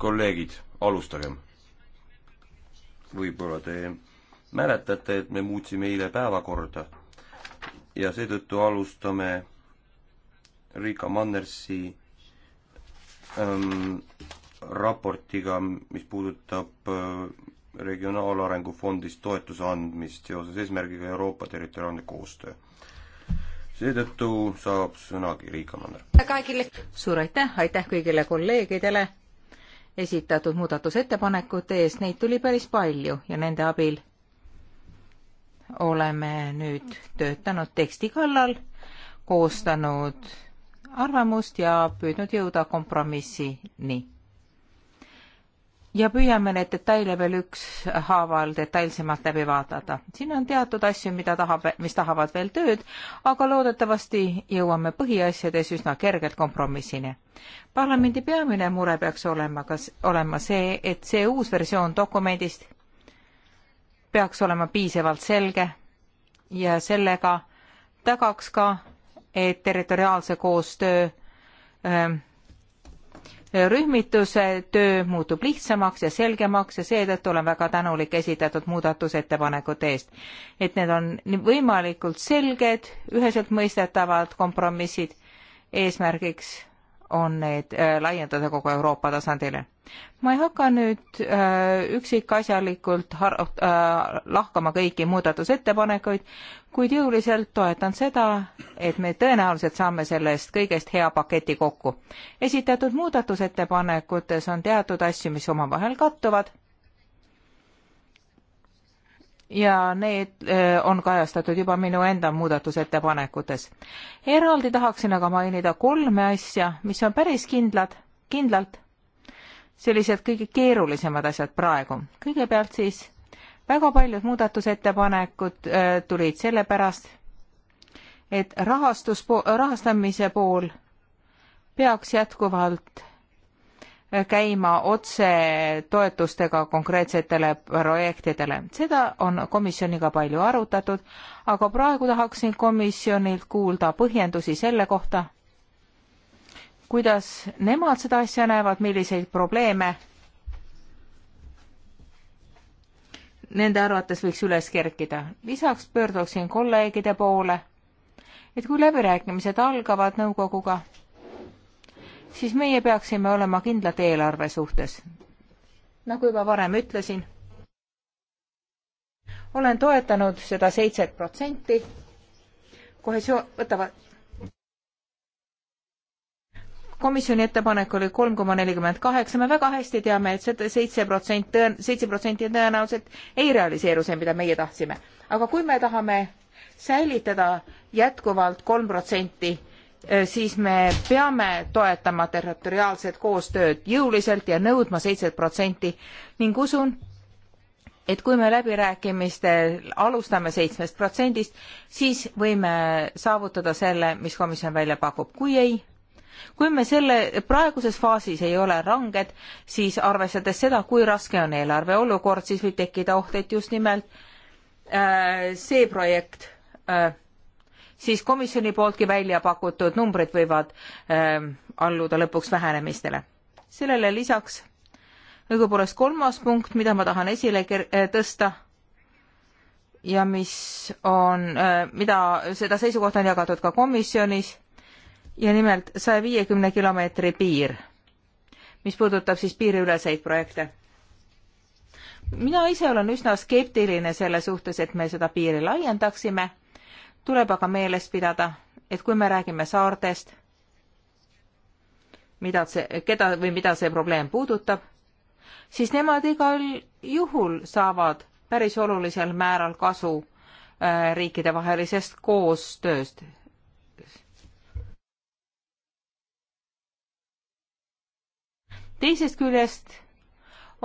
kolleegid, alustagem. võib-olla te mäletate, et me muutsime eile päevakorda ja seetõttu alustame Riika Mannersi ähm, raportiga, mis puudutab äh, Regionaalarengu Fondist toetuse andmist seoses eesmärgiga Euroopa territoriaalne koostöö seetõttu saab sõna Kiri Kamander. suur aitäh, aitäh kõigile kolleegidele esitatud muudatusettepanekute eest, neid tuli päris palju ja nende abil oleme nüüd töötanud teksti kallal, koostanud arvamust ja püüdnud jõuda kompromissini ja püüame need detaile veel ükshaaval detailsemalt läbi vaadata. siin on teatud asju, mida tahab, mis tahavad veel tööd, aga loodetavasti jõuame põhiasjades üsna kergelt kompromissini. parlamendi peamine mure peaks olema, kas, olema see, et see uus versioon dokumendist peaks olema piisavalt selge ja sellega tagaks ka, et territoriaalse koostöö öö, ähm, rühmituse töö muutub lihtsamaks ja selgemaks ja seetõttu olen väga tänulik esitatud muudatusettepanekute eest. et need on võimalikult selged, üheselt mõistetavad kompromissid, eesmärgiks on need äh, laiendada kogu Euroopa tasandile ma ei hakka nüüd äh, üksikasjalikult har- äh,, lahkama kõiki muudatusettepanekuid, kuid jõuliselt toetan seda, et me tõenäoliselt saame sellest kõigest hea paketi kokku. esitatud muudatusettepanekutes on teatud asju, mis omavahel kattuvad ja need äh, on kajastatud juba minu enda muudatusettepanekutes. eraldi tahaksin aga mainida kolme asja, mis on päris kindlad, kindlalt sellised kõige keerulisemad asjad praegu. kõigepealt siis väga paljud muudatusettepanekud äh, tulid sellepärast, et rahastus, rahastamise pool peaks jätkuvalt äh, käima otse toetustega konkreetsetele projektidele. seda on komisjoniga palju arutatud, aga praegu tahaksin komisjonilt kuulda põhjendusi selle kohta, kuidas nemad seda asja näevad, milliseid probleeme nende arvates võiks üles kerkida. lisaks pöörduksin kolleegide poole, et kui läbirääkimised algavad nõukoguga, siis meie peaksime olema kindlad eelarve suhtes. nagu juba varem ütlesin, olen toetanud seda seitset protsenti, kohesio-, võtavad komisjoni ettepanek oli kolm koma nelikümmend kaheksa, me väga hästi teame et, et seitse protsenti tõen-, seitse protsenti tõenäoliselt ei realiseeru see, mida meie tahtsime. aga kui me tahame säilitada jätkuvalt kolm protsenti, eh, siis me peame toetama territoriaalset koostööd jõuliselt ja nõudma seitset protsenti ning usun, et kui me läbirääkimistel alustame seitsmest protsendist, siis võime saavutada selle, mis komisjon välja pakub. kui ei, kui me selle praeguses faasis ei ole ranged, siis arvestades seda, kui raske on eelarve olukord, siis võib tekkida oht, et just nimelt äh, see projekt äh, siis komisjoni pooltki välja pakutud numbrid võivad äh, alluda lõpuks vähenemistele. sellele lisaks õigupoolest kolmas punkt, mida ma tahan esile äh, tõsta ja mis on, äh, mida, seda seisukohta on jagatud ka komisjonis, ja nimelt saja viiekümne kilomeetri piir, mis puudutab siis piiriüleseid projekte. mina ise olen üsna skeptiline selle suhtes, et me seda piiri laiendaksime. tuleb aga meeles pidada, et kui me räägime saartest, mida see, keda või mida see probleem puudutab, siis nemad igal juhul saavad päris olulisel määral kasu äh, riikidevahelisest koostööst teisest küljest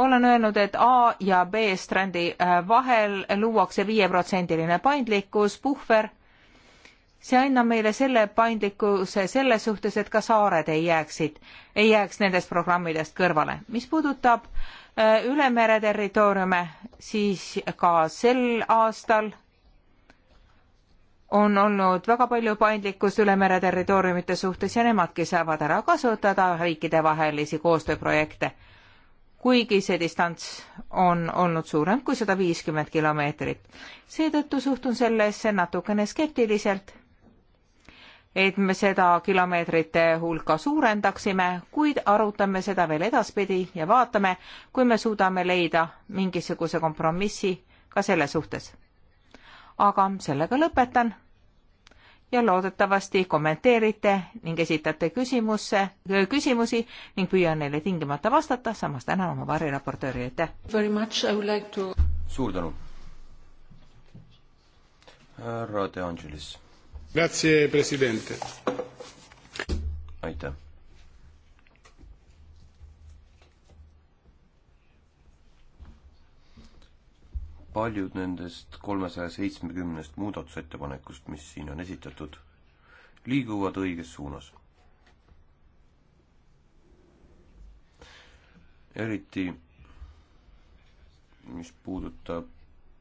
olen öelnud, et A ja B strandi äh, vahel luuakse viieprotsendiline paindlikkus, puhver. see annab meile selle paindlikkuse selles suhtes, et ka saared ei jääksid, ei jääks nendest programmidest kõrvale. mis puudutab äh, üle mere territooriume, siis ka sel aastal on olnud väga palju paindlikkust üle mere territooriumite suhtes ja nemadki saavad ära kasutada riikidevahelisi koostööprojekte. kuigi see distants on olnud suurem kui sada viiskümmend kilomeetrit. seetõttu suhtun sellesse natukene skeptiliselt, et me seda kilomeetrite hulka suurendaksime, kuid arutame seda veel edaspidi ja vaatame, kui me suudame leida mingisuguse kompromissi ka selle suhtes aga sellega lõpetan ja loodetavasti kommenteerite ning esitate küsimusse, küsimusi ning püüan neile tingimata vastata, samas tänan oma variraportööri, aitäh! Like to... suur tänu! härra De Angelis. Grazie, president! aitäh! paljud nendest kolmesaja seitsmekümnest muudatusettepanekust, mis siin on esitatud, liiguvad õiges suunas. eriti mis puudutab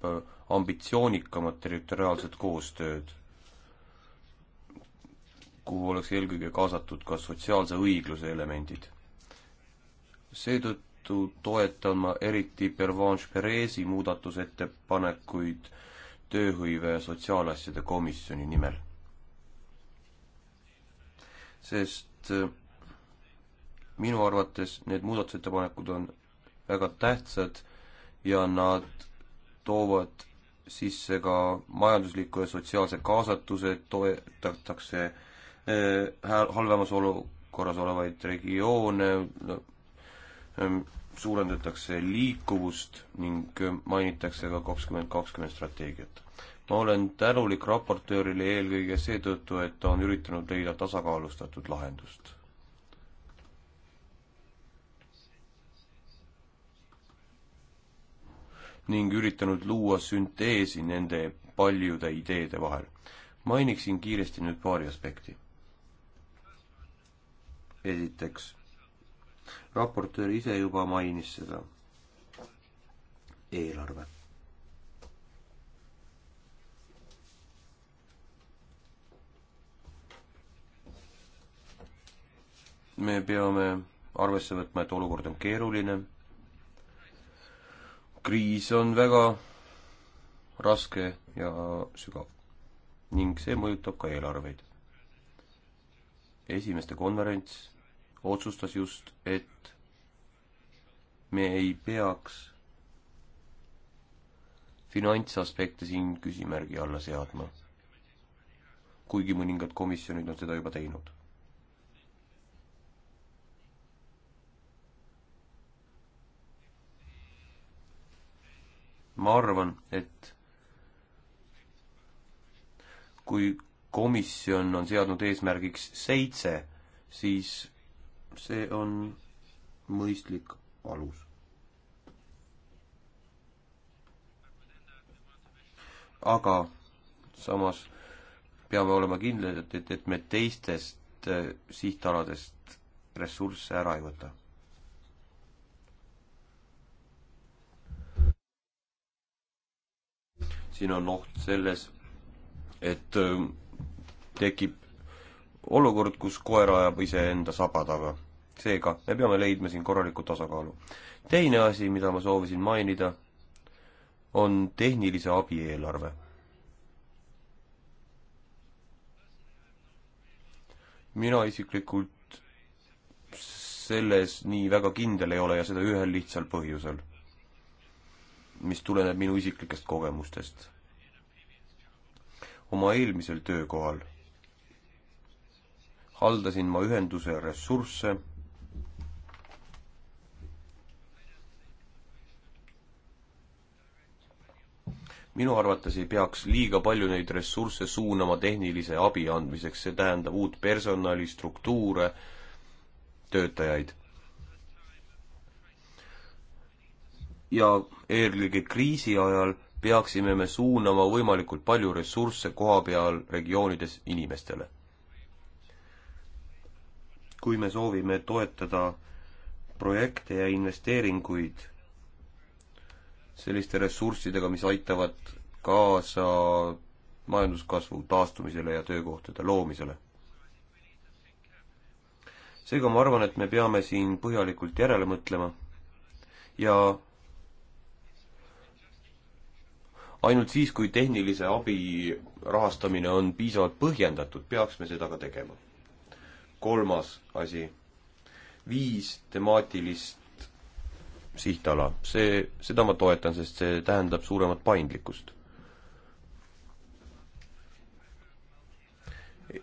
äh, ambitsioonikamat territoriaalset koostööd, kuhu oleks eelkõige kaasatud ka sotsiaalse õigluse elemendid. seetõttu seetõttu toetan ma eriti Pervanche Perezi muudatusettepanekuid tööhõive ja sotsiaalasjade komisjoni nimel. sest äh, minu arvates need muudatusettepanekud on väga tähtsad ja nad toovad sisse ka majandusliku ja sotsiaalse kaasatuse, toetatakse äh, halvemas olukorras olevaid regioone, suurendatakse liikuvust ning mainitakse ka kakskümmend kakskümmend strateegiat. ma olen tänulik raportöörile eelkõige seetõttu, et ta on üritanud leida tasakaalustatud lahendust. ning üritanud luua sünteesi nende paljude ideede vahel. mainiksin kiiresti nüüd paari aspekti. esiteks raportöör ise juba mainis seda. eelarve. me peame arvesse võtma, et olukord on keeruline. kriis on väga raske ja sügav ning see mõjutab ka eelarveid. esimeste konverents otsustas just, et me ei peaks finantsaspekte siin küsimärgi alla seadma. kuigi mõningad komisjonid on seda juba teinud. ma arvan, et kui komisjon on seadnud eesmärgiks seitse, siis see on mõistlik alus. aga samas peame olema kindlad, et, et, et me teistest eh, sihtaladest ressursse ära ei võta siin on oht selles, et eh, tekib olukord, kus koer ajab iseenda saba taga seega, me peame leidma siin korraliku tasakaalu. teine asi, mida ma soovisin mainida, on tehnilise abi eelarve. mina isiklikult selles nii väga kindel ei ole ja seda ühel lihtsal põhjusel, mis tuleneb minu isiklikest kogemustest. oma eelmisel töökohal haldasin ma ühenduse ressursse minu arvates ei peaks liiga palju neid ressursse suunama tehnilise abi andmiseks, see tähendab uut personali, struktuure, töötajaid. ja eelkõige kriisi ajal peaksime me suunama võimalikult palju ressursse koha peal regioonides inimestele. kui me soovime toetada projekte ja investeeringuid selliste ressurssidega, mis aitavad kaasa majanduskasvu taastumisele ja töökohtade loomisele. seega ma arvan, et me peame siin põhjalikult järele mõtlema ja ainult siis, kui tehnilise abi rahastamine on piisavalt põhjendatud, peaks me seda ka tegema. kolmas asi, viis temaatilist sihtala. see, seda ma toetan, sest see tähendab suuremat paindlikkust.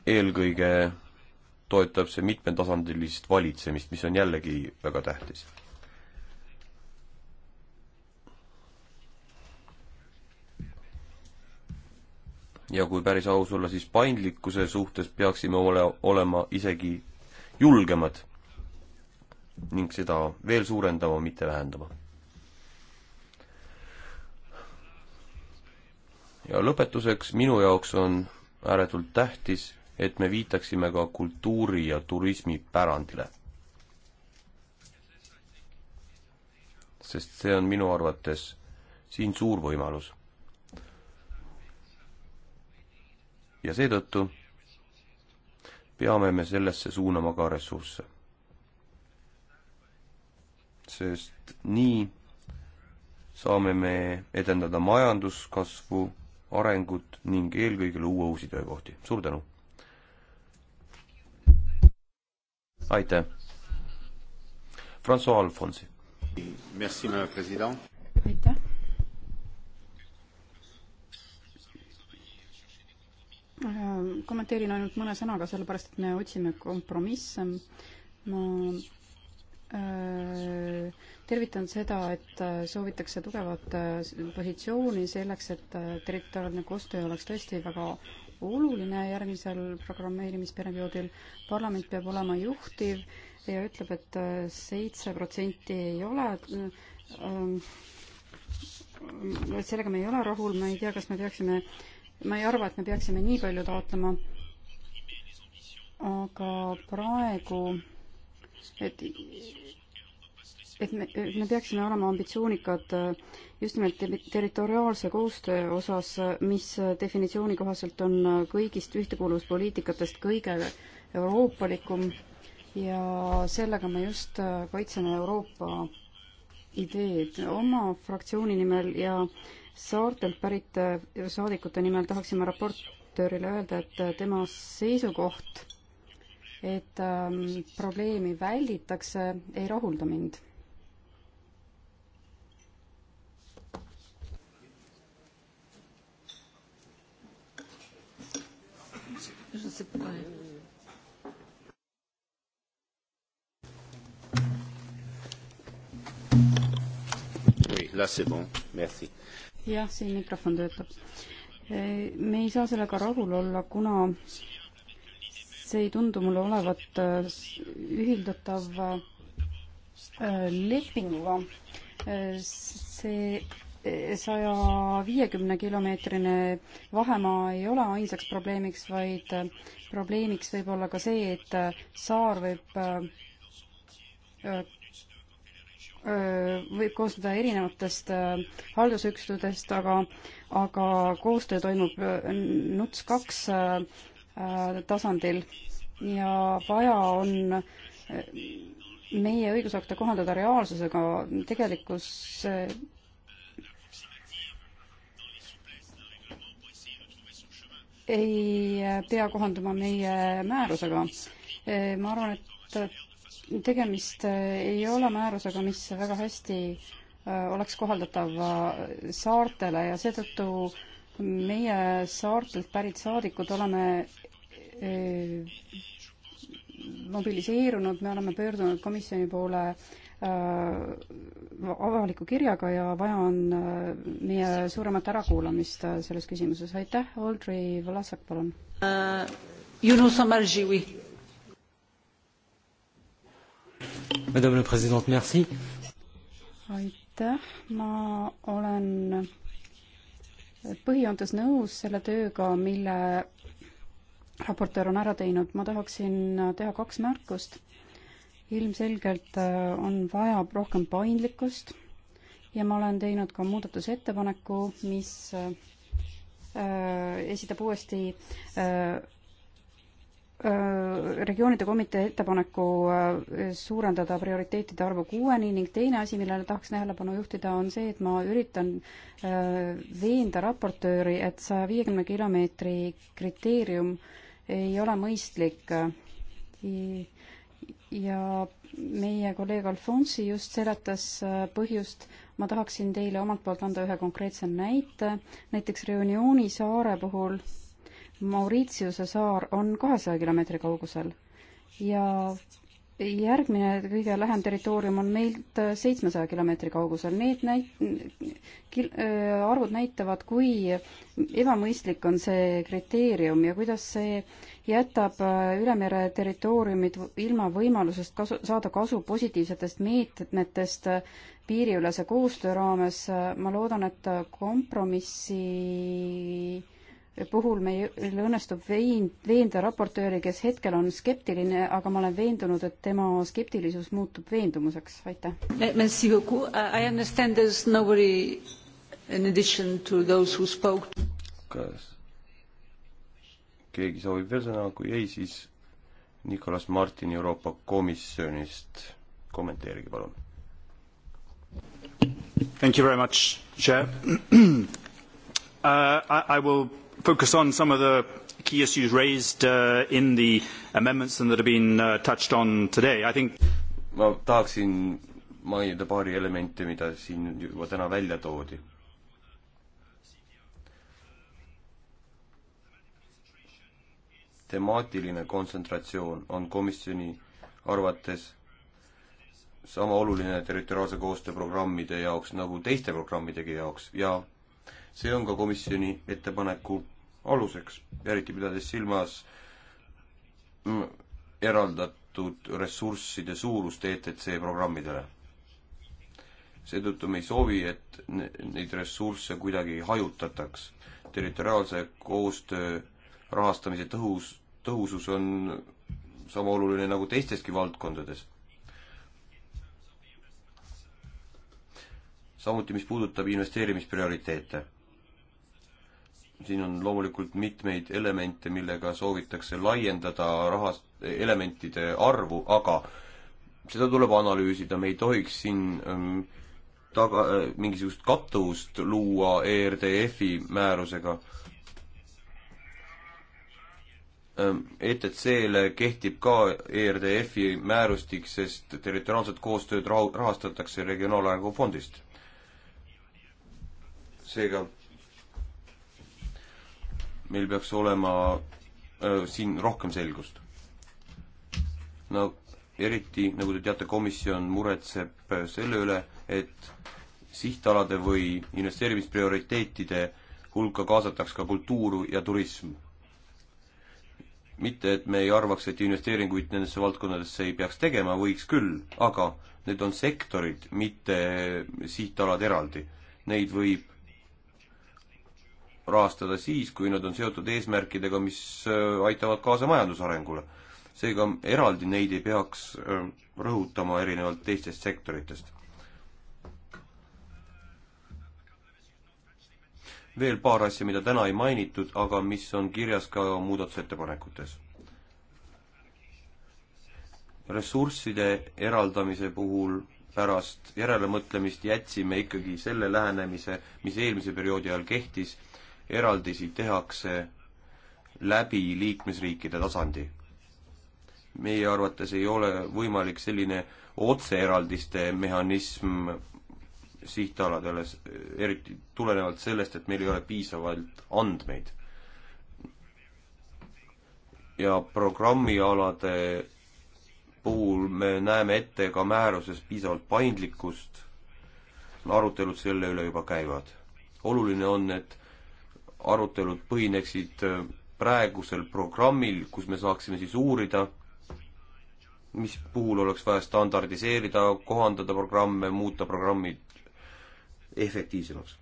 eelkõige toetab see mitmetasandilist valitsemist, mis on jällegi väga tähtis. ja kui päris aus olla, siis paindlikkuse suhtes peaksime ole, olema isegi julgemad ning seda veel suurendama, mitte vähendama. ja lõpetuseks, minu jaoks on ääretult tähtis, et me viitaksime ka kultuuri- ja turismipärandile. sest see on minu arvates siin suur võimalus. ja seetõttu peame me sellesse suunama ka ressursse sest nii saame me edendada majanduskasvu, arengut ning eelkõige luua uusi töökohti. suur tänu! aitäh! Francois Alfonsi. aitäh! Äh, kommenteerin ainult mõne sõnaga, sellepärast et me otsime kompromisse. ma Äh, tervitan seda, et äh, soovitakse tugevat äh, positsiooni selleks, et territoriaalne koostöö oleks tõesti väga oluline järgmisel programmeerimisperioodil. parlament peab olema juhtiv ja ütleb et, et seitse protsenti ei ole et sellega me ei ole rahul, ma ei tea, kas me peaksime, ma ei arva, et me peaksime nii palju taotlema, aga praegu et et me, me peaksime olema ambitsioonikad äh, just nimelt territoriaalse koostöö osas, äh, mis äh, definitsiooni kohaselt on kõigist ühtekuuluvuspoliitikatest kõige euroopalikum ja sellega me just kaitseme Euroopa ideed oma fraktsiooni nimel ja saartelt pärit saadikute nimel tahaksime raportöörile öelda, et tema seisukoht et ähm, probleemi välditakse, ei rahulda mind Je ne sais pas. Oui, là c'est bon, merci. jah, siin mikrofon töötab. me ei saa sellega rahul olla, kuna see ei tundu mulle olevat äh, ühildatav äh, lepinguga. Äh, see saja viiekümne kilomeetrine vahemaa ei ole ainsaks probleemiks, vaid probleemiks võib olla ka see, et saar võib võib koosneda erinevatest haldusüksustest, aga, aga koostöö toimub NUTS kaks Äh, tasandil ja vaja on äh, meie õigusakte kohandada reaalsusega, tegelikkus äh, ei pea kohanduma meie määrusega. ma arvan, et tegemist ei ole määrusega, mis väga hästi oleks kohaldatav saartele ja seetõttu meie saartelt pärit saadikud oleme Äh, mobiliseerunud, me oleme pöördunud komisjoni poole äh, avaliku kirjaga ja vaja on äh, meie suuremat ärakuulamist selles küsimuses. aitäh, Audrey Vlasak, palun uh,. Yunus Amarji, oui. Madame la Présidente, merci. aitäh, ma olen põhijoontes nõus selle tööga, mille raportöör on ära teinud, ma tahaksin äh, teha kaks märkust. ilmselgelt äh, on vaja rohkem paindlikkust ja ma olen teinud ka muudatusettepaneku, mis äh, äh esitab uuesti äh, regioonide komitee ettepaneku suurendada prioriteetide arvu kuueni ning teine asi, millele tahaks tähelepanu juhtida, on see, et ma üritan veenda raportööri, et saja viiekümne kilomeetri kriteerium äh, ei ole mõistlik. ja meie kolleeg Alfonsi just seletas äh, põhjust, ma tahaksin teile omalt poolt anda ühe konkreetse näite, näiteks Reunioni saare puhul Mauritiuse saar on kahesaja kilomeetri kaugusel ja järgmine kõige lähem territoorium on meilt seitsmesaja kilomeetri kaugusel. Need näit-, kil-, äh, arvud näitavad, kui ebamõistlik on see kriteerium ja kuidas see jätab äh, ülemere territooriumid ilma võimalusest kasu, saada kasu positiivsetest meetmetest äh, piiriülese koostöö raames. ma loodan, et kompromissi puhul meil õnnestub vein-, veenda raportööri, kes hetkel on skeptiline, aga ma olen veendunud, et tema skeptilisus muutub veendumuseks, aitäh. Merci beaucoup, I understand there is nobody in addition to those who spoke. kas keegi soovib veel sõna, kui ei, siis Nicolas Martin Euroopa Komisjonist, kommenteerige palun. Thank you very much, chair uh,. I, I will focus on some of the key issues raised uh, in the amendments and that have been uh, touched on today. I think ma tahaksin mainida paari elementi, mida siin juba täna välja toodi. temaatiline kontsentratsioon on komisjoni arvates sama oluline territoriaalse koostöö programmide jaoks nagu teiste programmidegi jaoks ja see on ka komisjoni ettepaneku aluseks, eriti pidades silmas eraldatud ressursside suurust ETC programmidele. seetõttu me ei soovi, et neid ressursse kuidagi hajutataks. territoriaalse koostöö rahastamise tõhus, tõhusus on sama oluline nagu teisteski valdkondades. samuti, mis puudutab investeerimisprioriteete siin on loomulikult mitmeid elemente, millega soovitakse laiendada rahas, elementide arvu, aga seda tuleb analüüsida, me ei tohiks siin ähm, taga äh,, mingisugust kattuvust luua ERDF-i määrusega ähm,. ETC-le kehtib ka ERDF-i määrustik, sest territoriaalset koostööd rahu-, rahastatakse Regionaalarengu fondist. seega meil peaks olema äh, siin rohkem selgust. no eriti, nagu te teate, komisjon muretseb selle üle, et sihtalade või investeerimisprioriteetide hulka kaasataks ka kultuur ja turism. mitte, et me ei arvaks, et investeeringuid nendesse valdkondadesse ei peaks tegema, võiks küll, aga need on sektorid, mitte sihtalad eraldi. Neid võib rahastada siis, kui nad on seotud eesmärkidega, mis äh, aitavad kaasa majandusarengule. seega eraldi neid ei peaks äh, rõhutama erinevalt teistest sektoritest. veel paar asja, mida täna ei mainitud, aga mis on kirjas ka muudatusettepanekutes. ressursside eraldamise puhul pärast järelemõtlemist jätsime ikkagi selle lähenemise, mis eelmise perioodi ajal kehtis eraldisi tehakse läbi liikmesriikide tasandi. meie arvates ei ole võimalik selline otseeraldiste mehhanism sihtaladele, eriti tulenevalt sellest, et meil ei ole piisavalt andmeid. ja programmialade puhul me näeme ette ka määruses piisavalt paindlikkust, arutelud selle üle juba käivad. oluline on, et arutelud põhineksid äh, praegusel programmil, kus me saaksime siis uurida, mis puhul oleks vaja standardiseerida, kohandada programme, muuta programmid efektiivsemaks.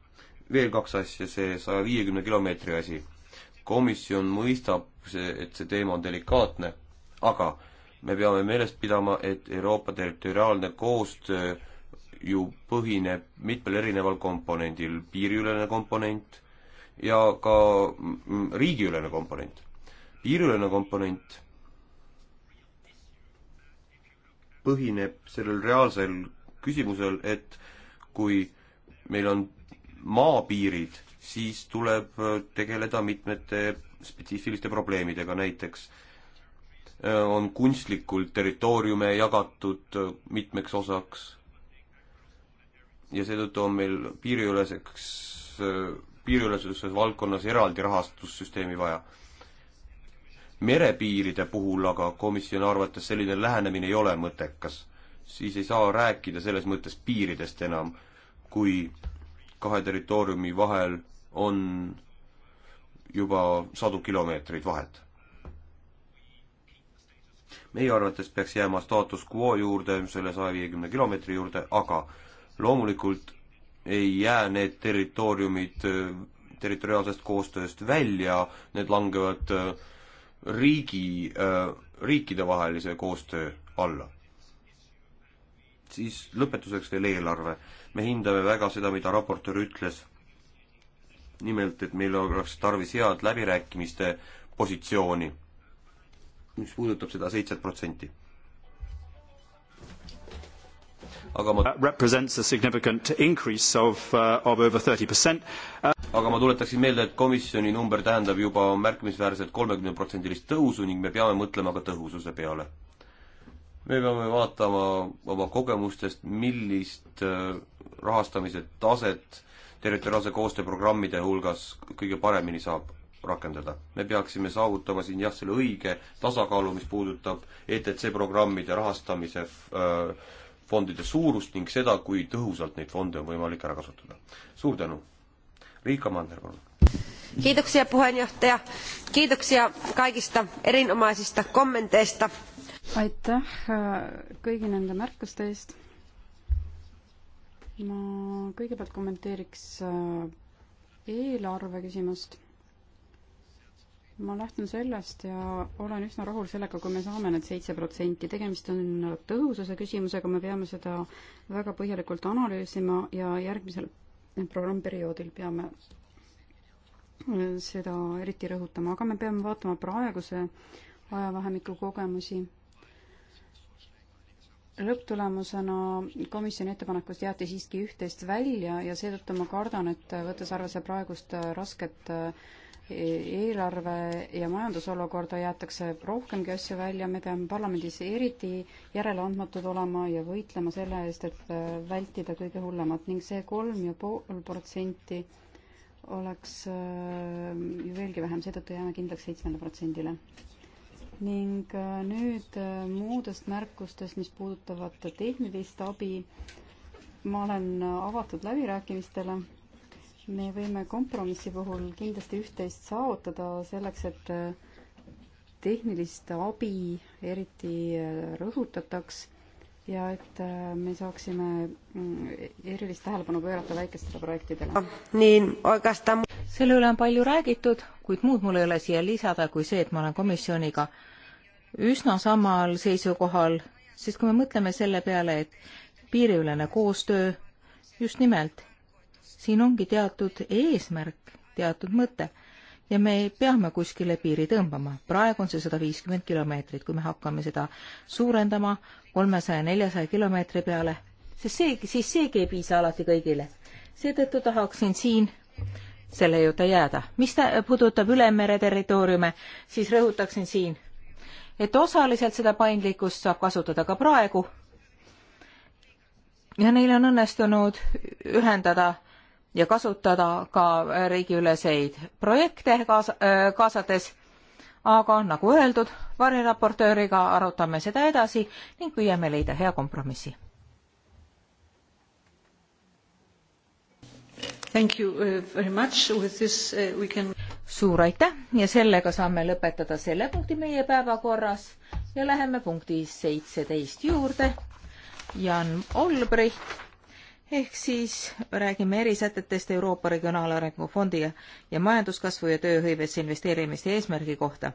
veel kaks asja, see saja viiekümne kilomeetri asi. komisjon mõistab see, et see teema on delikaatne, aga me peame meeles pidama, et Euroopa territoriaalne koostöö ju põhineb mitmel erineval komponendil, piiriülene komponent ja ka mm, riigiülene komponent. piiriülene komponent põhineb sellel reaalsel küsimusel, et kui meil on maapiirid, siis tuleb äh, tegeleda mitmete spetsiifiliste probleemidega, näiteks äh, on kunstlikult territooriume jagatud äh, mitmeks osaks ja seetõttu on meil piiriüleseks piiriüleses valdkonnas eraldi rahastussüsteemi vaja. merepiiride puhul aga komisjoni arvates selline lähenemine ei ole mõttekas. siis ei saa rääkida selles mõttes piiridest enam, kui kahe territooriumi vahel on juba sadu kilomeetreid vahet. meie arvates peaks jääma staatus quo juurde, selle saja viiekümne kilomeetri juurde, aga loomulikult ei jää need territooriumid territoriaalsest koostööst välja, need langevad äh, riigi, äh, riikidevahelise koostöö alla. siis lõpetuseks veel eelarve. me hindame väga seda, mida raportöör ütles. nimelt, et meil oleks tarvis head läbirääkimiste positsiooni, mis puudutab seda seitset protsenti aga ma represents a significant increase of uh,, of over thirty percent. Uh, aga ma tuletaksin meelde, et komisjoni number tähendab juba märkimisväärselt kolmekümneprotsendilist tõusu ning me peame mõtlema ka tõhususe peale. me peame vaatama oma kogemustest, millist uh, rahastamise taset territoriaalse koostööprogrammide hulgas kõige paremini saab rakendada. me peaksime saavutama siin jah, selle õige tasakaalu, mis puudutab ETC programmide rahastamise öö, uh, fondide suurust ning seda, kui tõhusalt neid fonde on võimalik ära kasutada. suur tänu! Riika Manner, palun! Kiitoksia puheenjohtaja, kiitoksia kaikista erinomaisista kommenteista. aitäh äh, kõigi nende märkuste eest. ma kõigepealt kommenteeriks äh, eelarve küsimust ma lähtun sellest ja olen üsna rahul sellega, kui me saame need seitse protsenti, tegemist on tõhususe küsimusega, me peame seda väga põhjalikult analüüsima ja järgmisel programmperioodil peame seda eriti rõhutama, aga me peame vaatama praeguse ajavahemiku kogemusi. lõpptulemusena komisjoni ettepanekust jäeti siiski üht-teist välja ja seetõttu ma kardan, et võttes arvesse praegust rasket äh, eelarve ja majandusolukorda jäetakse rohkemgi asju välja, me peame parlamendis eriti järeleandmatud olema ja võitlema selle eest, et äh, vältida kõige hullemat ning see kolm ja pool protsenti oleks äh, ju veelgi vähem, seetõttu jääme kindlaks seitsmele protsendile. ning äh, nüüd muudest märkustest, mis puudutavad tehnilist abi, ma olen avatud läbirääkimistele me võime kompromissi puhul kindlasti üht-teist saavutada selleks, et äh, tehnilist abi eriti äh, rõhutataks ja et äh, me saaksime mm, erilist tähelepanu pöörata väikestele projektidele. nii, kas ta selle üle on palju räägitud, kuid muud mul ei ole siia lisada kui see, et ma olen komisjoniga üsna samal seisukohal, sest kui me mõtleme selle peale, et piiriülene koostöö just nimelt siin ongi teatud eesmärk, teatud mõte ja me peame kuskile piiri tõmbama. praegu on see sada viiskümmend kilomeetrit, kui me hakkame seda suurendama kolmesaja, neljasaja kilomeetri peale, sest seegi, siis seegi ei piisa alati kõigile. seetõttu tahaksin siin selle juurde jääda. mis ta, puudutab ülemere territooriume, siis rõhutaksin siin, et osaliselt seda paindlikkust saab kasutada ka praegu ja neil on õnnestunud ühendada ja kasutada ka riigiüleseid projekte kaasa, äh, kaasates, aga nagu öeldud, variraportööriga arutame seda edasi ning püüame leida hea kompromissi. Thank you uh, very much, with this uh, we can suur aitäh ja sellega saame lõpetada selle punkti meie päevakorras ja läheme punkti seitseteist juurde. Jan Olbricht ehk siis räägime erisätetest Euroopa Regionaalarengu Fondi ja, ja majanduskasvu ja tööhõivesse investeerimiste eesmärgi kohta.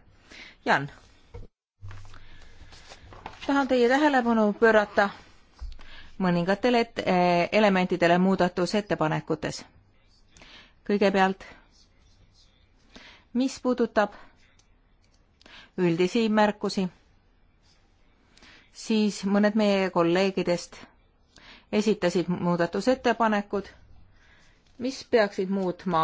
Jan. tahan teie tähelepanu pöörata mõningatele et-, eh, elementidele muudatusettepanekutes. kõigepealt, mis puudutab üldisi märkusi, siis mõned meie kolleegidest esitasid muudatusettepanekud, mis peaksid muutma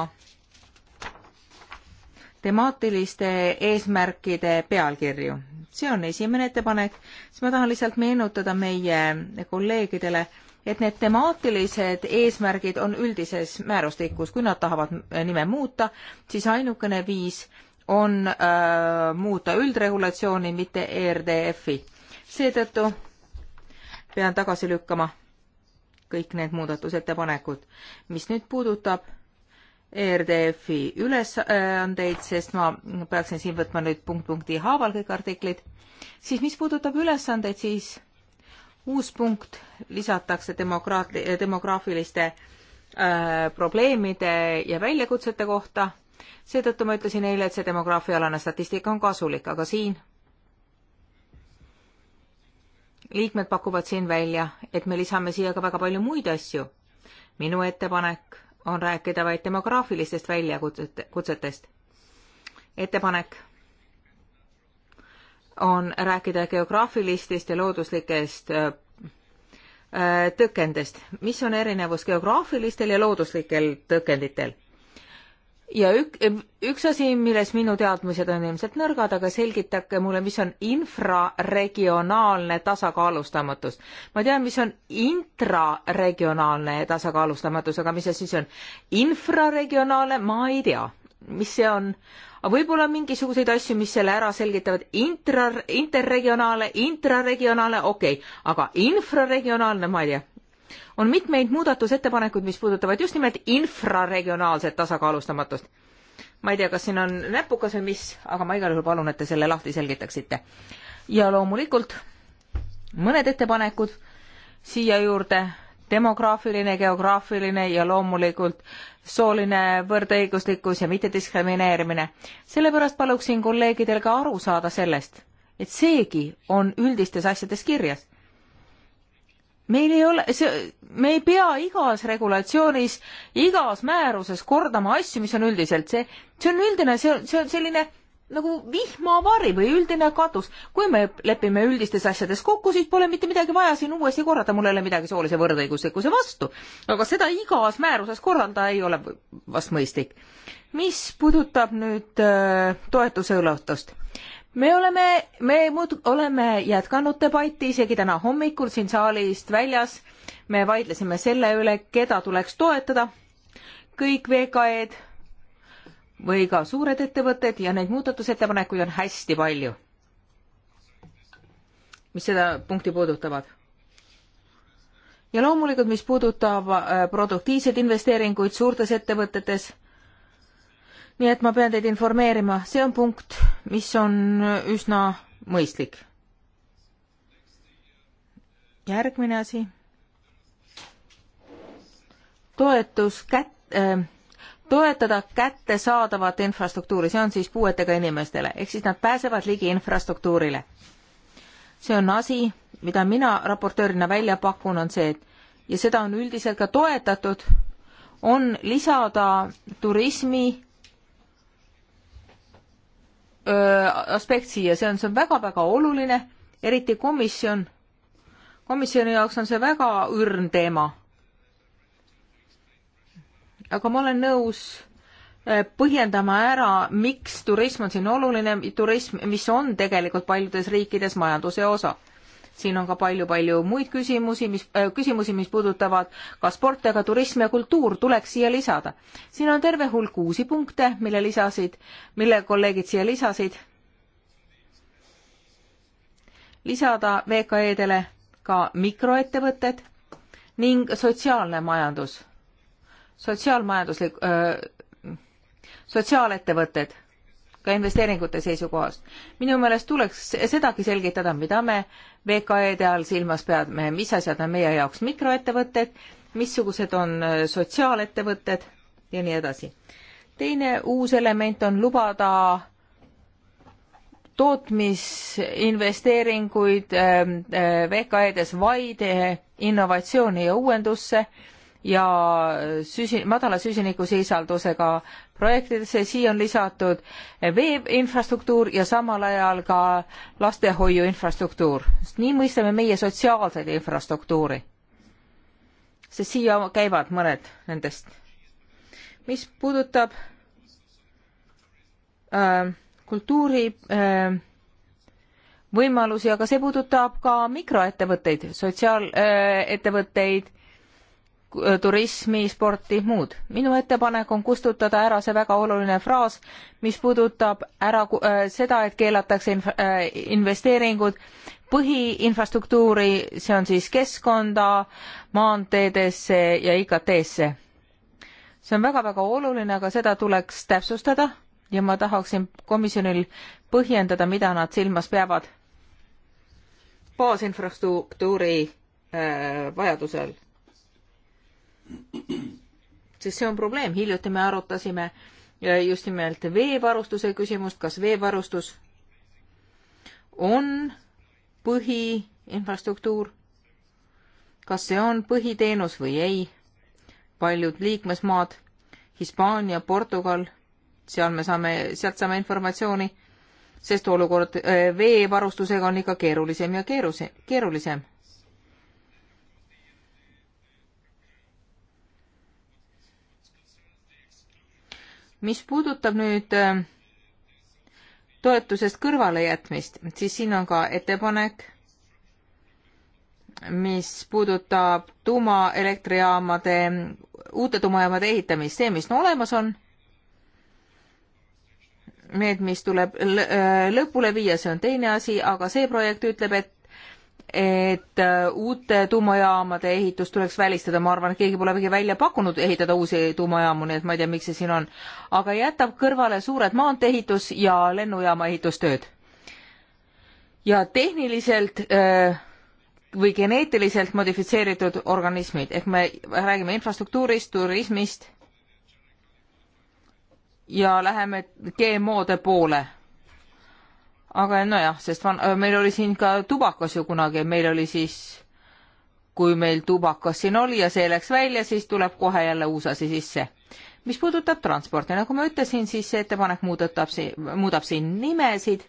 temaatiliste eesmärkide pealkirju. see on esimene ettepanek, siis ma tahan lihtsalt meenutada meie kolleegidele, et need temaatilised eesmärgid on üldises määrustikus, kui nad tahavad nime muuta, siis ainukene viis on äh, muuta üldregulatsiooni, mitte ERDF-i. seetõttu pean tagasi lükkama kõik need muudatusettepanekud. mis nüüd puudutab ERDF-i ülesandeid, sest ma peaksin siin võtma nüüd punkt punkti haaval kõik artiklid, siis mis puudutab ülesandeid, siis uus punkt lisatakse demokraat-, demograafiliste äh, probleemide ja väljakutsete kohta, seetõttu ma ütlesin eile, et see demograafiaalane statistika on kasulik, aga siin liikmed pakuvad siin välja, et me lisame siia ka väga palju muid asju. minu ettepanek on rääkida vaid demograafilistest väljakutsetest. ettepanek on rääkida geograafilistest ja looduslikest äh, äh, tõkendest. mis on erinevus geograafilistel ja looduslikel tõkenditel? ja ük, e, üks asi, milles minu teadmised on ilmselt nõrgad, aga selgitage mulle, mis on infraregionaalne tasakaalustamatus. ma tean, mis on intraregionaalne tasakaalustamatus, aga mis see siis on? infraregionaalne, ma ei tea, mis see on. aga võib-olla mingisuguseid asju, mis selle ära selgitavad. intra, interregionaalne, intraregionaalne, okei okay., aga infraregionaalne, ma ei tea, on mitmeid muudatusettepanekuid, mis puudutavad just nimelt infraregionaalset tasakaalustamatust. ma ei tea, kas siin on näpukas või mis, aga ma igal juhul palun, et te selle lahti selgitaksite. ja loomulikult mõned ettepanekud siia juurde, demograafiline, geograafiline ja loomulikult sooline võrdõiguslikkus ja mittediskrimineerimine. sellepärast paluksin kolleegidel ka aru saada sellest, et seegi on üldistes asjades kirjas meil ei ole, see, me ei pea igas regulatsioonis, igas määruses kordama asju, mis on üldiselt see, see on üldine, see on, see on selline nagu vihmavari või üldine katus. kui me lepime üldistes asjades kokku, siis pole mitte midagi vaja siin uuesti korrata, mul ei ole midagi soolise võrdõiguslikkuse vastu. aga seda igas määruses korraldada ei ole vast mõistlik. mis puudutab nüüd äh, toetuse ulatust me oleme, me muud, oleme jätkanud debatti isegi täna hommikul siin saalist väljas. me vaidlesime selle üle, keda tuleks toetada. kõik VKE-d või ka suured ettevõtted ja neid muudatusettepanekuid on hästi palju, mis seda punkti puudutavad. ja loomulikult, mis puudutab äh, produktiivseid investeeringuid suurtes ettevõtetes, nii et ma pean teid informeerima, see on punkt, mis on üsna mõistlik. järgmine asi. toetus kät- äh,, toetada kättesaadavat infrastruktuuri, see on siis puuetega inimestele, ehk siis nad pääsevad ligi infrastruktuurile. see on asi, mida mina raportöörina välja pakun, on see, et ja seda on üldiselt ka toetatud, on lisada turismi aspekt siia, see on, see on väga-väga oluline, eriti komisjon, komisjoni jaoks on see väga õrn teema. aga ma olen nõus põhjendama ära, miks turism on siin oluline, turism, mis on tegelikult paljudes riikides majanduse osa siin on ka palju-palju muid küsimusi, mis äh,, küsimusi, mis puudutavad ka sporti, aga turism ja kultuur tuleks siia lisada. siin on terve hulk uusi punkte, mille lisasid, mille kolleegid siia lisasid. lisada VKE-dele ka mikroettevõtted ning sotsiaalne majandus, sotsiaalmajanduslik, äh, sotsiaalettevõtted ka investeeringute seisukohast. minu meelest tuleks sedagi selgitada, mida me VKE-de all silmas peame, mis asjad on meie jaoks mikroettevõtted, missugused on äh, sotsiaalettevõtted ja nii edasi. teine uus element on lubada tootmisinvesteeringuid ähm, äh, VKE-des vaid innovatsiooni ja uuendusse ja süsi-, madala süsinikusisaldusega projektidesse, siia on lisatud veeinfrastruktuur ja samal ajal ka lastehoiu infrastruktuur. nii mõistame meie sotsiaalseid infrastruktuuri. sest siia käivad mõned nendest. mis puudutab äh, kultuuri äh, võimalusi, aga see puudutab ka mikroettevõtteid, sotsiaalettevõtteid äh,, turismi, sporti, muud. minu ettepanek on kustutada ära see väga oluline fraas, mis puudutab ära äh, seda, et keelatakse inf- äh,, investeeringud põhiinfrastruktuuri, see on siis keskkonda, maanteedesse ja IKT-sse. see on väga-väga oluline, aga seda tuleks täpsustada ja ma tahaksin komisjonil põhjendada, mida nad silmas peavad baasinfrastruktuuri äh, vajadusel sest see on probleem, hiljuti me arutasime eh, just nimelt veevarustuse küsimust, kas veevarustus on põhiinfrastruktuur, kas see on põhiteenus või ei. paljud liikmesmaad, Hispaania, Portugal, seal me saame, sealt saame informatsiooni, sest olukord eh, veevarustusega on ikka keerulisem ja keeruse, keerulisem. mis puudutab nüüd äh, toetusest kõrvalejätmist, siis siin on ka ettepanek, mis puudutab tuumaelektrijaamade, uute tuumajaamade ehitamist, see, mis no olemas on, need, mis tuleb äh, lõpule viia, see on teine asi, aga see projekt ütleb, et et äh, uute tuumajaamade ehitus tuleks välistada, ma arvan, et keegi polegi välja pakkunud ehitada uusi tuumajaamu, nii et ma ei tea, miks see siin on. aga jätab kõrvale suured maanteeehitus ja lennujaama ehitustööd. ja tehniliselt äh, või geneetiliselt modifitseeritud organismid, ehk me räägime infrastruktuurist, turismist ja läheme GMO-de poole aga nojah, sest van-, äh, meil oli siin ka tubakas ju kunagi, meil oli siis, kui meil tubakas siin oli ja see läks välja, siis tuleb kohe jälle uus asi sisse. mis puudutab transporti, nagu ma ütlesin, siis see ettepanek muudetab siin, muudab siin nimesid,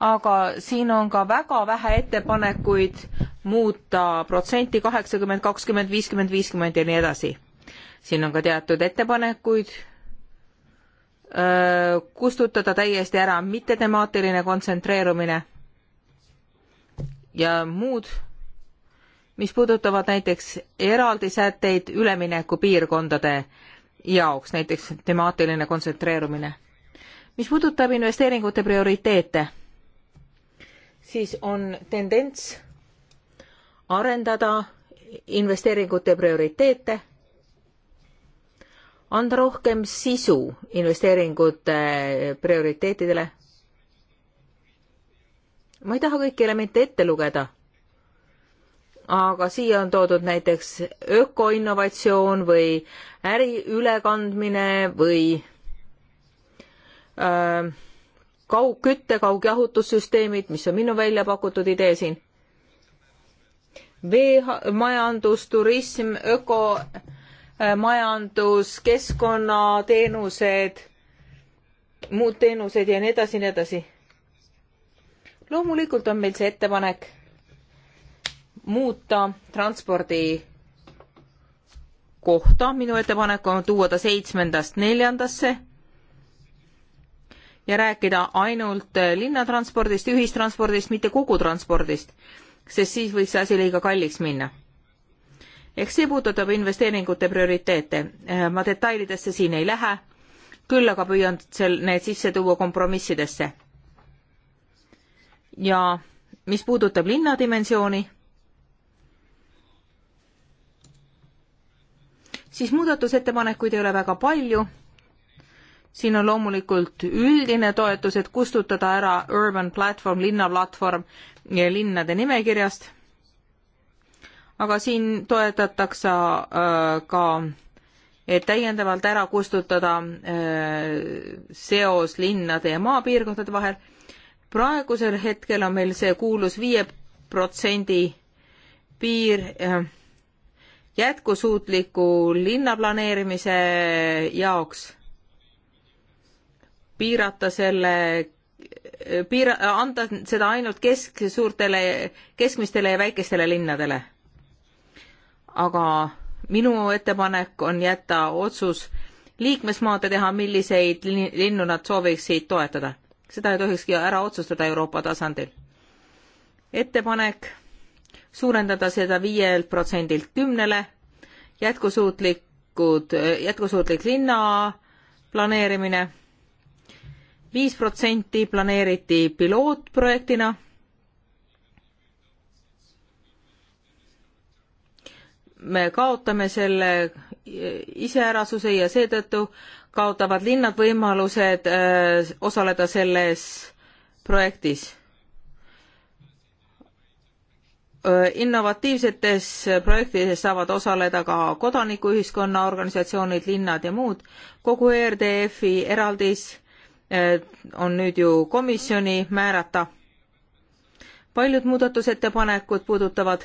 aga siin on ka väga vähe ettepanekuid muuta protsenti kaheksakümmend, kakskümmend, viiskümmend, viiskümmend ja nii edasi. siin on ka teatud ettepanekuid, Äh, kustutada täiesti ära mittetemaatiline kontsentreerumine ja muud, mis puudutavad näiteks eraldisäteid üleminekupiirkondade jaoks, näiteks temaatiline kontsentreerumine. mis puudutab investeeringute prioriteete, siis on tendents arendada investeeringute prioriteete anda rohkem sisu investeeringute prioriteetidele? ma ei taha kõiki elemente ette lugeda, aga siia on toodud näiteks ökoinnovatsioon või äri ülekandmine või äh, kaugkütte, kaugjahutussüsteemid, mis on minu välja pakutud idee siin. veemajandus, turism, öko äh, Äh, majandus, keskkonnateenused, muud teenused ja nii edasi ja nii edasi. loomulikult on meil see ettepanek muuta transpordi kohta, minu ettepanek on tuua ta seitsmendast neljandasse ja rääkida ainult linnatranspordist, ühistranspordist, mitte kogu transpordist, sest siis võiks see asi liiga kalliks minna ehk see puudutab investeeringute prioriteete. Äh, ma detailidesse siin ei lähe, küll aga püüan seal need sisse tuua kompromissidesse. ja mis puudutab linna dimensiooni, siis muudatusettepanekuid ei ole väga palju. siin on loomulikult üldine toetus, et kustutada ära urban platvorm, linnaplatvorm linnade nimekirjast aga siin toetatakse äh, ka et täiendavalt ära kustutada äh, seos linnade ja maapiirkondade vahel. praegusel hetkel on meil see kuulus viie protsendi piir äh, jätkusuutliku linnaplaneerimise jaoks, piirata selle, piira-, anda seda ainult kesk-, suurtele, keskmistele ja väikestele linnadele aga minu ettepanek on jätta otsus liikmesmaade teha, milliseid linnu nad sooviksid toetada. seda ei tohikski ära otsustada Euroopa tasandil. ettepanek suurendada seda viielt protsendilt kümnele, jätkusuutlikud, jätkusuutlik linna planeerimine, viis protsenti planeeriti pilootprojektina me kaotame selle iseärasuse ja seetõttu kaotavad linnad võimalused äh, osaleda selles projektis. Äh, innovatiivsetes projektides saavad osaleda ka kodanikuühiskonna organisatsioonid, linnad ja muud. kogu ERDF-i eraldis äh, on nüüd ju komisjoni määrata. paljud muudatusettepanekud puudutavad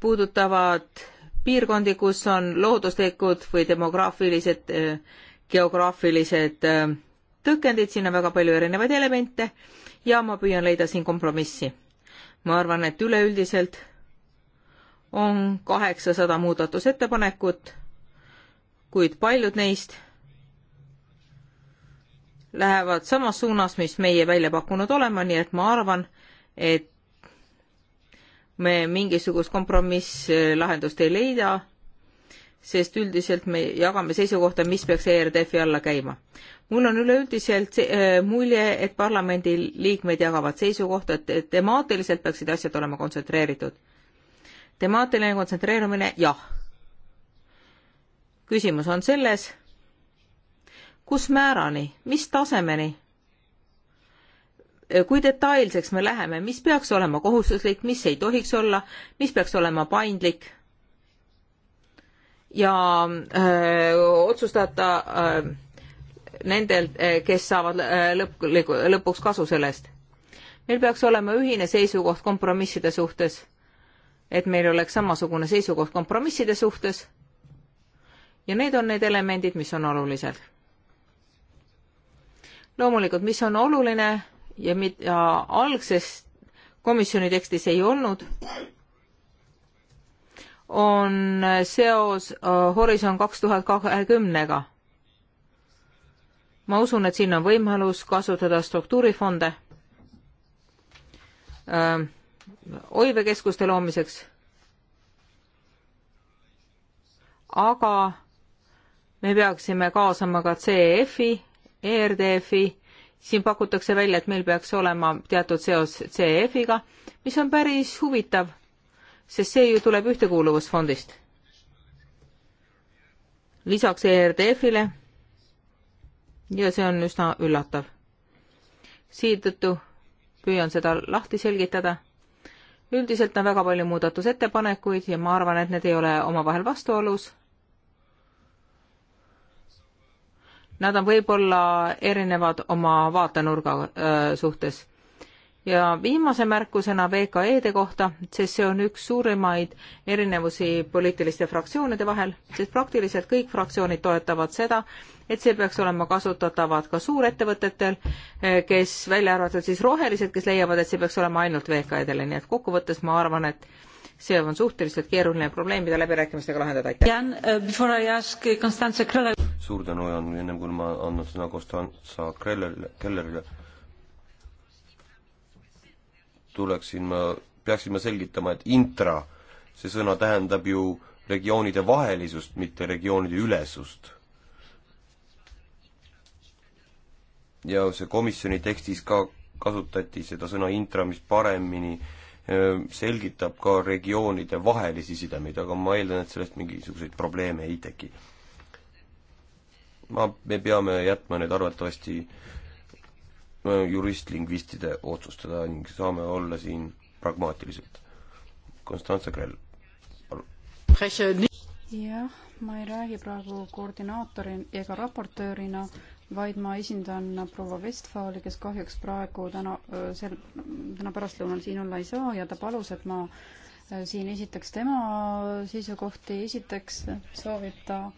puudutavad piirkondi, kus on looduslikud või demograafilised, geograafilised äh, tõkendid, siin on väga palju erinevaid elemente ja ma püüan leida siin kompromissi. ma arvan, et üleüldiselt on kaheksasada muudatusettepanekut, kuid paljud neist lähevad samas suunas, mis meie välja pakkunud olema, nii et ma arvan, et me mingisugust kompromisslahendust äh, ei leida, sest üldiselt me jagame seisukohta, mis peaks ERDF-i alla käima. mul on üleüldiselt äh, mulje, et parlamendi liikmed jagavad seisukohta, et temaatiliselt peaksid asjad olema kontsentreeritud. temaatiline kontsentreerumine, jah. küsimus on selles, kus määrani, mis tasemeni Äh, kui detailseks me läheme, mis peaks olema kohustuslik, mis ei tohiks olla, mis peaks olema paindlik ja öö, äh, otsustada öö, äh, nendel, kes saavad lõpp, lõpuks kasu sellest. meil peaks olema ühine seisukoht kompromisside suhtes, et meil oleks samasugune seisukoht kompromisside suhtes ja need on need elemendid, mis on olulised. loomulikult, mis on oluline ja mida algses komisjoni tekstis ei olnud, on seos äh, Horisont kaks tuhat kahekümnega. ma usun, et siin on võimalus kasutada struktuurifonde hoivekeskuste ähm, loomiseks, aga me peaksime kaasama ka CEF-i, ERDF-i siin pakutakse välja, et meil peaks olema teatud seos CEF-iga, mis on päris huvitav, sest see ju tuleb Ühtekuuluvusfondist. lisaks ERDF-ile ja see on üsna üllatav. seetõttu püüan seda lahti selgitada. üldiselt on väga palju muudatusettepanekuid ja ma arvan, et need ei ole omavahel vastuolus nad on võib-olla erinevad oma vaatenurga suhtes. ja viimase märkusena VKE-de kohta, sest see on üks suurimaid erinevusi poliitiliste fraktsioonide vahel, sest praktiliselt kõik fraktsioonid toetavad seda, et see peaks olema kasutatavad ka suurettevõtetel, kes välja arvatud siis rohelised, kes leiavad, et see peaks olema ainult VKE-dele, nii et kokkuvõttes ma arvan, et see on suhteliselt keeruline probleem, mida läbirääkimistega lahendada, aitäh. Eh, eh, suur tänu, Jaan, ennem kui ma annan sõna Konstantsa Krellerile, Kellerile, tuleksin ma, peaksin ma selgitama, et intra, see sõna tähendab ju regioonide vahelisust, mitte regioonide ülesust. ja see komisjoni tekstis ka kasutati seda sõna intra, mis paremini äh, selgitab ka regioonide vahelisi sidemeid, aga ma eeldan, et sellest mingisuguseid probleeme ei teki. ma, me peame jätma need arvatavasti juristlingvistide otsustada ning saame olla siin pragmaatiliselt. Konstantse Krell, palun. jah, ma ei räägi praegu koordinaatori ega raportöörina, vaid ma esindan proua Westfali, kes kahjuks praegu täna, sel, täna pärastlõunal siin olla ei saa ja ta palus, et ma siin esitaks tema seisukohti. esiteks soovib ta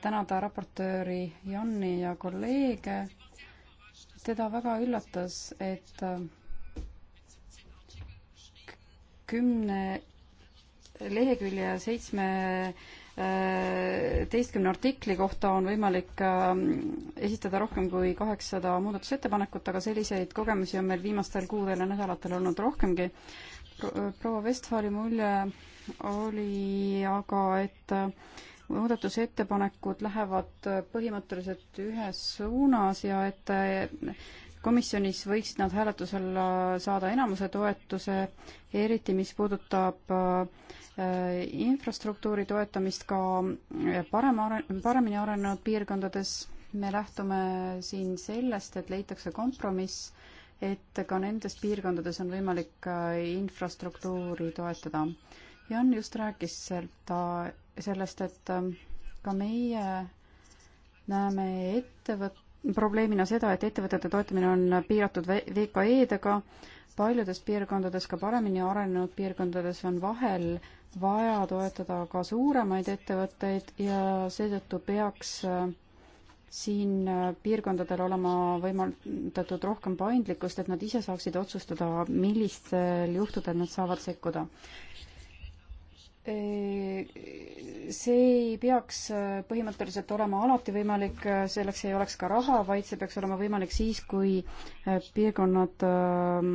tänada raportööri Janni ja kolleege. teda väga üllatas, et kümne lehekülje seitsme teistkümne artikli kohta on võimalik ähm, esitada rohkem kui kaheksasada muudatusettepanekut, aga selliseid kogemusi on meil viimastel kuudel ja nädalatel olnud rohkemgi. proua Vestfaali mulje oli aga, et äh, muudatusettepanekud lähevad põhimõtteliselt ühes suunas ja et äh, komisjonis võiksid nad hääletusel äh, saada enamuse toetuse, eriti mis puudutab äh, äh, infrastruktuuri toetamist ka parema, paremini arenenud piirkondades. me lähtume siin sellest, et leitakse kompromiss, et ka nendes piirkondades on võimalik infrastruktuuri toetada. Jan just rääkis ta sellest, et ka meie näeme ettevõt-, probleemina seda, et ettevõtete toetamine on piiratud VKE-dega, paljudes piirkondades, ka paremini arenenud piirkondades on vahel vaja toetada ka suuremaid ettevõtteid ja seetõttu peaks äh, siin äh, piirkondadel olema võimaldatud rohkem paindlikkust, et nad ise saaksid otsustada, millistel juhtudel nad saavad sekkuda see ei peaks äh, põhimõtteliselt olema alati võimalik, äh, selleks ei oleks ka raha, vaid see peaks olema võimalik siis, kui äh, piirkonnad ähm,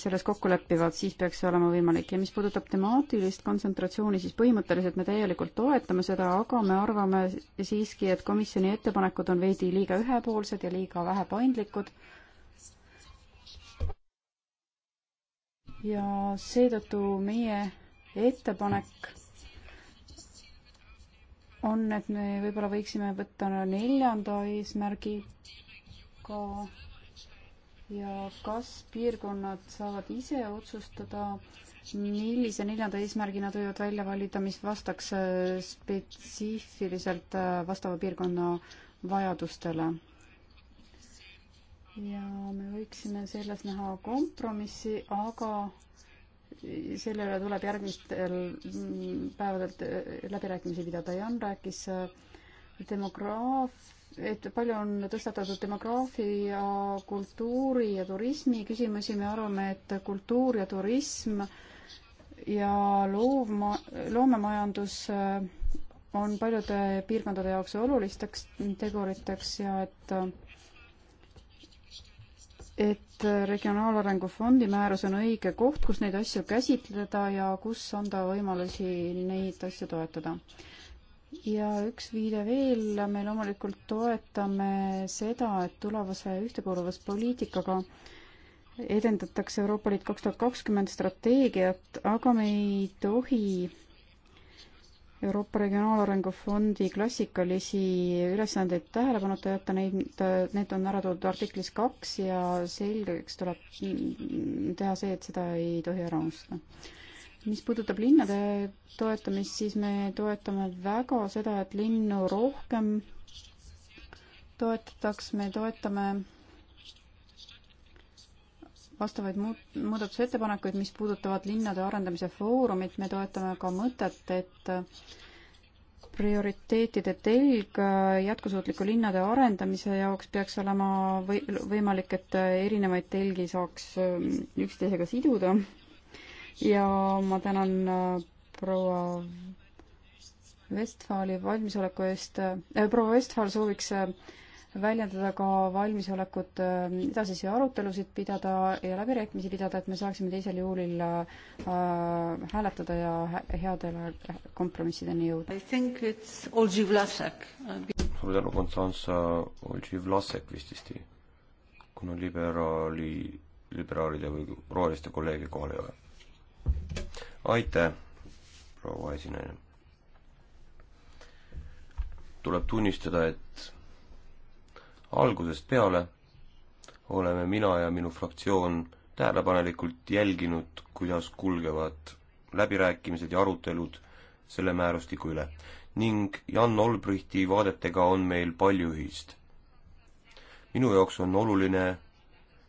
selles kokku lepivad, siis peaks see olema võimalik. ja mis puudutab temaatilist kontsentratsiooni, siis põhimõtteliselt me täielikult toetame seda, aga me arvame siiski, et komisjoni ettepanekud on veidi liiga ühepoolsed ja liiga vähe paindlikud ja seetõttu meie ettepanek on, et me võib-olla võiksime võtta neljanda eesmärgi ka ja kas piirkonnad saavad ise otsustada, millise neljanda eesmärgi nad võivad välja valida, mis vastaks äh, spetsiifiliselt äh, vastava piirkonna vajadustele. ja me võiksime selles näha kompromissi, aga selle üle tuleb järgmistel päevadel äh, läbirääkimisi pidada. Jan rääkis äh, demograaf-, et palju on tõstatatud demograafia, kultuuri ja turismi küsimusi, me arvame, et kultuur ja turism ja loovma, loomemajandus äh, on paljude piirkondade jaoks olulisteks teguriteks ja et et Regionaalarengu Fondi määrus on õige koht, kus neid asju käsitleda ja kus anda võimalusi neid asju toetada. ja üks viide veel, me loomulikult toetame seda, et tulevase ühtekuuluvuspoliitikaga edendatakse Euroopa Liit kaks tuhat kakskümmend strateegiat, aga me ei tohi Euroopa Regionaalarengu Fondi klassikalisi ülesandeid tähelepanuta jätta, neid, need on ära toodud artiklis kaks ja selgeks tuleb teha see, et seda ei tohi ära unustada. mis puudutab linnade toetamist, siis me toetame väga seda, et linnu rohkem toetataks, me toetame vastavaid muud-, muudatusettepanekuid, mis puudutavad linnade arendamise foorumit, me toetame ka mõtet, et prioriteetide telg jätkusuutliku linnade arendamise jaoks peaks olema või-, võimalik, et erinevaid telgi saaks ähm, üksteisega siduda ja ma tänan äh, proua Vestfaali valmisoleku eest äh,, proua Vestfaal sooviks äh, väljendada ka valmisolekut äh, edasisi arutelusid pidada ja läbirääkimisi pidada, et me saaksime teisel juulil äh, hääletada ja headele kompromissideni jõuda. suur tänu, Konstantsa Oldživlasek vist vist, kuna liberaali, liberaalide või roheliste kolleege kohal ei ole. aitäh, proua esinaine. tuleb tunnistada, et algusest peale oleme mina ja minu fraktsioon tähelepanelikult jälginud, kuidas kulgevad läbirääkimised ja arutelud selle määrustiku üle ning Jan Olbrichti vaadetega on meil palju ühist. minu jaoks on oluline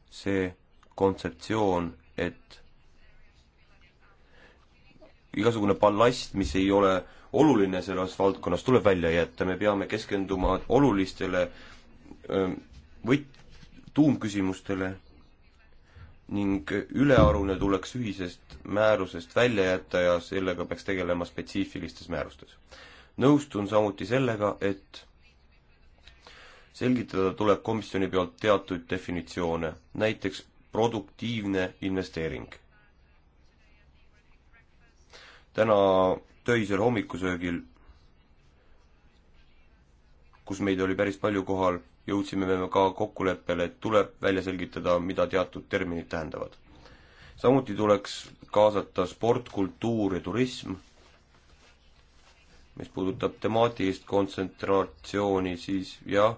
see kontseptsioon, et igasugune ballast, mis ei ole oluline selles valdkonnas, tuleb välja jätta, me peame keskenduma olulistele äh, võt-, tuumküsimustele ning ülearune tuleks ühisest määrusest välja jätta ja sellega peaks tegelema spetsiifilistes määrustes. nõustun samuti sellega, et selgitada tuleb komisjoni pealt teatud definitsioone, näiteks produktiivne investeering. täna töisel hommikusöögil, kus meid oli päris palju kohal, jõudsime me ka kokkuleppele, et tuleb välja selgitada, mida teatud terminid tähendavad. samuti tuleks kaasata sport, kultuur ja turism, mis puudutab temaatilist kontsentratsiooni, siis jah,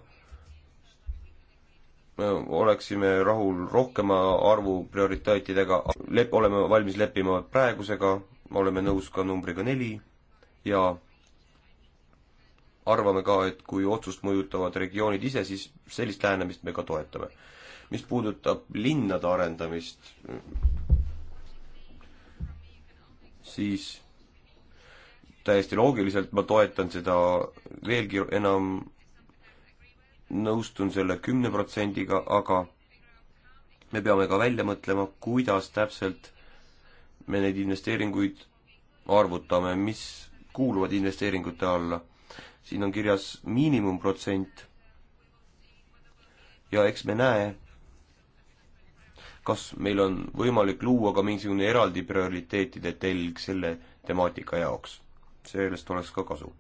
oleksime rahul rohkema arvu prioriteetidega, lep-, oleme valmis leppima praegusega, oleme nõus ka numbriga neli ja arvame ka, et kui otsust mõjutavad regioonid ise, siis sellist lähenemist me ka toetame. mis puudutab linnade arendamist, siis täiesti loogiliselt ma toetan seda veelgi enam, nõustun selle kümne protsendiga, aga me peame ka välja mõtlema, kuidas täpselt me neid investeeringuid arvutame, mis kuuluvad investeeringute alla siin on kirjas miinimumprotsent ja eks me näe, kas meil on võimalik luua ka mingisugune eraldi prioriteetide telg selle temaatika jaoks. sellest oleks ka kasu.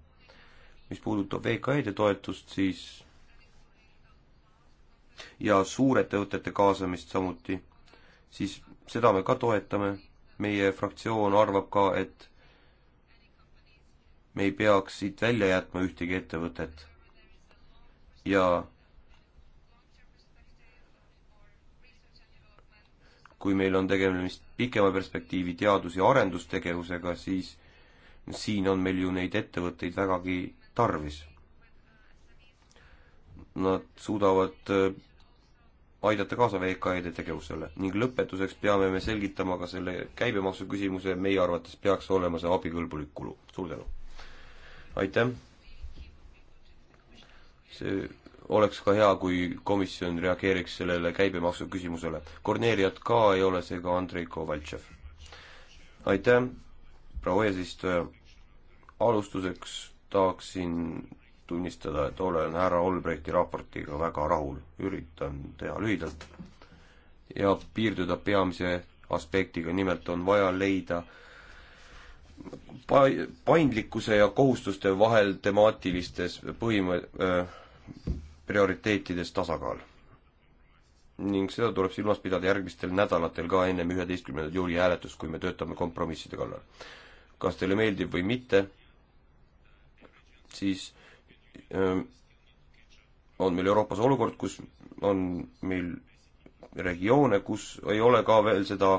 mis puudutab VKE-de toetust, siis ja suurettevõtete kaasamist samuti, siis seda me ka toetame, meie fraktsioon arvab ka, et me ei peaks siit välja jätma ühtegi ettevõtet. ja kui meil on tegemist pikema perspektiivi teadus- ja arendustegevusega, siis siin on meil ju neid ettevõtteid vägagi tarvis. Nad suudavad äh, aidata kaasa VKE-de tegevusele ning lõpetuseks peame me selgitama ka selle käibemaksu küsimuse, meie arvates peaks olema see abikõlbulik kulu. suur tänu! aitäh! see oleks ka hea, kui komisjon reageeriks sellele käibemaksu küsimusele. Korneliat ka ei ole, seega Andrei Kovaltšev. aitäh, proua eesistuja. alustuseks tahaksin tunnistada, et olen härra Olbrechti raportiga väga rahul, üritan teha lühidalt ja piirduda peamise aspektiga, nimelt on vaja leida äh, paindlikkuse ja kohustuste vahel temaatilistes põhimõ- äh,, prioriteetides tasakaal. ning seda tuleb silmas pidada järgmistel nädalatel ka ennem üheteistkümnendat juuli hääletust, kui me töötame kompromisside kallal. kas teile meeldib või mitte, siis äh, on meil Euroopas olukord, kus on meil regioone, kus ei ole ka veel seda,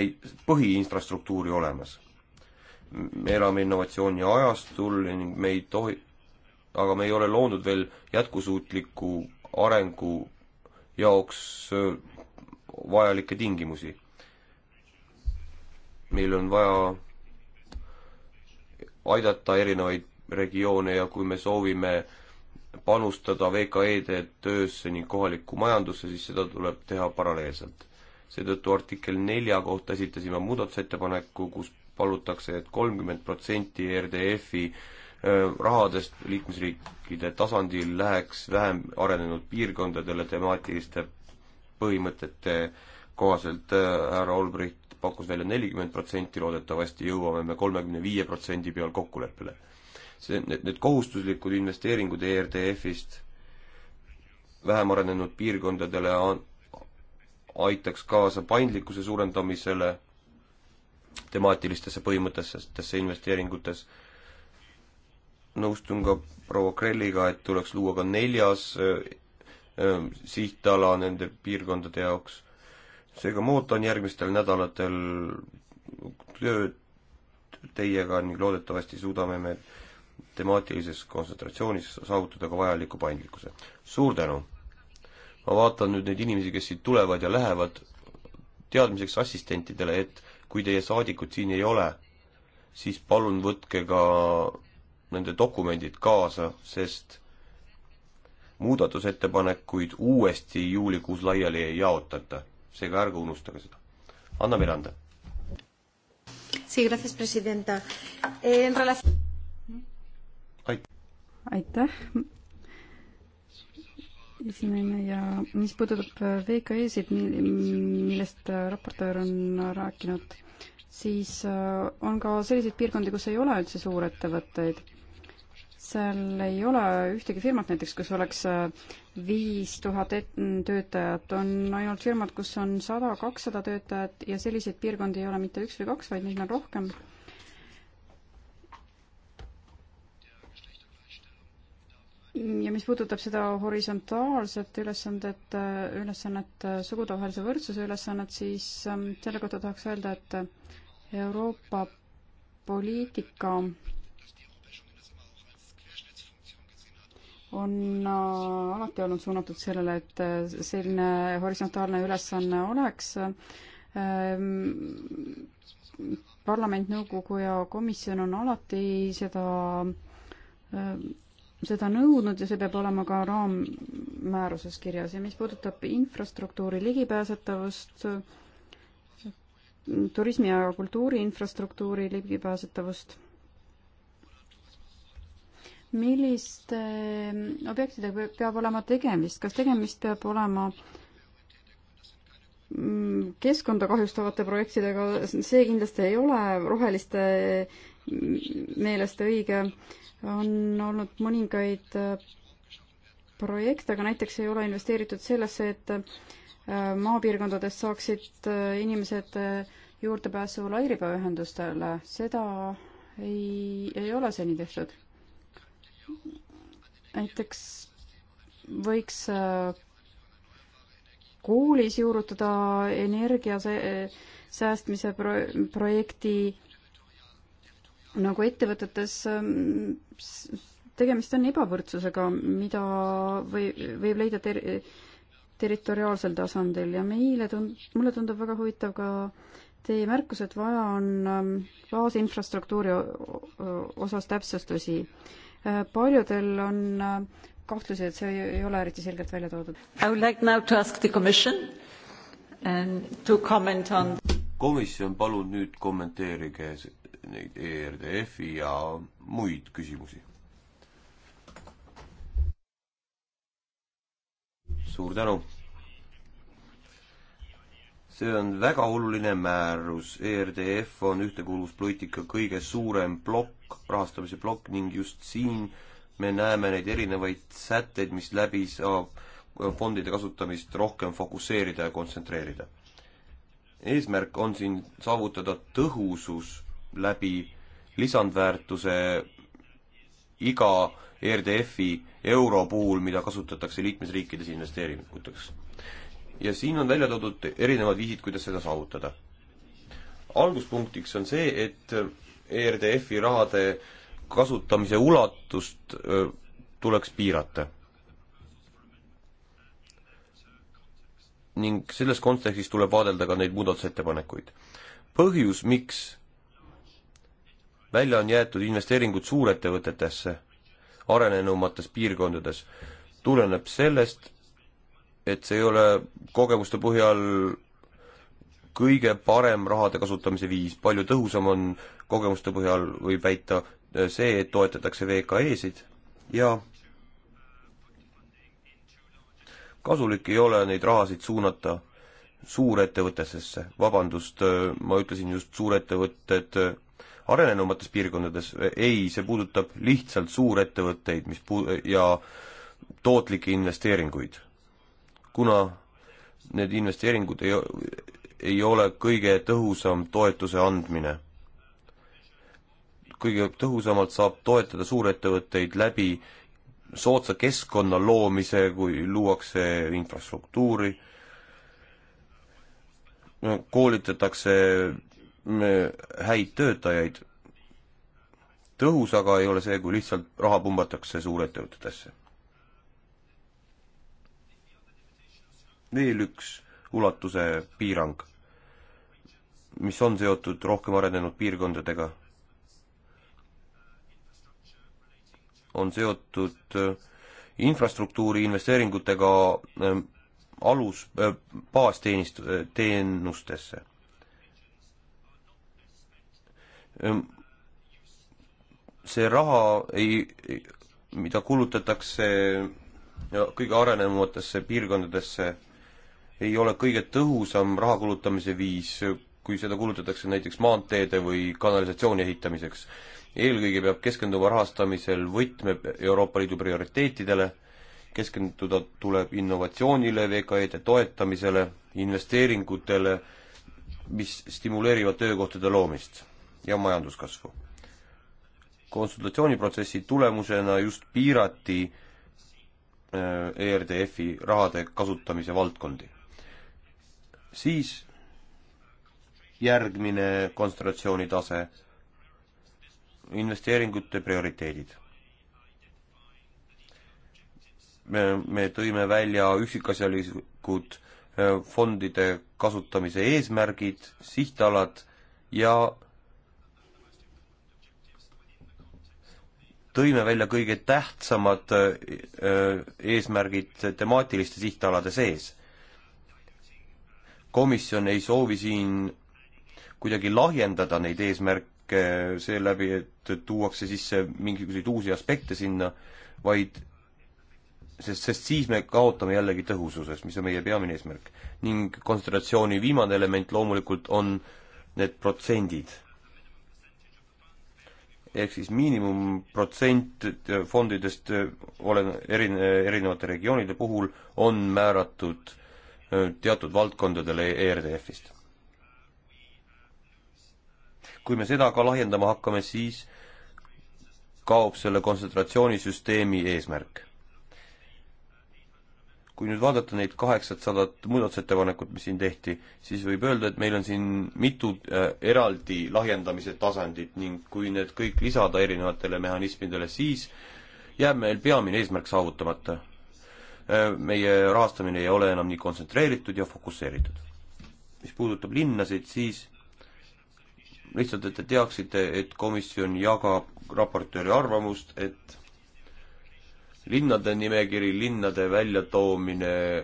neid põhiinfrastruktuuri olemas me elame innovatsiooni ajastul ning me ei tohi, aga me ei ole loodud veel jätkusuutliku arengu jaoks äh, vajalikke tingimusi. meil on vaja aidata erinevaid regioone ja kui me soovime panustada VKE-de töösse ning kohalikku majandusse, siis seda tuleb teha paralleelselt. seetõttu artikkel nelja kohta esitasime muudatusettepaneku, kus palutakse et, et kolmkümmend protsenti RDF-i äh, rahadest liikmesriikide tasandil läheks vähem arenenud piirkondadele temaatiliste põhimõtete kohaselt. Äh, härra Olbricht pakkus välja nelikümmend protsenti, loodetavasti jõuame me kolmekümne viie protsendi peal kokkuleppele. see, need, need kohustuslikud investeeringud ERDF-ist vähem arenenud piirkondadele aitaks kaasa paindlikkuse suurendamisele temaatilistesse põhimõtetesse investeeringutes. nõustun ka proua Krelliga, et tuleks luua ka neljas äh, äh, sihtala nende piirkondade jaoks. seega ma ootan järgmistel nädalatel tööd teiega ning loodetavasti suudame me temaatilises kontsentratsioonis saavutada ka vajaliku paindlikkuse. suur tänu! ma vaatan nüüd neid inimesi, kes siit tulevad ja lähevad, teadmiseks assistentidele, et kui teie saadikut siin ei ole, siis palun võtke ka nende dokumendid kaasa, sest muudatusettepanekuid uuesti juulikuus laiali ei jaotata. seega ärge unustage seda. Anna Miranda. aitäh. aitäh esimene ja mis puudutab äh, VKE-sid, millest äh, raportöör on rääkinud, siis äh, on ka selliseid piirkondi, kus ei ole üldse suurettevõtteid. seal ei ole ühtegi firmat näiteks, kus oleks viis tuhat töötajat, on ainult firmad, kus on sada, kakssada töötajat ja selliseid piirkondi ei ole mitte üks või kaks, vaid neid on rohkem ja mis puudutab seda horisontaalset ülesandet, äh, ülesannet, äh, sugudevahelise võrdsuse ülesannet, siis ähm, selle kohta tahaks öelda, et Euroopa poliitika on äh, alati olnud suunatud sellele, et selline horisontaalne ülesanne oleks. Ähm, parlament, nõukogu ja komisjon on alati seda seda nõudnud ja see peab olema ka raammääruses kirjas ja mis puudutab infrastruktuuri ligipääsetavust, turismi ja kultuuri infrastruktuuri ligipääsetavust, milliste objektidega peab olema tegemist, kas tegemist peab olema mm, keskkonda kahjustavate projektidega, see kindlasti ei ole roheliste meelest õige äh, on olnud mõningaid äh, projekte, aga näiteks ei ole investeeritud sellesse, et äh, maapiirkondadest saaksid äh, inimesed juurdepääsu lairibaühendustele, seda ei, ei ole seni tehtud. näiteks võiks koolis juurutada energia säästmise pro-, projekti nagu ettevõtetes ähm, tegemist on ebavõrdsusega, mida või, võib leida ter-, territoriaalsel tasandil ja meile tund-, mulle tundub väga huvitav ka teie märkus, et vaja on ähm, baasinfrastruktuuri osas täpsustusi. Äh, paljudel on äh, kahtlusi, et see ei ole eriti selgelt välja toodud. I would like now to ask the commission and um, to comment on komisjon, palun nüüd kommenteerige neid ERDF-i ja muid küsimusi. suur tänu! see on väga oluline määrus, ERDF on ühtekuuluvuspoliitika kõige suurem plokk, rahastamise plokk ning just siin me näeme neid erinevaid sätteid, mis läbi saab fondide kasutamist rohkem fokusseerida ja kontsentreerida. eesmärk on siin saavutada tõhusus läbi lisandväärtuse iga ERDF-i euro puhul, mida kasutatakse liikmesriikides investeeringuteks. ja siin on välja toodud erinevad viisid, kuidas seda saavutada. alguspunktiks on see, et ERDF-i rahade kasutamise ulatust tuleks piirata. ning selles kontekstis tuleb vaadelda ka neid muudatusettepanekuid. põhjus, miks välja on jäetud investeeringud suurettevõtetesse arenenumates piirkondades, tuleneb sellest, et see ei ole kogemuste põhjal kõige parem rahade kasutamise viis, palju tõhusam on kogemuste põhjal, võib väita, see, et toetatakse VKE-sid ja kasulik ei ole neid rahasid suunata suurettevõttesse, vabandust, ma ütlesin just suurettevõtted arenenumates piirkondades ei, see puudutab lihtsalt suurettevõtteid, mis puu- ja tootlikke investeeringuid. kuna need investeeringud ei, ei ole kõige tõhusam toetuse andmine. kõige tõhusamalt saab toetada suurettevõtteid läbi soodsa keskkonna loomise, kui luuakse infrastruktuuri, koolitatakse häid töötajaid. tõhus aga ei ole see, kui lihtsalt raha pumbatakse suurettevõtetesse. veel üks ulatuse piirang, mis on seotud rohkem arenenud piirkondadega, on seotud äh, infrastruktuuri investeeringutega äh, alus, äh, baasteenist-, teenustesse Ehm, see raha ei, mida kulutatakse kõige arenenumatesse piirkondadesse, ei ole kõige tõhusam raha kulutamise viis, kui seda kulutatakse näiteks maanteede või kanalisatsiooni ehitamiseks. eelkõige peab keskenduma rahastamisel võtme Euroopa Liidu prioriteetidele, keskenduda tuleb innovatsioonile, VKE-de toetamisele, investeeringutele, mis stimuleerivad töökohtade loomist ja majanduskasvu. konsultatsiooniprotsessi tulemusena just piirati äh, ERDF-i rahade kasutamise valdkondi. siis järgmine konsultatsiooni tase, investeeringute prioriteedid. me, me tõime välja üksikasjalikud äh, fondide kasutamise eesmärgid, sihtalad ja tõime välja kõige tähtsamad äh, äh, eesmärgid temaatiliste sihtalade sees. komisjon ei soovi siin kuidagi lahjendada neid eesmärke seeläbi, et tuuakse sisse mingisuguseid uusi aspekte sinna, vaid sest, sest siis me kaotame jällegi tõhususes, mis on meie peamine eesmärk. ning kontsentratsiooni viimane element loomulikult on need protsendid ehk siis miinimumprotsent äh, fondidest äh, olen erine, erinevate regioonide puhul on määratud äh, teatud valdkondadele ERDF-ist. kui me seda ka lahjendama hakkame, siis kaob selle kontsentratsiooni süsteemi eesmärk kui nüüd vaadata neid kaheksasadat muudatusettepanekut, mis siin tehti, siis võib öelda, et meil on siin mitu äh, eraldi lahjendamise tasandit ning kui need kõik lisada erinevatele mehhanismidele, siis jääb meil peamine eesmärk saavutamata äh,. meie rahastamine ei ole enam nii kontsentreeritud ja fokusseeritud. mis puudutab linnasid, siis lihtsalt, et te teaksite, et komisjon jagab raportööri arvamust, et linnade nimekiri, linnade väljatoomine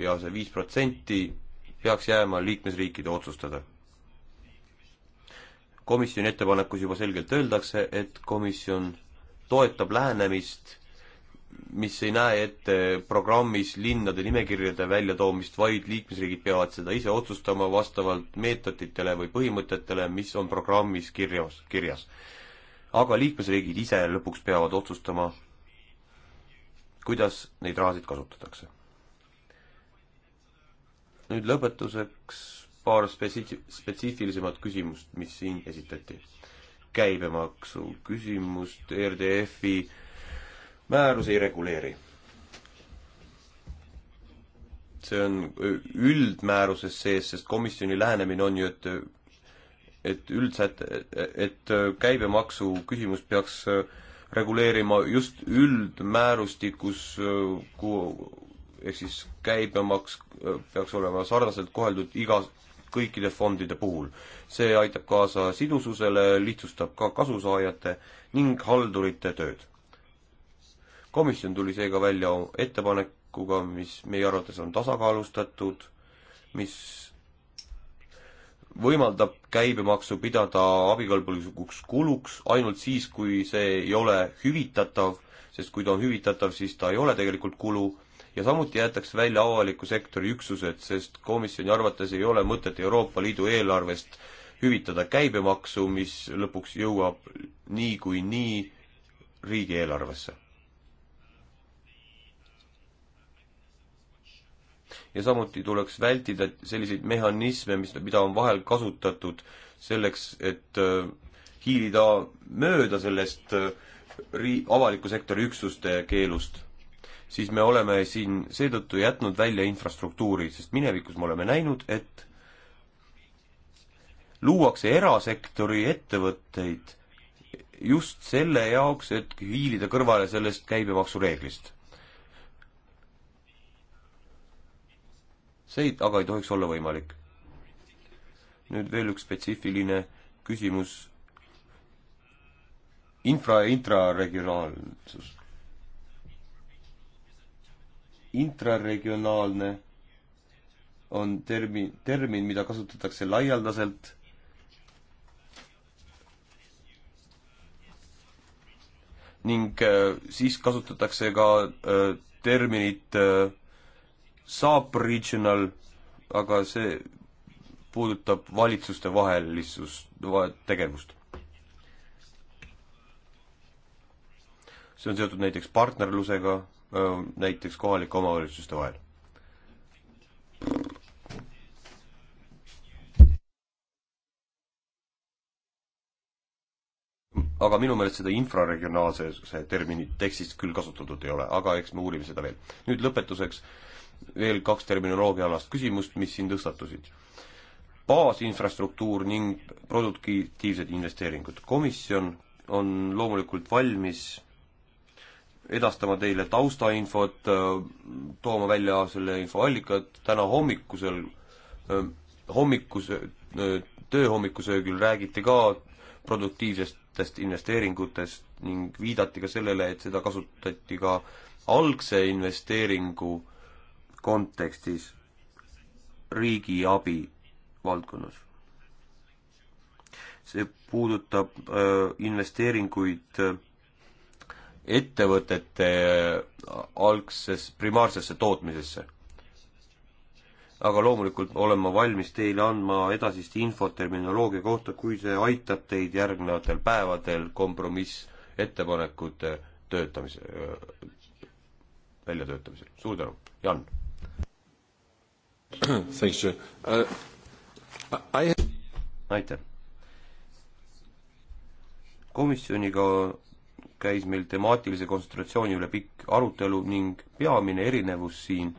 ja see viis protsenti peaks jääma liikmesriikide otsustada. komisjoni ettepanekus juba selgelt öeldakse, et komisjon toetab lähenemist, mis ei näe ette programmis linnade nimekirjade väljatoomist, vaid liikmesriigid peavad seda ise otsustama vastavalt meetoditele või põhimõtetele, mis on programmis kirjas, kirjas. aga liikmesriigid ise lõpuks peavad otsustama, kuidas neid rahasid kasutatakse. nüüd lõpetuseks paar spetsi-, spetsiifilisemat küsimust, mis siin esitati. käibemaksu küsimust RDF-i määrus ei reguleeri. see on üldmääruses sees, sest komisjoni lähenemine on ju, et et üldsäte, et käibemaksu küsimus peaks äh, reguleerima just üldmäärustikus, kuhu ehk siis käibemaks äh, peaks olema sarnaselt koheldud iga, kõikide fondide puhul. see aitab kaasa sidususele, lihtsustab ka kasusaajate ning haldurite tööd. komisjon tuli seega välja ettepanekuga, mis meie arvates on tasakaalustatud, mis võimaldab käibemaksu pidada abikõlbulikuks kuluks ainult siis, kui see ei ole hüvitatav, sest kui ta on hüvitatav, siis ta ei ole tegelikult kulu, ja samuti jäetakse välja avaliku sektori üksused, sest komisjoni arvates ei ole mõtet Euroopa Liidu eelarvest hüvitada käibemaksu, mis lõpuks jõuab niikuinii nii riigieelarvesse ja samuti tuleks vältida selliseid mehhanisme, mis, mida on vahel kasutatud selleks, et äh, hiilida mööda sellest äh, ri-, avaliku sektori üksuste keelust, siis me oleme siin seetõttu jätnud välja infrastruktuuri, sest minevikus me oleme näinud, et luuakse erasektori ettevõtteid just selle jaoks, et hiilida kõrvale sellest käibemaksureeglist. see ei, aga ei tohiks olla võimalik. nüüd veel üks spetsiifiline küsimus. infra- ja intraregionaalsus. intraregionaalne on termi-, termin, mida kasutatakse laialdaselt ning äh, siis kasutatakse ka äh, terminit äh, saab regional, aga see puudutab valitsuste vahelisust, tegevust. see on seotud näiteks partnerlusega, näiteks kohalike omavalitsuste vahel. aga minu meelest seda infraregionaalse terminit tekstis küll kasutatud ei ole, aga eks me uurime seda veel. nüüd lõpetuseks äh, veel kaks terminoloogiaalast küsimust, mis siin tõstatusid. baasinfrastruktuur ning produktiivsed investeeringud. komisjon on loomulikult valmis edastama teile taustainfot, äh, tooma välja selle info allikad, täna hommikusel, äh, hommikuse, äh, tööhommikusöögil räägiti ka produktiivsetest investeeringutest ning viidati ka sellele, et seda kasutati ka algse investeeringu äh, kontekstis riigiabi valdkonnas. see puudutab äh, investeeringuid äh, ettevõtete äh, algsesse primaarsesse tootmisesse. aga loomulikult olen ma valmis teile andma edasist infot terminoloogia kohta, kui see aitab teid järgnevatel päevadel kompromissettepanekute töötamise, väljatöötamisel. suur tänu, Jan! Uh, aitäh. komisjoniga käis meil temaatilise kontsentratsiooni üle pikk arutelu ning peamine erinevus siin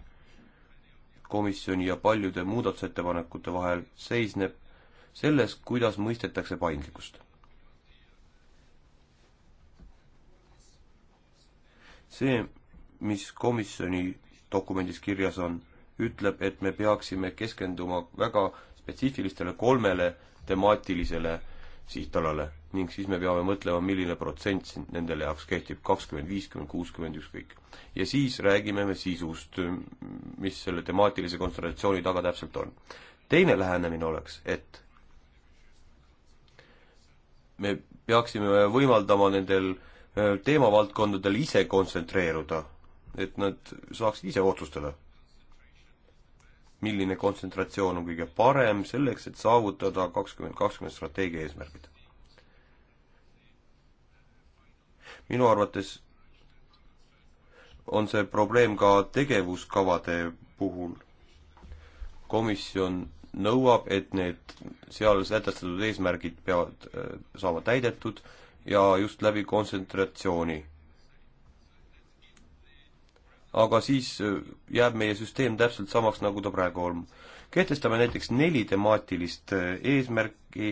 komisjoni ja paljude muudatusettepanekute vahel seisneb selles, kuidas mõistetakse paindlikkust. see, mis komisjoni dokumendis kirjas on, ütleb, et me peaksime keskenduma väga spetsiifilistele kolmele temaatilisele sihtalale ning siis me peame mõtlema, milline protsent siin nendele jaoks kehtib, kakskümmend, viiskümmend, kuuskümmend, ükskõik. ja siis räägime me sisust, mis selle temaatilise konstellatsiooni taga täpselt on. teine lähenemine oleks, et me peaksime võimaldama nendel äh, teemavaldkondadel ise kontsentreeruda, et nad saaksid ise otsustada milline kontsentratsioon on kõige parem selleks, et saavutada kakskümmend kakskümmend strateegia eesmärgid. minu arvates on see probleem ka tegevuskavade puhul. komisjon nõuab, et need seal sätestatud eesmärgid peavad, äh, saavad täidetud ja just läbi kontsentratsiooni aga siis äh, jääb meie süsteem täpselt samaks, nagu ta praegu on. kehtestame näiteks neli temaatilist äh, eesmärki,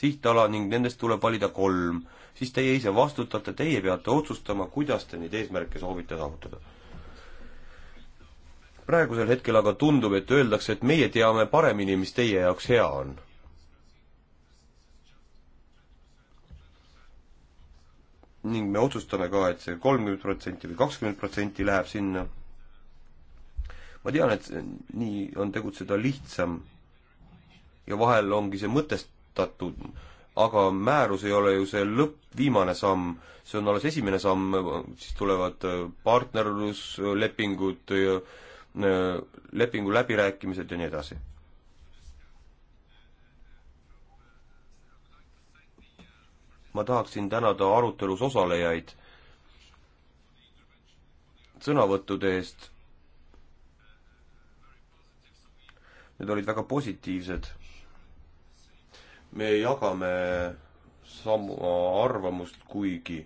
sihtala ning nendest tuleb valida kolm. siis teie ise vastutate, teie peate otsustama, kuidas te neid eesmärke soovite saavutada. praegusel hetkel aga tundub, et öeldakse, et meie teame paremini, mis teie jaoks hea on ning me otsustame ka, et see kolmkümmend protsenti või kakskümmend protsenti läheb sinna. ma tean, et nii on tegutseda lihtsam ja vahel ongi see mõtestatud, aga määrus ei ole ju see lõpp, viimane samm, see on alles esimene samm, siis tulevad äh, partnerluslepingud, äh, lepingu läbirääkimised ja nii edasi ma tahaksin tänada arutelus osalejaid sõnavõttude eest. Need olid väga positiivsed. me jagame sama arvamust, kuigi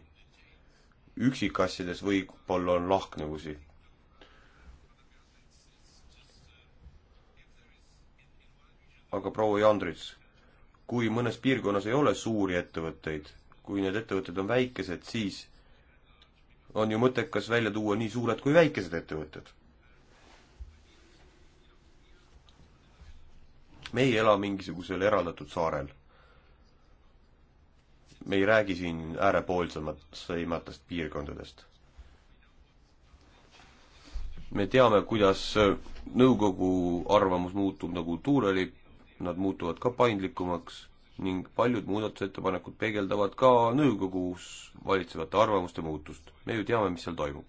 üksikasjades võib-olla on lahknevusi aga proua Jandrits, kui mõnes piirkonnas ei ole suuri ettevõtteid, kui need ettevõtted on väikesed, siis on ju mõttekas välja tuua nii suured kui väikesed ettevõtted. me ei ela mingisugusel eraldatud saarel. me ei räägi siin äärepoolsematest piirkondadest. me teame, kuidas nõukogu arvamus muutub, nagu kultuur oli, nad muutuvad ka paindlikumaks ning paljud muudatusettepanekud peegeldavad ka nõukogus valitsevate arvamuste muutust. me ju teame, mis seal toimub.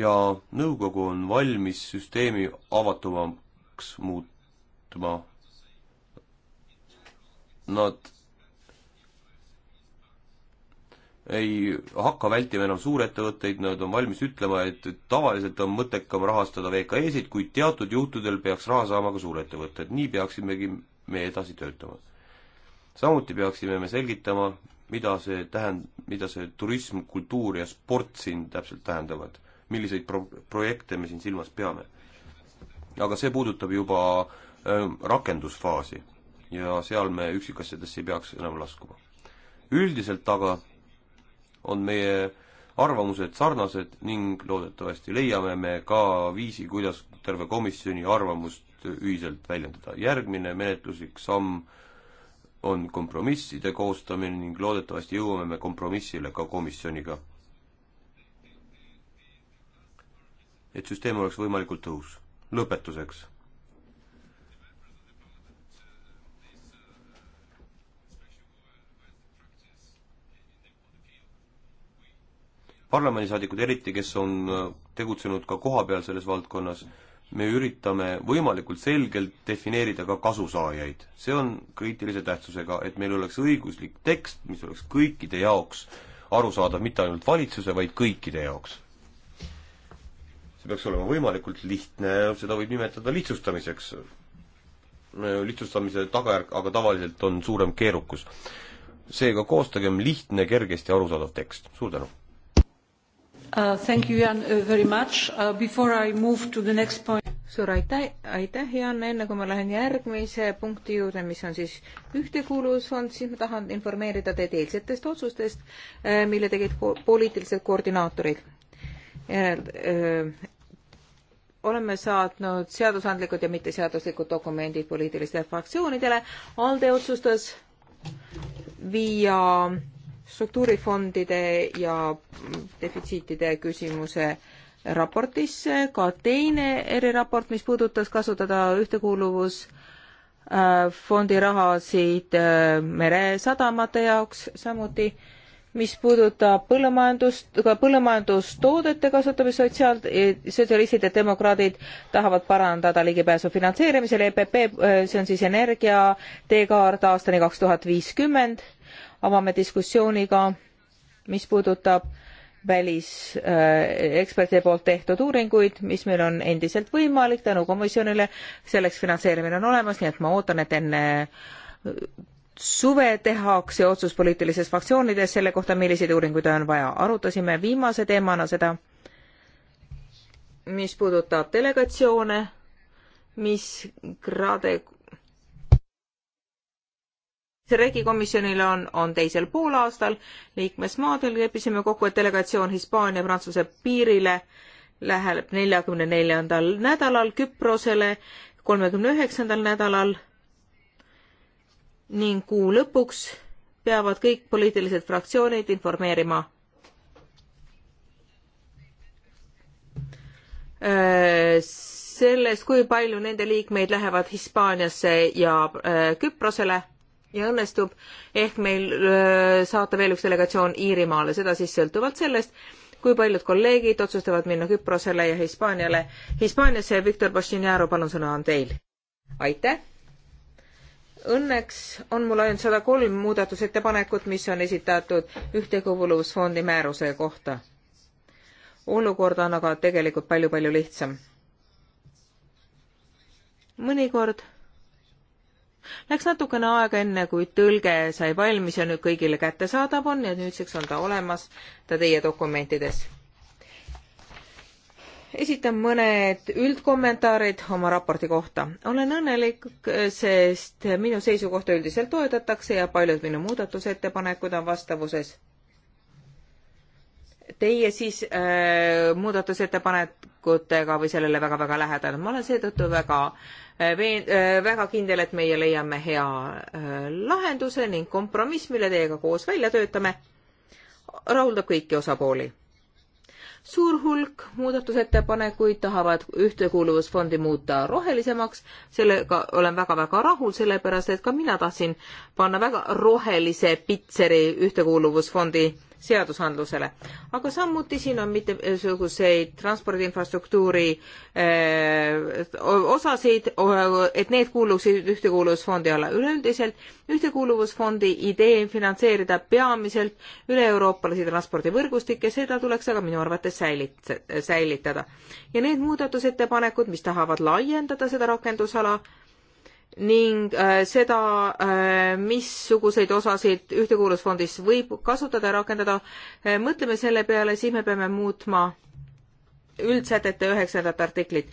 ja nõukogu on valmis süsteemi avatumaks muutma. Nad ei hakka vältima enam suurettevõtteid, nad on valmis ütlema, et tavaliselt on mõttekam rahastada VKE-sid, kuid teatud juhtudel peaks raha saama ka suurettevõtted, nii peaksimegi me edasi töötama. samuti peaksime me selgitama, mida see tähend-, mida see turism, kultuur ja sport siin täpselt tähendavad, milliseid pro-, projekte me siin silmas peame. aga see puudutab juba äh, rakendusfaasi ja seal me üksikasjadesse ei peaks enam laskuma. üldiselt aga on meie arvamused sarnased ning loodetavasti leiame me ka viisi, kuidas terve komisjoni arvamust ühiselt väljendada. järgmine menetluslik samm on kompromisside koostamine ning loodetavasti jõuame me kompromissile ka komisjoniga. et süsteem oleks võimalikult tõhus. lõpetuseks parlamendisaadikud eriti, kes on äh, tegutsenud ka kohapeal selles valdkonnas, me üritame võimalikult selgelt defineerida ka kasusaajaid. see on kriitilise tähtsusega, et meil oleks õiguslik tekst, mis oleks kõikide jaoks arusaadav, mitte ainult valitsuse, vaid kõikide jaoks. see peaks olema võimalikult lihtne, seda võib nimetada lihtsustamiseks. Äh, lihtsustamise tagajärg aga tavaliselt on suurem keerukus. seega koostagem lihtne, kergesti arusaadav tekst. suur tänu! Uh, thank you, Jan, uh, very much. Uh, before I move to the next point. suur aitäh, aitäh, Jan, enne kui ma lähen järgmise punkti juurde, mis on siis ühtekuuluvusfond, siis ma tahan informeerida teid eilsetest otsustest, äh, mille tegid ko poliitilised koordinaatorid. Äh, äh, oleme saatnud seadusandlikud ja mitteseaduslikud dokumendid poliitilistele fraktsioonidele. ALDE otsustas viia struktuurifondide ja defitsiitide küsimuse raportisse, ka teine eriraport, mis puudutas kasutada ühtekuuluvusfondi äh, rahasid äh, meresadamate jaoks samuti, mis puudutab põllumajandust, ka põllumajandustoodete kasutamist, sotsiaal, sotsialistid ja demokraadid tahavad parandada ligipääsu finantseerimisele, EPP, äh, see on siis energia teekaart aastani kaks tuhat viiskümmend avame diskussiooniga, mis puudutab välisekspertide poolt tehtud uuringuid, mis meil on endiselt võimalik tänu komisjonile, selleks finantseerimine on olemas, nii et ma ootan, et enne suve tehakse otsus poliitilises fraktsioonides selle kohta, milliseid uuringuid on vaja. arutasime viimase teemana seda, mis puudutab delegatsioone, mis Grade see regikomisjonil on, on teisel poolaastal liikmesmaadel, leppisime kokku, et delegatsioon Hispaania-Prantsuse piirile läheb neljakümne neljandal nädalal Küprosele, kolmekümne üheksandal nädalal ning kuu lõpuks peavad kõik poliitilised fraktsioonid informeerima äh, sellest, kui palju nende liikmeid lähevad Hispaaniasse ja äh, Küprosele ja õnnestub ehk meil öö, saata veel üks delegatsioon Iirimaale, seda siis sõltuvalt sellest, kui paljud kolleegid otsustavad minna Küprosele ja Hispaaniale. Hispaaniasse, Viktor Bastianaro, palun, sõna on teil. aitäh! Õnneks on mul ainult sada kolm muudatusettepanekut, mis on esitatud Ühtekuuluvusfondi määruse kohta. olukord on aga tegelikult palju-palju lihtsam. mõnikord Läks natukene aega, enne kui tõlge sai valmis ja nüüd kõigile kättesaadav on ja nüüdseks on ta olemas, ta teie dokumentides. esitan mõned üldkommentaarid oma raporti kohta. olen õnnelik, sest minu seisukohta üldiselt toetatakse ja paljud minu muudatusettepanekud on vastavuses teie siis äh, muudatusettepanekutega või sellele väga-väga lähedal. ma olen seetõttu väga Äh, äh, väga kindel, et meie leiame hea äh, lahenduse ning kompromiss, mille teiega koos välja töötame, rahuldab kõiki osapooli. suur hulk muudatusettepanekuid tahavad Ühtekuuluvusfondi muuta rohelisemaks, sellega olen väga-väga rahul, sellepärast et ka mina tahtsin panna väga rohelise pitseri Ühtekuuluvusfondi seadusandlusele. aga samuti siin on mitmesuguseid transpordiinfrastruktuuri eh, osasid, et need kuuluksid Ühtekuuluvusfondi alla. üleüldiselt Ühtekuuluvusfondi idee on finantseerida peamiselt üle-euroopalisi transpordivõrgustikke, seda tuleks aga minu arvates säilit-, säilitada. ja need muudatusettepanekud, mis tahavad laiendada seda rakendusala, ning äh, seda, äh, missuguseid osasid Ühtekuuluvusfondis võib kasutada ja rakendada, äh, mõtleme selle peale, siis me peame muutma üldsätete üheksandat artiklit.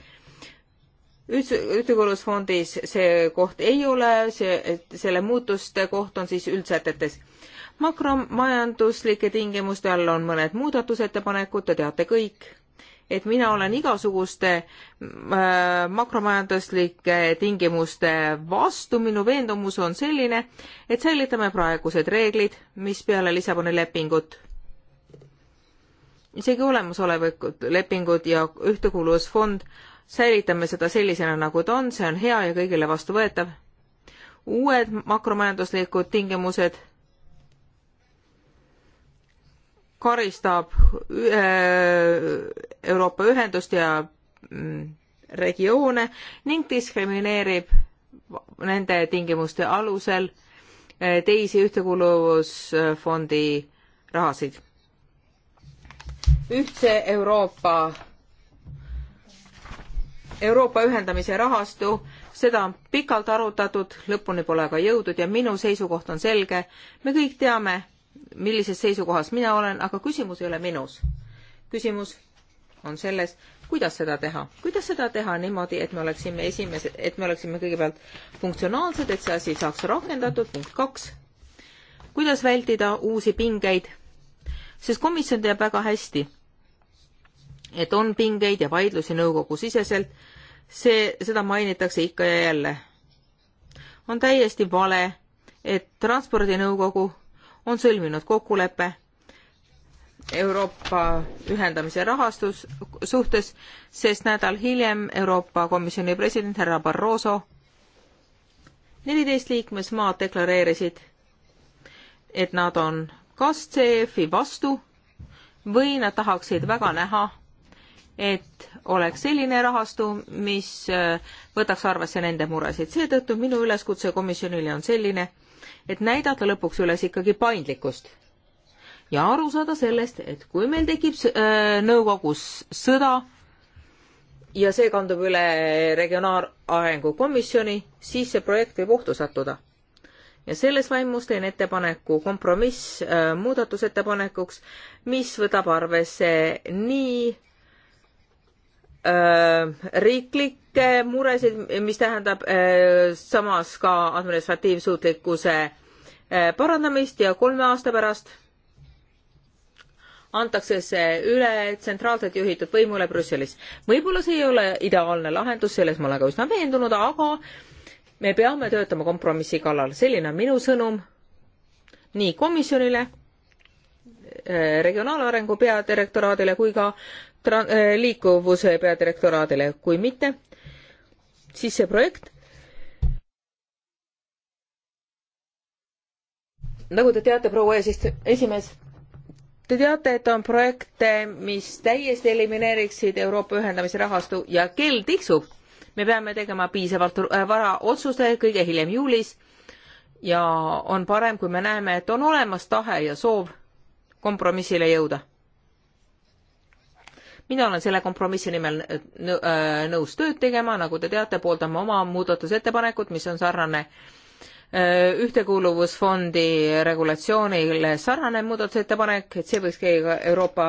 Ühtekuuluvusfondis see koht ei ole, see, selle muutuste koht on siis üldsätetes. makromajanduslike tingimuste all on mõned muudatusettepanekud, te teate kõik et mina olen igasuguste äh, makromajanduslike tingimuste vastu, minu veendumus on selline, et säilitame praegused reeglid, mis peale Lissaboni lepingut isegi olemasolevad lepingud ja ühtekuuluvusfond, säilitame seda sellisena, nagu ta on, see on hea ja kõigile vastuvõetav. uued makromajanduslikud tingimused karistab äh, Euroopa ühendust ja mm, regioone ning diskrimineerib nende tingimuste alusel eh, teisi ühtekuuluvusfondi rahasid. ühtse Euroopa, Euroopa ühendamise rahastu, seda on pikalt arutatud, lõpuni pole ka jõudnud ja minu seisukoht on selge. me kõik teame, millises seisukohas mina olen, aga küsimus ei ole minus. küsimus on selles, kuidas seda teha. kuidas seda teha niimoodi, et me oleksime esimese, et me oleksime kõigepealt funktsionaalsed, et see asi saaks rakendatud, punkt kaks. kuidas vältida uusi pingeid, sest komisjon teab väga hästi, et on pingeid ja vaidlusi nõukogu siseselt, see, seda mainitakse ikka ja jälle. on täiesti vale, et transpordinõukogu on sõlminud kokkuleppe Euroopa ühendamise rahastus suhtes, sest nädal hiljem Euroopa Komisjoni president härra Barroso neliteist liikmesmaad deklareerisid, et nad on kas CF-i vastu või nad tahaksid väga näha, et oleks selline rahastu, mis äh, võtaks arvesse nende muresid. seetõttu minu üleskutse komisjonile on selline, et näidata lõpuks üles ikkagi paindlikkust ja aru saada sellest, et kui meil tekib äh, nõukogus sõda ja see kandub üle Regionaalarengu komisjoni, siis see projekt võib ohtu sattuda. ja selles vaimus teen ettepaneku kompromiss äh, muudatusettepanekuks, mis võtab arvesse nii äh, riiklikke muresid, mis tähendab äh, samas ka administratiivsuutlikkuse äh, parandamist ja kolme aasta pärast antakse see üle tsentraalselt juhitud võimule Brüsselis. võib-olla see ei ole ideaalne lahendus, selles ma olen ka üsna veendunud, aga me peame töötama kompromissi kallal, selline on minu sõnum nii komisjonile, eh, regionaalarengu peadirektoraadile kui ka eh, liikuvuse peadirektoraadile, kui mitte, siis see projekt nagu te teate, proua eesistuja, esimees Te teate, et on projekte, mis täiesti elimineeriksid Euroopa ühendamise rahastu ja kell tiksub. me peame tegema piisavalt äh, vara otsuse, kõige hiljem juulis. ja on parem, kui me näeme, et on olemas tahe ja soov kompromissile jõuda. mina olen selle kompromissi nimel äh, äh, nõus tööd tegema, nagu te teate, pooldame oma muudatusettepanekut, mis on sarnane äh, Äh, ühtekuuluvusfondi regulatsioonile sarnanev muudatusettepanek, et see võiks käia ka Euroopa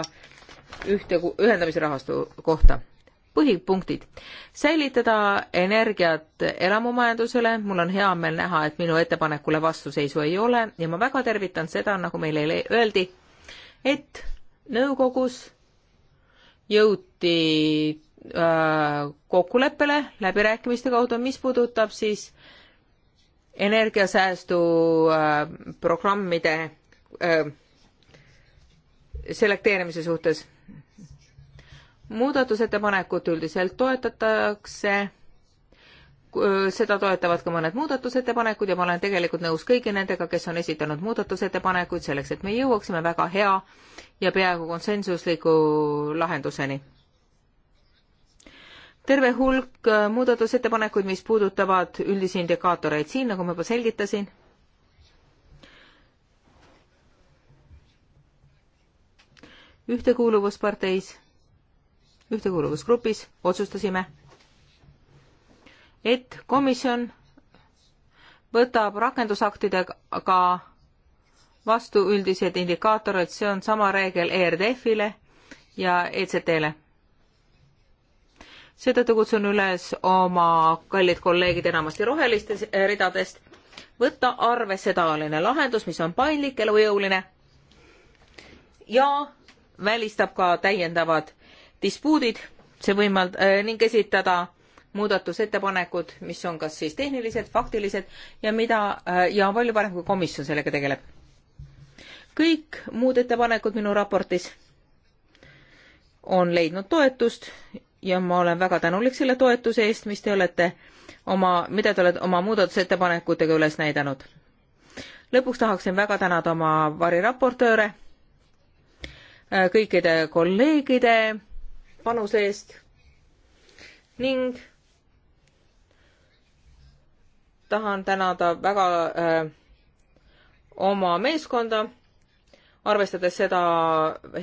ühte, ühendamise rahastu kohta. põhipunktid. säilitada energiat elamumajandusele, mul on hea meel näha, et minu ettepanekule vastuseisu ei ole ja ma väga tervitan seda, nagu meile öeldi, et nõukogus jõuti äh, kokkuleppele läbirääkimiste kaudu, mis puudutab siis energiasäästuprogrammide äh, äh, selekteerimise suhtes. muudatusettepanekut üldiselt toetatakse, äh, seda toetavad ka mõned muudatusettepanekud ja ma olen tegelikult nõus kõigi nendega, kes on esitanud muudatusettepanekuid selleks, et me jõuaksime väga hea ja peaaegu konsensusliku lahenduseni terve hulk äh, muudatusettepanekuid, mis puudutavad üldisi indikaatoreid siin, nagu ma juba selgitasin. ühtekuuluvusparteis, ühtekuuluvusgrupis otsustasime, et komisjon võtab rakendusaktidega vastu üldised indikaatorid, see on sama reegel ERDF-ile ja ECT-le seetõttu kutsun üles oma kallid kolleegid enamasti rohelistest eh, ridadest võtta arvesse taoline lahendus, mis on paindlik, elujõuline ja välistab ka täiendavad dispuudid, see võimald- äh, ning esitada muudatusettepanekud, mis on kas siis tehnilised, faktilised ja mida äh, ja on palju parem, kui komisjon sellega tegeleb. kõik muud ettepanekud minu raportis on leidnud toetust ja ma olen väga tänulik selle toetuse eest, mis te olete oma, mida te olete oma muudatusettepanekutega üles näidanud. lõpuks tahaksin väga tänada oma variraportööre, äh, kõikide kolleegide panuse eest ning tahan tänada väga öö, äh, oma meeskonda arvestades seda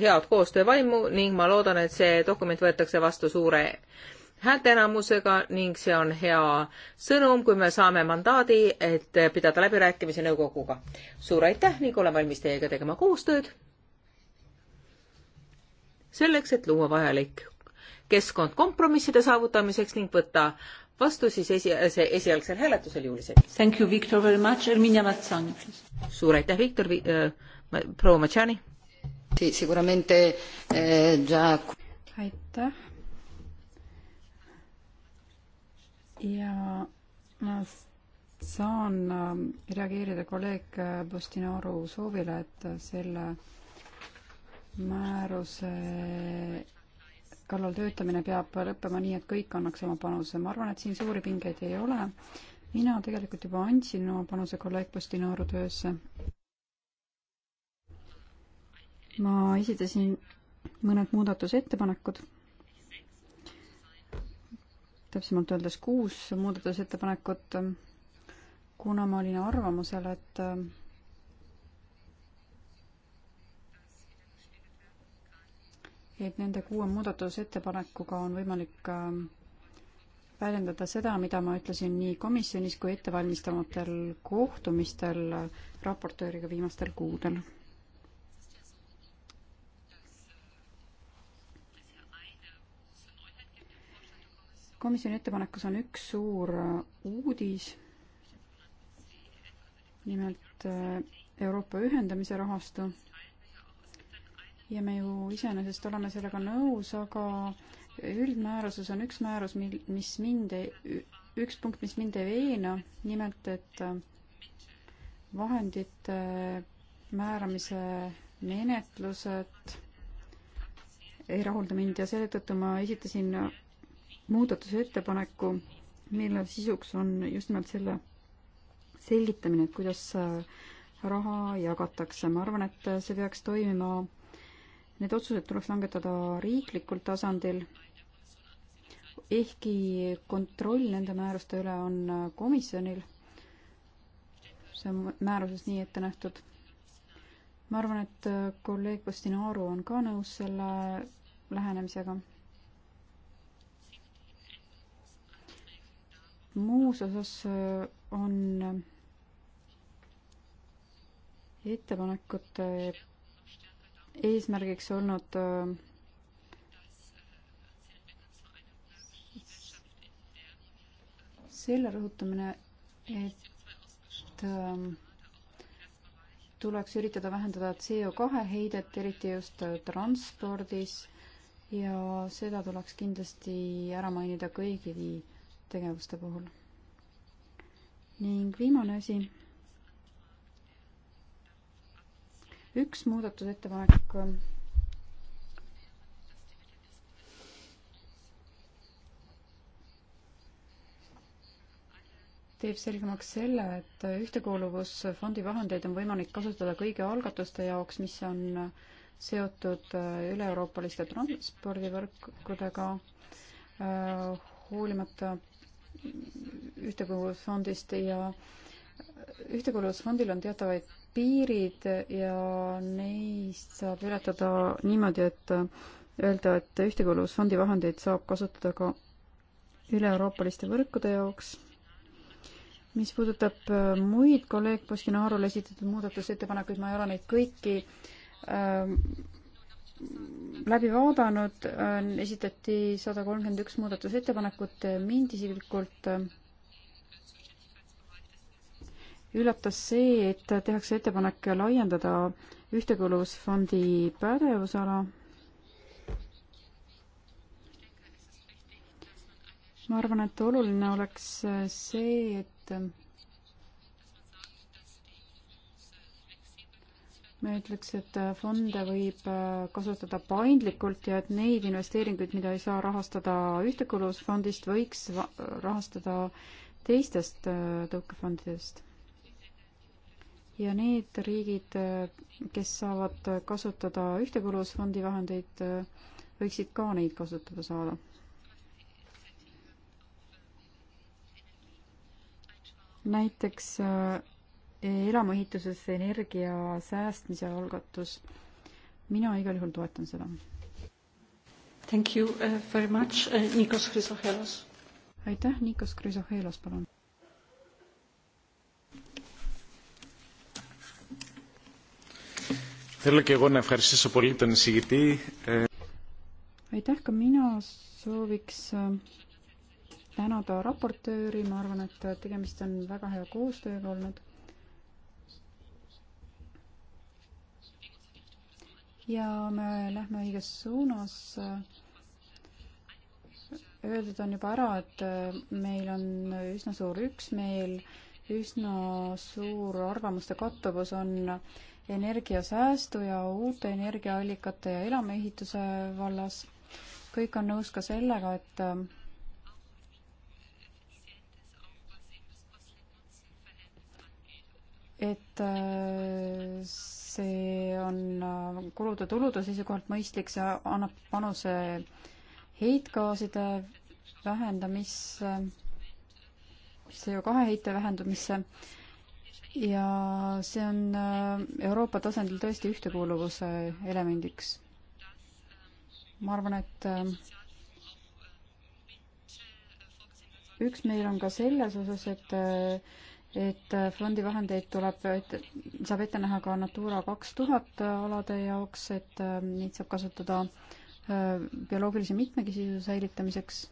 head koostöövaimu ning ma loodan, et see dokument võetakse vastu suure häälteenamusega ning see on hea sõnum, kui me saame mandaadi, et pidada läbirääkimisi nõukoguga. suur aitäh ning olen valmis teiega tegema koostööd selleks, et luua vajalik keskkond kompromisside saavutamiseks ning võtta vastu siis esi, see esialgsel hääletusel juulisel. Thank you, Viktor, very much, Erminia Matsani. suur aitäh, Viktor äh,, proua Matšani. Eh, aitäh. ja ma saan ähm, reageerida kolleeg Postinaru äh, soovile, et selle määruse kallal töötamine peab lõppema nii, et kõik annaks oma panuse. ma arvan, et siin suuri pingeid ei ole. mina tegelikult juba andsin oma panuse kolleeg Postinaru töösse ma esitasin mõned muudatusettepanekud, täpsemalt öeldes kuus muudatusettepanekut, kuna ma olin arvamusel, et et nende kuue muudatusettepanekuga on võimalik äh, väljendada seda, mida ma ütlesin nii komisjonis kui ettevalmistamatel kohtumistel äh, raportööriga viimastel kuudel komisjoni ettepanekus on üks suur äh, uudis, nimelt äh, Euroopa ühendamise rahastu. ja me ju iseenesest oleme sellega nõus, aga üldmääruses on üks määrus, mil, mis mind ei, üks punkt, mis mind ei veena, nimelt et äh, vahendite määramise menetlused ei rahulda mind ja selle tõttu ma esitasin muudatusettepaneku, mille sisuks on just nimelt selle selgitamine, et kuidas äh, raha jagatakse. ma arvan, et äh, see peaks toimima, need otsused tuleks langetada riiklikul tasandil, ehkki kontroll nende määruste üle on äh, komisjonil, see on määruses nii ette nähtud. ma arvan, et kolleeg Postinaru on ka nõus selle lähenemisega muus osas äh, on äh, ettepanekute eesmärgiks olnud äh, selle rõhutamine, et ähm, tuleks üritada vähendada CO2 heidet, eriti just transpordis ja seda tuleks kindlasti ära mainida kõigi tegevuste puhul. ning viimane asi. üks muudatusettepanek teeb selgemaks selle, et Ühtekuuluvusfondi vahendeid on võimalik kasutada kõigi algatuste jaoks, mis on seotud üle-euroopaliste transpordivõrkudega, hoolimata ühtekuuluvusfondist ja ühtekuuluvusfondil on teatavaid piirid ja neist saab ületada niimoodi, et öelda, et ühtekuuluvusfondi vahendeid saab kasutada ka üle-euroopaliste võrkude jaoks. mis puudutab äh, muid kolleeg Postinaarule esitatud muudatusettepanekuid, ma ei ole neid kõiki äh, läbi vaadanud, äh, esitati sada kolmkümmend üks muudatusettepanekut, äh, mind isiklikult äh, üllatas see, et tehakse ettepanek laiendada Ühtekuuluvusfondi pädevusala. ma arvan, et oluline oleks see, et ma ütleks, et äh, fonde võib äh, kasutada paindlikult ja et neid investeeringuid, mida ei saa rahastada ühtekuuluvusfondist, võiks rahastada teistest äh, tõukefondidest. ja need riigid, kes saavad kasutada ühtekuuluvusfondi vahendeid, võiksid ka neid kasutada saada näiteks elamuehituses energia säästmise algatus. mina igal juhul toetan seda. Thank you uh, very much, uh, Nikos Chrysohelos. aitäh, Nikos Chrysohelos, palun. Θέλω και εγώ να ευχαριστήσω πολύ τον εισηγητή. Aitäh ka mina sooviks tänada raportööri, ma arvan, et tegemist on väga hea koostööga olnud ja me lähme õiges suunas. Öeldud on juba ära, et äh, meil on üsna suur üksmeel, üsna suur arvamuste kattuvus on energiasäästu ja uute energiaallikate ja elamuehituse vallas. kõik on nõus ka sellega, et äh, et äh, see on äh, kulude-tulude seisukohalt mõistlik, see annab panuse heitgaaside vähendamisse, CO2 heite vähendamisse ja see on äh, Euroopa tasandil tõesti ühtekuuluvuse elemendiks. ma arvan, et äh, üks meil on ka selles osas, et et äh, fondi vahendeid tuleb, saab ette näha ka Natura kaks tuhat äh, alade jaoks, et äh, neid saab kasutada bioloogilise mitmekesisuse säilitamiseks.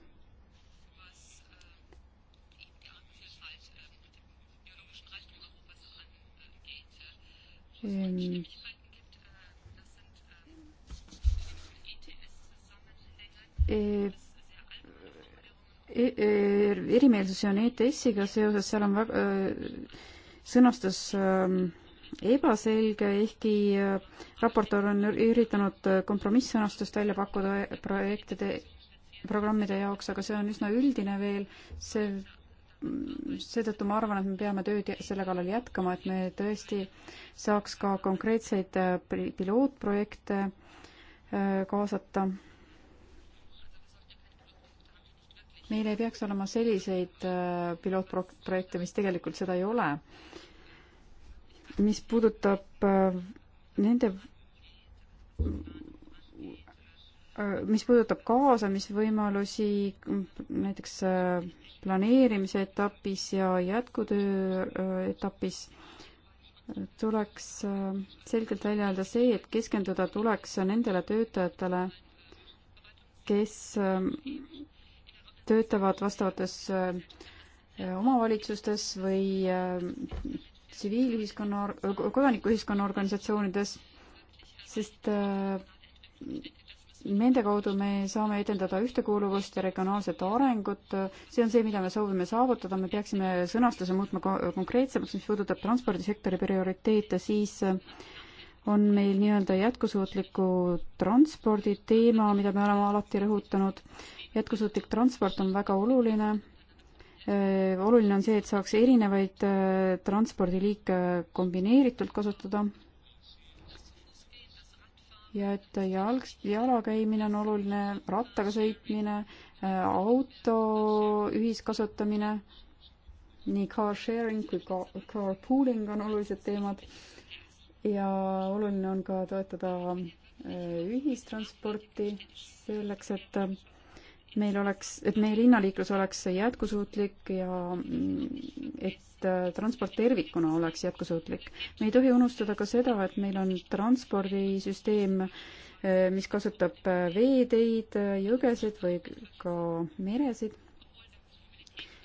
Ähm, e E, e, erimeelsusi on ETS-iga seoses, seal on väga, sõnastus ebaselge, ehkki raportöör on üritanud kompromiss-sõnastust välja pakkuda e-, projektide, programmide jaoks, aga see on üsna üldine veel, see, seetõttu ma arvan, et me peame tööd selle kallal jätkama, et me tõesti saaks ka konkreetseid äh, pilootprojekte äh, kaasata meil ei peaks olema selliseid äh, pilootprojekte, mis tegelikult seda ei ole. mis puudutab äh, nende äh, mis puudutab kaasamisvõimalusi näiteks planeerimise etapis ja jätkutöö etapis, tuleks selgelt välja öelda see, et keskenduda tuleks nendele töötajatele, kes töötavad vastavates äh, äh, omavalitsustes või äh, tsiviilühiskonna, kodanikuühiskonna organisatsioonides, sest nende kaudu me saame edendada ühtekuuluvust ja regionaalset arengut, see on see, mida me soovime saavutada, me peaksime sõnastuse muutma konkreetsemaks, mis puudutab transpordisektori prioriteete, siis on meil nii-öelda jätkusuutliku transpordi teema, mida me oleme alati rõhutanud jätkusuutlik transport on väga oluline. Äh, oluline on see, et saaks erinevaid äh, transpordiliike kombineeritult kasutada. ja et jalg, jalakäimine on oluline, rattaga sõitmine, äh, auto ühiskasutamine, nii car sharing kui ka car pooling on olulised teemad. ja oluline on ka toetada ühistransporti selleks, et meil oleks, et meie linnaliiklus oleks jätkusuutlik ja mm, et äh, transport tervikuna oleks jätkusuutlik. me ei tohi unustada ka seda, et meil on transpordisüsteem, äh, mis kasutab äh, veeteid, jõgesid või ka meresid.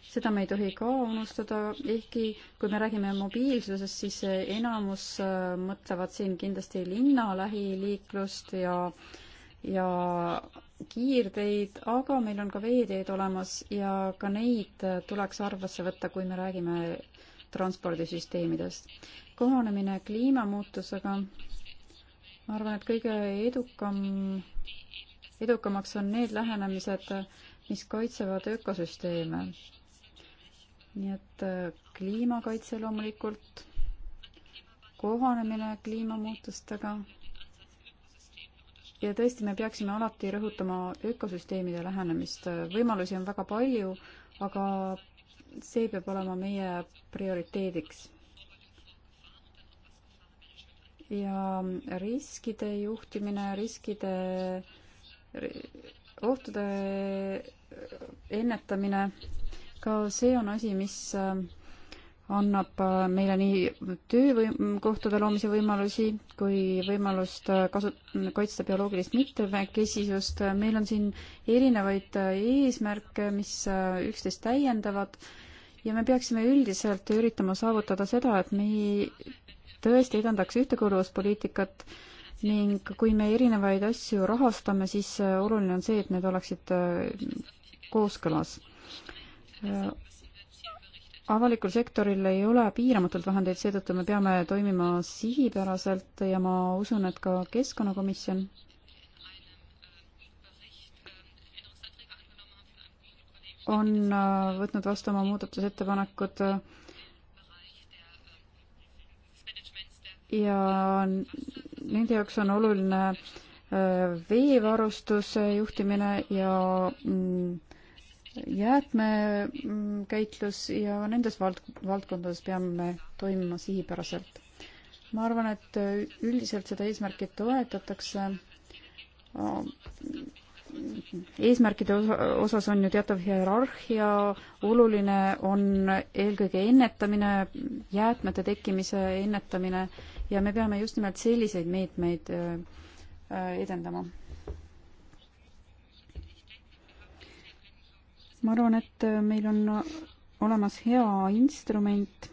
seda me ei tohi ka unustada, ehkki kui me räägime mobiilsusest, siis enamus mõtlevad siin kindlasti linna lähiliiklust ja ja kiirteid, aga meil on ka veeteed olemas ja ka neid tuleks arvesse võtta, kui me räägime transpordisüsteemidest. kohanemine kliimamuutusega, ma arvan, et kõige edukam, edukamaks on need lähenemised, mis kaitsevad ökosüsteeme. nii et äh, kliimakaitse loomulikult, kohanemine kliimamuutustega ja tõesti, me peaksime alati rõhutama ökosüsteemide lähenemist, võimalusi on väga palju, aga see peab olema meie prioriteediks ja riskide juhtimine, riskide, ohtude ennetamine, ka see on asi, mis annab äh, meile nii töökohtade loomise võimalusi kui võimalust äh, kasu-, kaitsta bioloogilist mitmekesisust. meil on siin erinevaid äh, eesmärke, mis üksteist täiendavad ja me peaksime üldiselt üritama saavutada seda, et me tõesti edendaks ühtekuuluvuspoliitikat ning kui me erinevaid asju rahastame, siis oluline on see, et need oleksid kooskõlas avalikul sektoril ei ole piiramatult vahendeid, seetõttu me peame toimima sihipäraselt ja ma usun, et ka Keskkonnakomisjon on äh, võtnud vastu oma muudatusettepanekud ja nende jaoks on oluline äh, veevarustuse juhtimine ja mm, jäätmekäitlus ja nendes vald-, valdkondades peame toimima sihipäraselt. ma arvan, et üldiselt seda eesmärki toetatakse, eesmärkide osas on ju teatav hierarhia, oluline on eelkõige ennetamine, jäätmete tekkimise ennetamine ja me peame just nimelt selliseid meetmeid äh, edendama. ma arvan, et äh, meil on äh, olemas hea instrument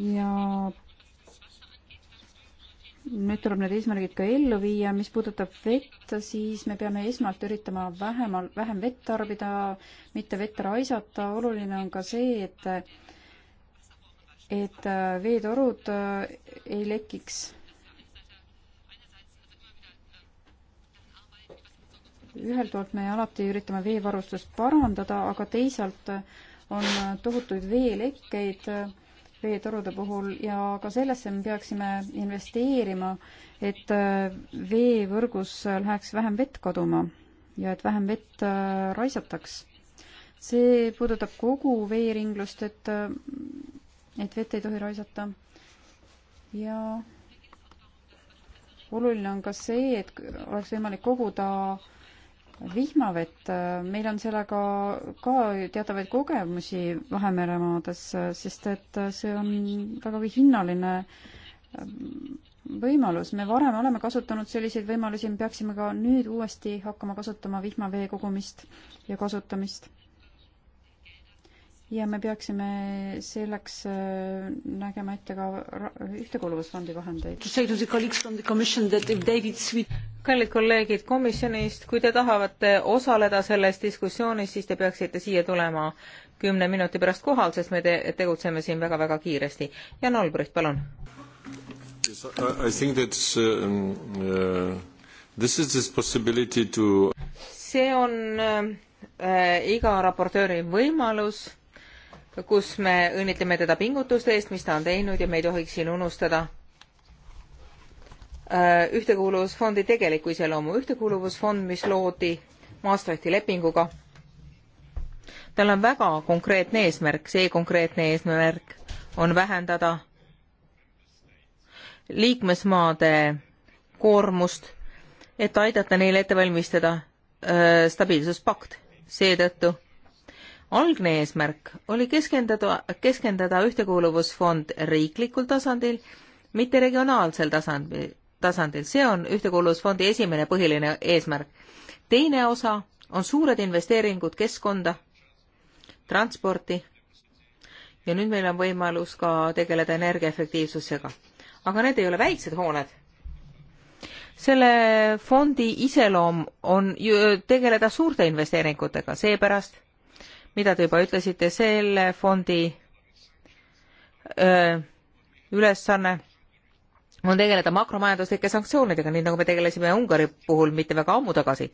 ja nüüd tuleb need eesmärgid ka ellu viia, mis puudutab vett, siis me peame esmalt üritama vähemal, vähem vett tarbida, mitte vett raisata, oluline on ka see, et et äh, veetorud ei lekiks ühelt poolt me alati üritame veevarustust parandada, aga teisalt on tohutuid veelekkeid veetorude puhul ja ka sellesse me peaksime investeerima, et veevõrgus läheks vähem vett kaduma ja et vähem vett raisataks. see puudutab kogu veeringlust, et, et vett ei tohi raisata. ja oluline on ka see, et oleks võimalik koguda vihmavett, äh, meil on sellega ka teatavaid kogemusi Vahemeremaades, äh, sest et äh, see on väga hinnaline võimalus, me varem oleme kasutanud selliseid võimalusi, me peaksime ka nüüd uuesti hakkama kasutama vihmavee kogumist ja kasutamist. ja me peaksime selleks nägema ette ka ühtekuuluvusfondi vahendeid kallid kolleegid komisjonist, kui te tahavate osaleda selles diskussioonis, siis te peaksite siia tulema kümne minuti pärast kohal, sest me te tegutseme siin väga-väga kiiresti. Jan Albrecht, palun. Um, uh, see on äh, iga raportööri võimalus, kus me õnnitleme teda pingutuste eest, mis ta on teinud ja me ei tohiks siin unustada Äh, ühtekuuluvusfondi tegeliku iseloomu. ühtekuuluvusfond, mis loodi Maastrichti lepinguga, tal on väga konkreetne eesmärk, see konkreetne eesmärk on vähendada liikmesmaade koormust, et aidata neile ette valmistada äh, stabiilsuspakt. seetõttu algne eesmärk oli keskenduda, keskenduda ühtekuuluvusfond riiklikul tasandil, mitte regionaalsel tasandil tasandil, see on Ühtekuuluvusfondi esimene põhiline eesmärk. teine osa on suured investeeringud keskkonda, transporti ja nüüd meil on võimalus ka tegeleda energiaefektiivsusega. aga need ei ole väiksed hooned. selle fondi iseloom on ju tegeleda suurte investeeringutega, seepärast, mida te juba ütlesite, selle fondi öö, ülesanne on tegeleda makromajanduslike sanktsioonidega, nii nagu me tegelesime Ungari puhul mitte väga ammu tagasi.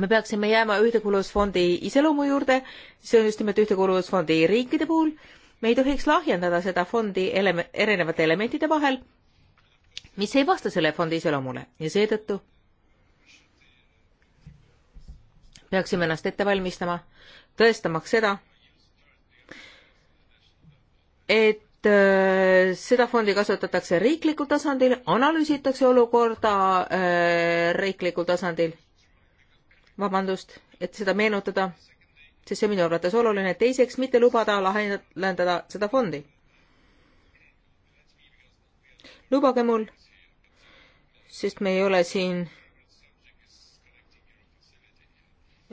me peaksime jääma Ühtekuuluvusfondi iseloomu juurde, see on just nimelt Ühtekuuluvusfondi riikide puhul, me ei tohiks lahjendada seda fondi eleme-, erinevate elementide vahel, mis ei vasta selle fondi iseloomule ja seetõttu peaksime ennast ette valmistama, tõestamaks seda, et Äh, seda fondi kasutatakse riiklikul tasandil, analüüsitakse olukorda äh, riiklikul tasandil. vabandust, et seda meenutada, sest see on minu arvates oluline. teiseks, mitte lubada lahendada seda fondi. lubage mul, sest me ei ole siin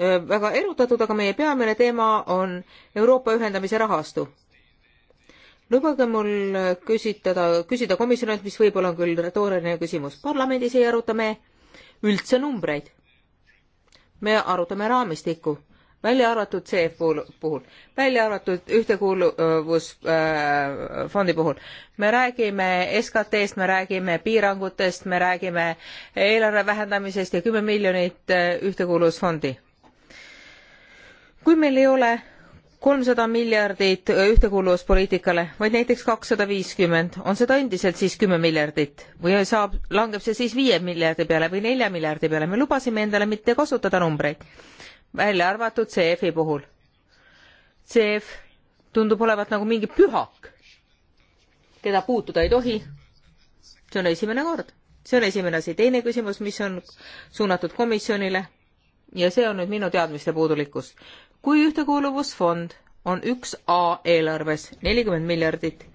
äh, väga erutatud, aga meie peamine teema on Euroopa ühendamise rahastu lubage mul küsitada, küsida komisjonilt, mis võib-olla on küll retooriline küsimus. parlamendis ei aruta me üldse numbreid. me arutame raamistikku, välja arvatud CF puhul, välja arvatud ühtekuuluvusfondi puhul. me räägime SKT-st, me räägime piirangutest, me räägime eelarve vähendamisest ja kümme miljonit ühtekuuluvusfondi. kui meil ei ole kolmsada miljardit ühtekuuluvuspoliitikale vaid näiteks kakssada viiskümmend on seda endiselt siis kümme miljardit või saab langeb see siis viie miljardi peale või nelja miljardi peale me lubasime endale mitte kasutada numbreid välja arvatud CF-i puhul CF tundub olevat nagu mingi pühak keda puutuda ei tohi see on esimene kord see on esimene asi teine küsimus mis on suunatud komisjonile ja see on nüüd minu teadmiste puudulikkus kui ühtekuuluvusfond on üks A eelarves nelikümmend miljardit,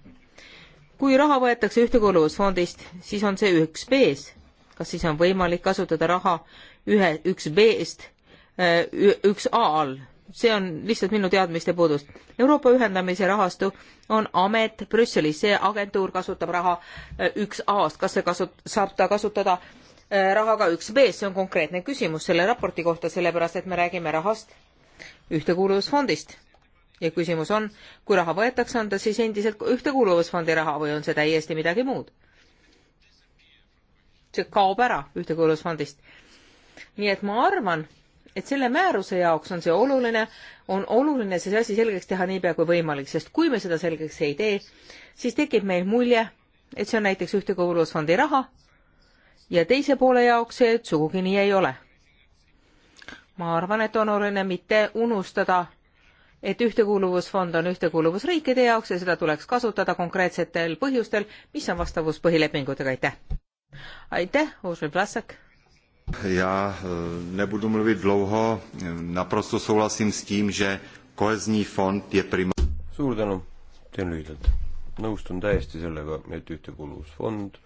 kui raha võetakse ühtekuuluvusfondist, siis on see üks B-s. kas siis on võimalik kasutada raha ühe, üks B-st äh, üks A all? see on lihtsalt minu teadmiste puudus. Euroopa ühendamise rahastu on amet Brüsselis, see agentuur kasutab raha äh, üks A-st, kas see kasut-, saab ta kasutada äh, rahaga üks B-s, see on konkreetne küsimus selle raporti kohta, sellepärast et me räägime rahast ühtekuuluvusfondist. ja küsimus on, kui raha võetakse, on ta siis endiselt ühtekuuluvusfondi raha või on see täiesti midagi muud? see kaob ära ühtekuuluvusfondist. nii et ma arvan, et selle määruse jaoks on see oluline, on oluline see asi selgeks teha niipea kui võimalik, sest kui me seda selgeks ei tee, siis tekib meil mulje, et see on näiteks ühtekuuluvusfondi raha ja teise poole jaoks see sugugi nii ei ole ma arvan, et on oluline mitte unustada, et ühtekuuluvusfond on ühtekuuluvusriikide jaoks ja seda tuleks kasutada konkreetsetel põhjustel, mis on vastavus põhilepingutega, aitäh. aitäh, Ursula Plasak. Já e, nebudu mluvit dlouho, naprosto souhlasím s tím, že kohezní fond je prima-. suur tänu, teen lühidalt. nõustun täiesti sellega, et ühtekuuluvusfond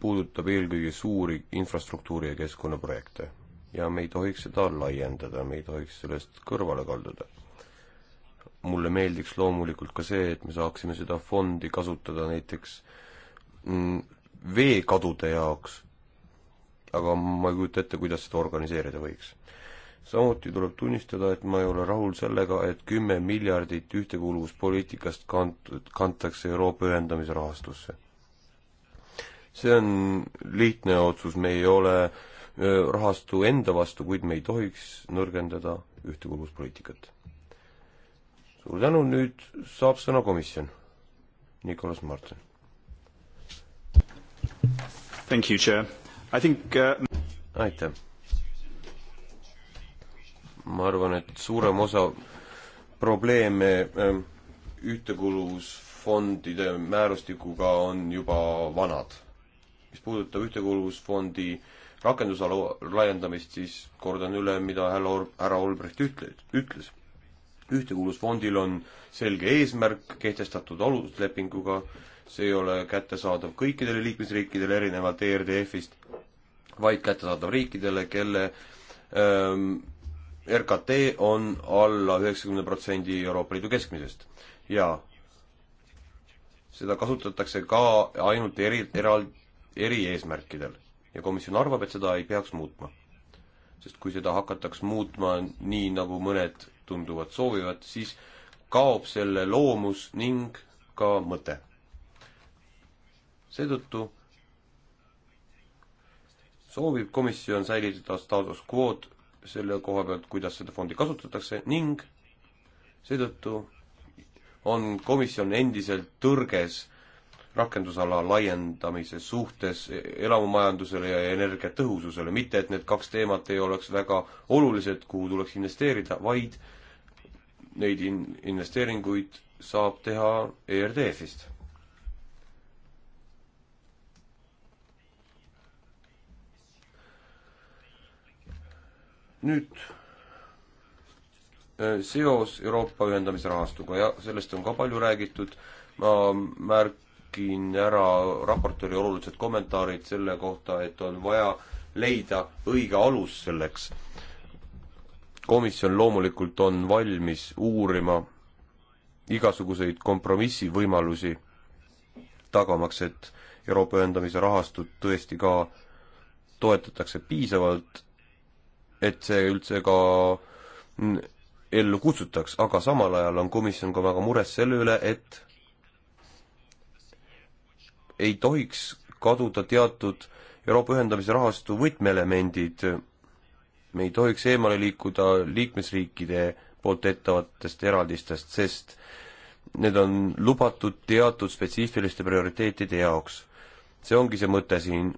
puudutab eelkõige suuri infrastruktuuri ja keskkonnaprojekte ja me ei tohiks seda laiendada, me ei tohiks sellest kõrvale kalduda. mulle meeldiks loomulikult ka see, et me saaksime seda fondi kasutada näiteks mm, veekadude jaoks, aga ma ei kujuta ette, kuidas seda organiseerida võiks. samuti tuleb tunnistada, et ma ei ole rahul sellega, et kümme miljardit ühtekuuluvuspoliitikast kant-, kantakse Euroopa ühendamise rahastusse. see on lihtne otsus, me ei ole äh, rahastu enda vastu, kuid me ei tohiks nõrgendada ühtekuuluvuspoliitikat. suur tänu, nüüd saab sõna komisjon. Nicolas Martin. Thank you, chair. I think uh... aitäh. ma arvan, et suurem osa probleeme äh, ühtekuuluvusfondide määrustikuga on juba vanad. mis puudutab ühtekuuluvusfondi äh, rakendusala laiendamist, siis kordan üle, mida härra Or-, härra Olbrecht ütle-, ütles. ühtekuuluvusfondil on selge eesmärk kehtestatud aluslepinguga, see ei ole kättesaadav kõikidele liikmesriikidele erinevalt ERDF-ist, vaid kättesaadav riikidele, kelle ähm, RKT on alla üheksakümne protsendi Euroopa Liidu keskmisest ja seda kasutatakse ka ainult eri, eral-, erieesmärkidel ja komisjon arvab, et seda ei peaks muutma. sest kui seda hakataks muutma nii, nagu mõned tunduvad soovivat, siis kaob selle loomus ning ka mõte. seetõttu soovib komisjon säilitada status quo'd selle koha pealt, kuidas seda fondi kasutatakse ning seetõttu on komisjon endiselt tõrges rakendusala laiendamise suhtes e-, elamumajandusele ja energiatõhususele, mitte et need kaks teemat ei oleks väga olulised, kuhu tuleks investeerida, vaid neid in-, investeeringuid saab teha ERDF-ist. nüüd e, seos Euroopa ühendamise rahastuga ja sellest on ka palju räägitud, ma märk-, märkin ära raportööri olulised kommentaarid selle kohta, et on vaja leida õige alus selleks. komisjon loomulikult on valmis uurima igasuguseid kompromissivõimalusi, tagamaks, et Euroopa ühendamise rahastut tõesti ka toetatakse piisavalt, et see üldse ka ellu kutsutaks, aga samal ajal on komisjon ka väga mures selle üle, et ei tohiks kaduda teatud Euroopa ühendamise rahastu võtmeelemendid, me ei tohiks eemale liikuda liikmesriikide poolt ettevatest eraldistest, sest need on lubatud teatud spetsiifiliste prioriteetide jaoks. see ongi see mõte siin,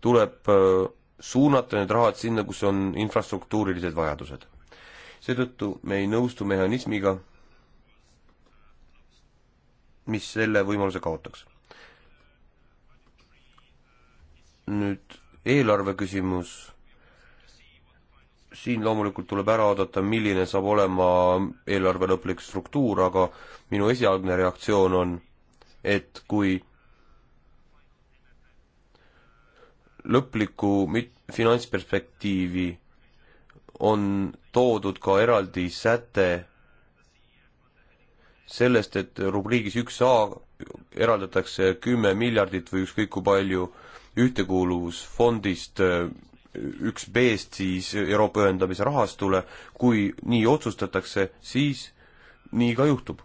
tuleb äh, suunata need rahad sinna, kus on infrastruktuurilised vajadused. seetõttu me ei nõustu mehhanismiga, mis selle võimaluse kaotaks nüüd eelarve küsimus. siin loomulikult tuleb ära oodata, milline saab olema eelarve lõplik struktuur, aga minu esialgne reaktsioon on, et kui lõplikku mit-, finantsperspektiivi on toodud ka eraldi säte sellest, et rubriigis üks A eraldatakse kümme miljardit või ükskõik kui palju äh, ühtekuuluvusfondist äh, üks B-st siis Euroopa ühendamise rahastule, kui nii otsustatakse, siis nii ka juhtub.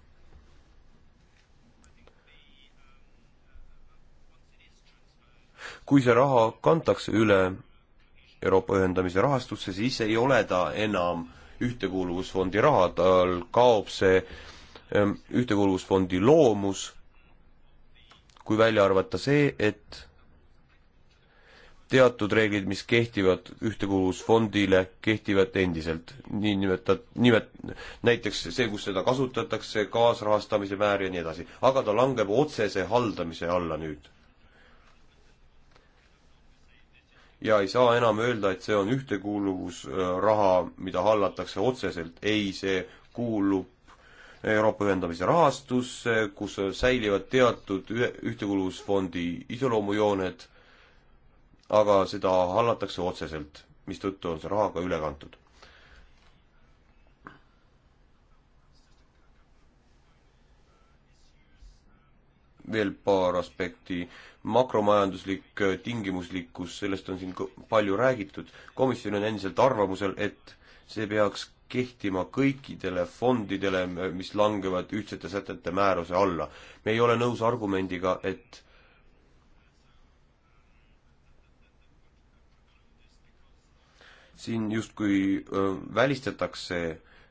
kui see raha kantakse üle Euroopa ühendamise rahastusse, siis ei ole ta enam ühtekuuluvusfondi raha, tal kaob see ähm, ühtekuuluvusfondi loomus, kui välja arvata see, et teatud reeglid, mis kehtivad ühtekuuluvusfondile, kehtivad endiselt. nii nimetat-, nimet-, näiteks see, kus seda kasutatakse, kaasrahastamise määr ja nii edasi. aga ta langeb otsese haldamise alla nüüd. ja ei saa enam öelda, et see on ühtekuuluvusraha, mida hallatakse otseselt, ei, see kuulub Euroopa ühendamise rahastusse, kus säilivad teatud ühe, ühtekuuluvusfondi iseloomujooned aga seda hallatakse otseselt, mistõttu on see raha ka üle kantud. veel paar aspekti. makromajanduslik äh, tingimuslikkus, sellest on siin palju räägitud. komisjon on endiselt arvamusel, et see peaks kehtima kõikidele fondidele, mis langevad ühtsete sätete määruse alla. me ei ole nõus argumendiga, et siin justkui välistatakse,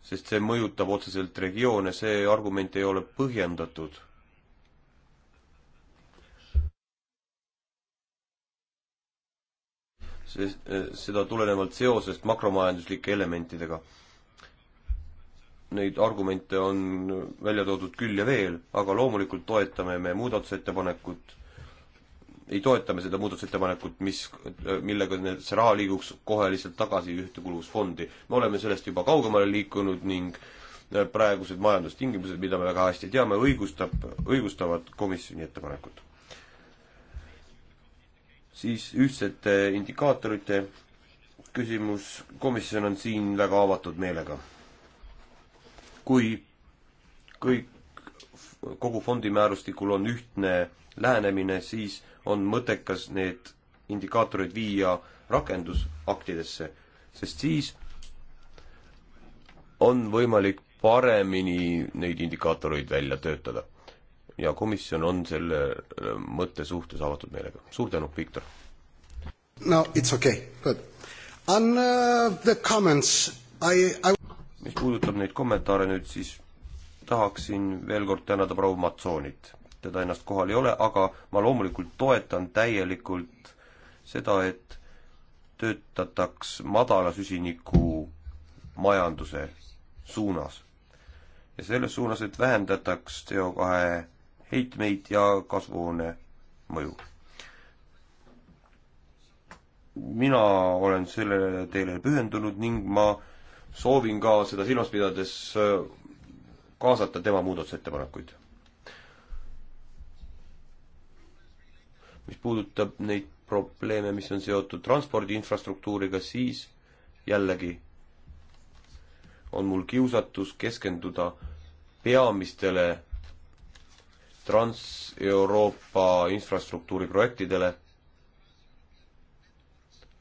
sest see mõjutab otseselt regioone, see argument ei ole põhjendatud. see, seda tulenevalt seosest makromajanduslike elementidega. Neid argumente on välja toodud küll ja veel, aga loomulikult toetame me muudatusettepanekut ei toeta me seda muudatusettepanekut, mis, millega need, see raha liiguks kohe lihtsalt tagasi ühtekuuluvusfondi. me oleme sellest juba kaugemale liikunud ning äh, praegused majandustingimused, mida me väga hästi teame, õigustab, õigustavad komisjoni ettepanekut. siis ühtsete indikaatorite küsimus, komisjon on siin väga avatud meelega. kui kõik kogu fondimäärustikul on ühtne lähenemine, siis on mõttekas need indikaatorid viia rakendusaktidesse, sest siis on võimalik paremini neid indikaatoreid välja töötada. ja komisjon on selle äh, mõtte suhtes avatud meelega. suur tänu, Viktor! no it's okay, good. On uh, the comments I, I mis puudutab neid kommentaare nüüd, siis tahaksin veel kord tänada proua Matsoonit. teda ennast kohal ei ole, aga ma loomulikult toetan täielikult seda, et töötataks madala süsiniku majanduse suunas. ja selles suunas, et vähendataks CO2 heitmeid ja kasvuhoone mõju. mina olen sellele teele pühendunud ning ma soovin ka seda silmas pidades äh, kaasata tema muudatusettepanekuid. mis puudutab neid probleeme, mis on seotud transpordi infrastruktuuriga, siis jällegi on mul kiusatus keskenduda peamistele Trans-Euroopa infrastruktuuri projektidele,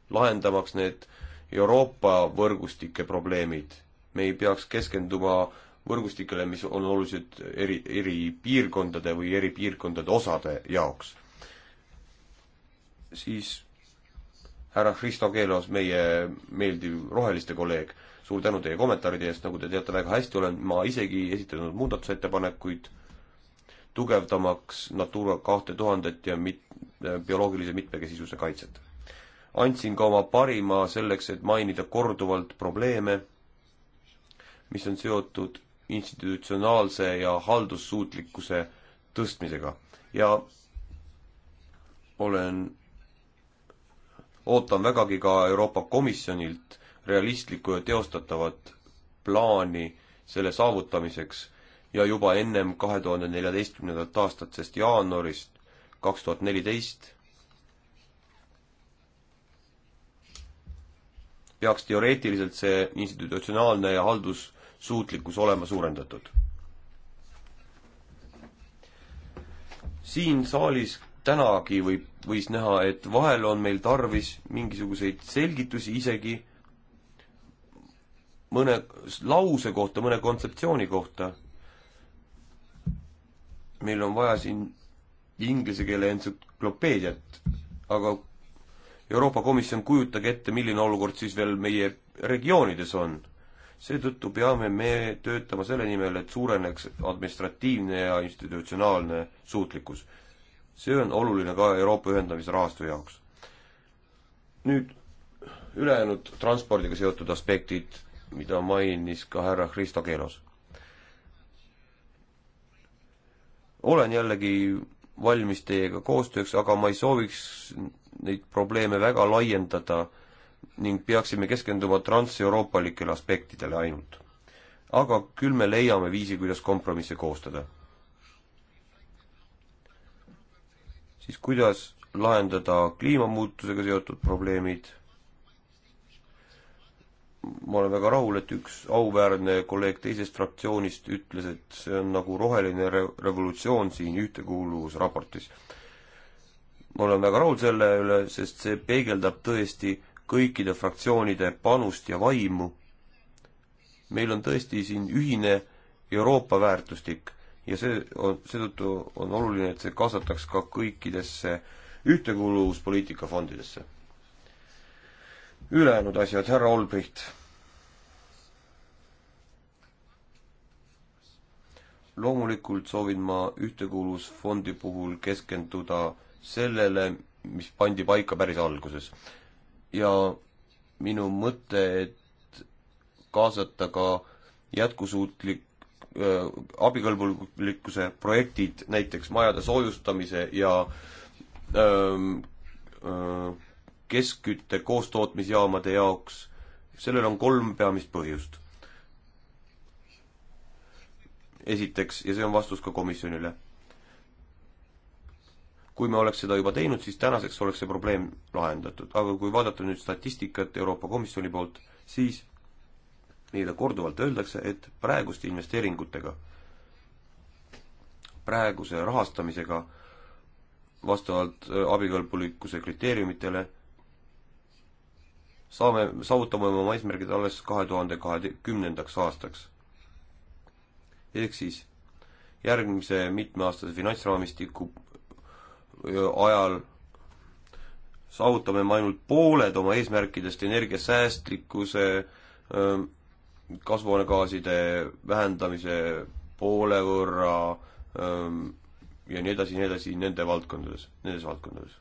lahendamaks need Euroopa võrgustike probleemid. me ei peaks keskenduma äh, võrgustikele, mis on olulised eri, eri piirkondade või eri piirkondade osade jaoks. siis härra Hristo Keelos, meie meeldiv roheliste kolleeg, suur tänu teie kommentaaride eest, nagu te teate väga hästi, olen ma isegi esitanud muudatusettepanekuid tugevdamaks Natura kahte tuhandet ja mit-, bioloogilise mitmekesisuse kaitset. andsin ka oma parima selleks, et mainida korduvalt probleeme, mis on seotud institutsionaalse ja haldussuutlikkuse tõstmisega ja olen, ootan vägagi ka Euroopa Komisjonilt realistlikku ja teostatavat plaani selle saavutamiseks ja juba ennem kahe tuhande neljateistkümnendat aastat, sest jaanuarist kaks tuhat neliteist peaks teoreetiliselt see institutsionaalne ja haldus suutlikkus olema suurendatud. siin saalis tänagi võib, võis näha, et vahel on meil tarvis mingisuguseid selgitusi isegi mõne lause kohta, mõne kontseptsiooni kohta. meil on vaja siin inglise keele entsüklopeediat, aga Euroopa Komisjon, kujutage ette, milline olukord siis veel meie regioonides on seetõttu peame me töötama selle nimel, et suureneks administratiivne ja institutsionaalne suutlikkus. see on oluline ka Euroopa ühendamisrahastu jaoks. nüüd ülejäänud transpordiga seotud aspektid, mida mainis ka härra Kristo Keelos. olen jällegi valmis teiega koostööks, aga ma ei sooviks neid probleeme väga laiendada ning peaksime keskenduma transeuroopalikele aspektidele ainult. aga küll me leiame viisi, kuidas kompromisse koostada. siis kuidas lahendada kliimamuutusega seotud probleemid, ma olen väga rahul, et üks auväärne kolleeg teisest fraktsioonist ütles, et see on nagu roheline re-, revolutsioon siin ühtekuuluvusraportis. ma olen väga rahul selle üle, sest see peegeldab tõesti kõikide fraktsioonide panust ja vaimu. meil on tõesti siin ühine Euroopa väärtustik ja see on, seetõttu on oluline, et see kaasataks ka kõikidesse ühtekuuluvuspoliitika fondidesse. ülejäänud asjad, härra Olbricht. loomulikult soovin ma ühtekuuluvusfondi puhul keskenduda sellele, mis pandi paika päris alguses ja minu mõte, et kaasata ka jätkusuutlik äh,, abikõlbulikkuse projektid, näiteks majade soojustamise ja äh, äh, keskkütte koostootmisjaamade jaoks, sellel on kolm peamist põhjust. esiteks, ja see on vastus ka komisjonile kui me oleks seda juba teinud, siis tänaseks oleks see probleem lahendatud, aga kui vaadata nüüd statistikat Euroopa Komisjoni poolt, siis nii-öelda korduvalt öeldakse, et praeguste investeeringutega, praeguse rahastamisega vastavalt äh, abikõlbulikkuse kriteeriumitele saame, saavutame oma eesmärgid alles kahe tuhande kahekümnendaks aastaks. ehk siis järgmise mitmeaastase finantsraamistiku ajal saavutame me ainult pooled oma eesmärkidest energiasäästlikkuse, kasvuhoonegaaside vähendamise poole võrra ja nii edasi, nii edasi nende valdkondades, nendes valdkondades.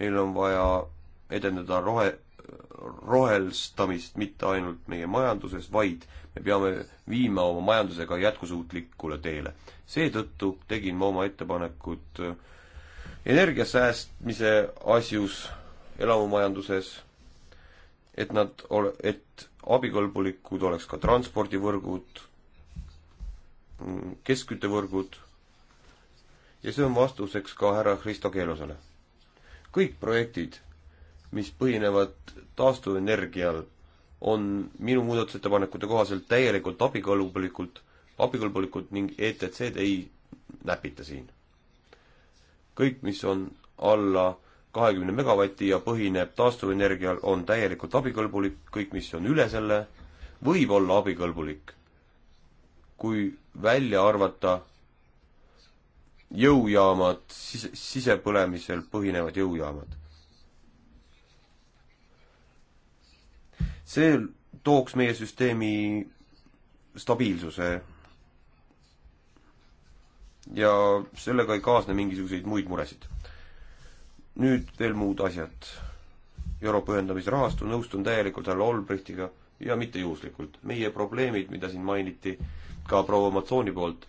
meil on vaja edendada rohe, rohelstamist mitte ainult meie majanduses, vaid me peame viima oma majanduse ka jätkusuutlikule teele. seetõttu tegin ma oma ettepanekud äh, energia säästmise asjus, elamumajanduses, et nad ole, et abikõlbulikud oleks ka transpordivõrgud, keskküttevõrgud ja see on vastuseks ka härra Kristo Keelosele. kõik projektid mis põhinevad taastuvenergial, on minu muudatusettepanekute kohaselt täielikult abikõlbulikud, abikõlbulikud ning ETC-d ei näpita siin. kõik, mis on alla kahekümne megavati ja põhineb taastuvenergial, on täielikult abikõlbulik, kõik, mis on üle selle, võib olla abikõlbulik. kui välja arvata jõujaamad, sise, sisepõlemisel põhinevad jõujaamad. see tooks meie süsteemi stabiilsuse. ja sellega ei kaasne mingisuguseid muid muresid. nüüd veel muud asjad. Euroopa ühendamisrahastu, nõustun täielikult härra Olbrichtiga ja mitte juhuslikult. meie probleemid, mida siin mainiti ka proua Matsooni poolt,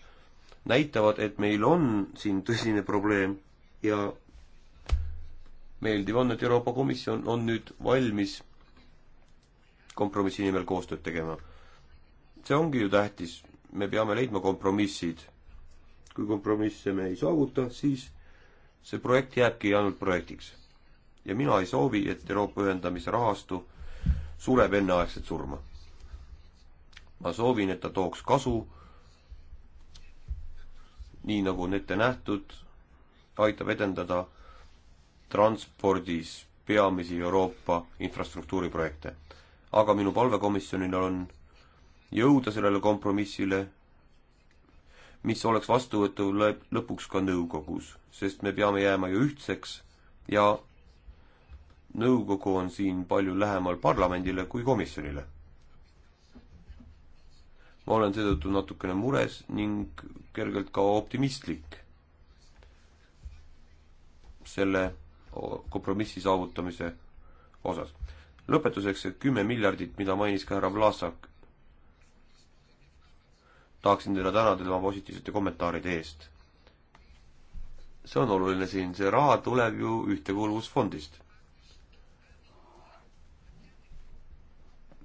näitavad, et meil on siin tõsine probleem ja meeldiv on, et Euroopa Komisjon on nüüd valmis kompromissi nimel koostööd tegema. see ongi ju tähtis, me peame leidma kompromissid. kui kompromisse me ei saavuta, siis see projekt jääbki ainult projektiks. ja mina ei soovi, et Euroopa ühendamise rahastu sureb enneaegselt surma. ma soovin, et ta tooks kasu, nii nagu on ette nähtud, aitab edendada transpordis peamisi Euroopa infrastruktuuriprojekte aga minu palve komisjonile on jõuda sellele kompromissile, mis oleks vastuvõtu lõpuks ka nõukogus, sest me peame jääma ju ühtseks ja nõukogu on siin palju lähemal parlamendile kui komisjonile. ma olen seetõttu natukene mures ning kergelt ka optimistlik selle kompromissi saavutamise osas lõpetuseks see kümme miljardit, mida mainis ka härra Vlasak. tahaksin teda tänada tema positiivsete kommentaaride eest. see on oluline siin, see raha tuleb ju ühtekuuluvusfondist.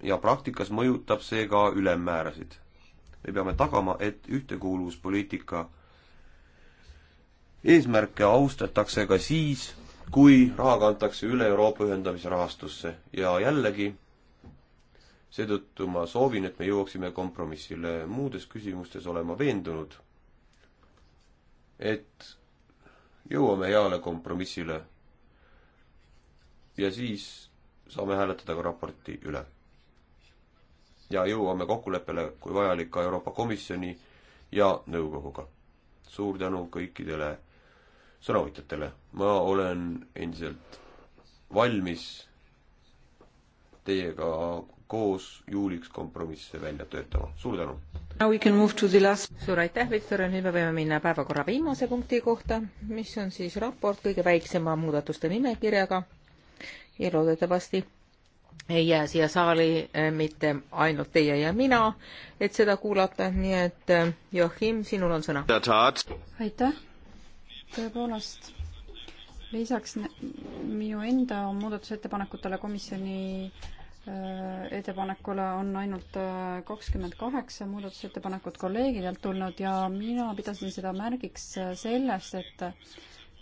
ja praktikas mõjutab see ka ülemmäärasid. me peame tagama, et ühtekuuluvuspoliitika eesmärke austatakse ka siis, kui raha kantakse üle Euroopa ühendamise rahastusse ja jällegi, seetõttu ma soovin, et me jõuaksime kompromissile, muudes küsimustes olen ma veendunud, et jõuame heale kompromissile ja siis saame hääletada ka raporti üle. ja jõuame kokkuleppele, kui vajalik, ka Euroopa Komisjoni ja nõukoguga. suur tänu kõikidele sõnavõtjatele. ma olen endiselt valmis teiega koos juuliks kompromisse välja töötama. suur tänu! Last... suur aitäh, Viktor, ja nüüd me võime minna päevakorra viimase punkti kohta, mis on siis raport kõige väiksema muudatuste nimekirjaga ja loodetavasti ei jää siia saali eh, mitte ainult teie ja mina, et seda kuulata, nii et eh, Joachim, sinul on sõna. aitäh! tõepoolest, lisaks minu enda muudatusettepanekutele komisjoni äh, ettepanekule on ainult äh, kakskümmend kaheksa muudatusettepanekut kolleegidelt tulnud ja mina pidasin seda märgiks äh, sellest, et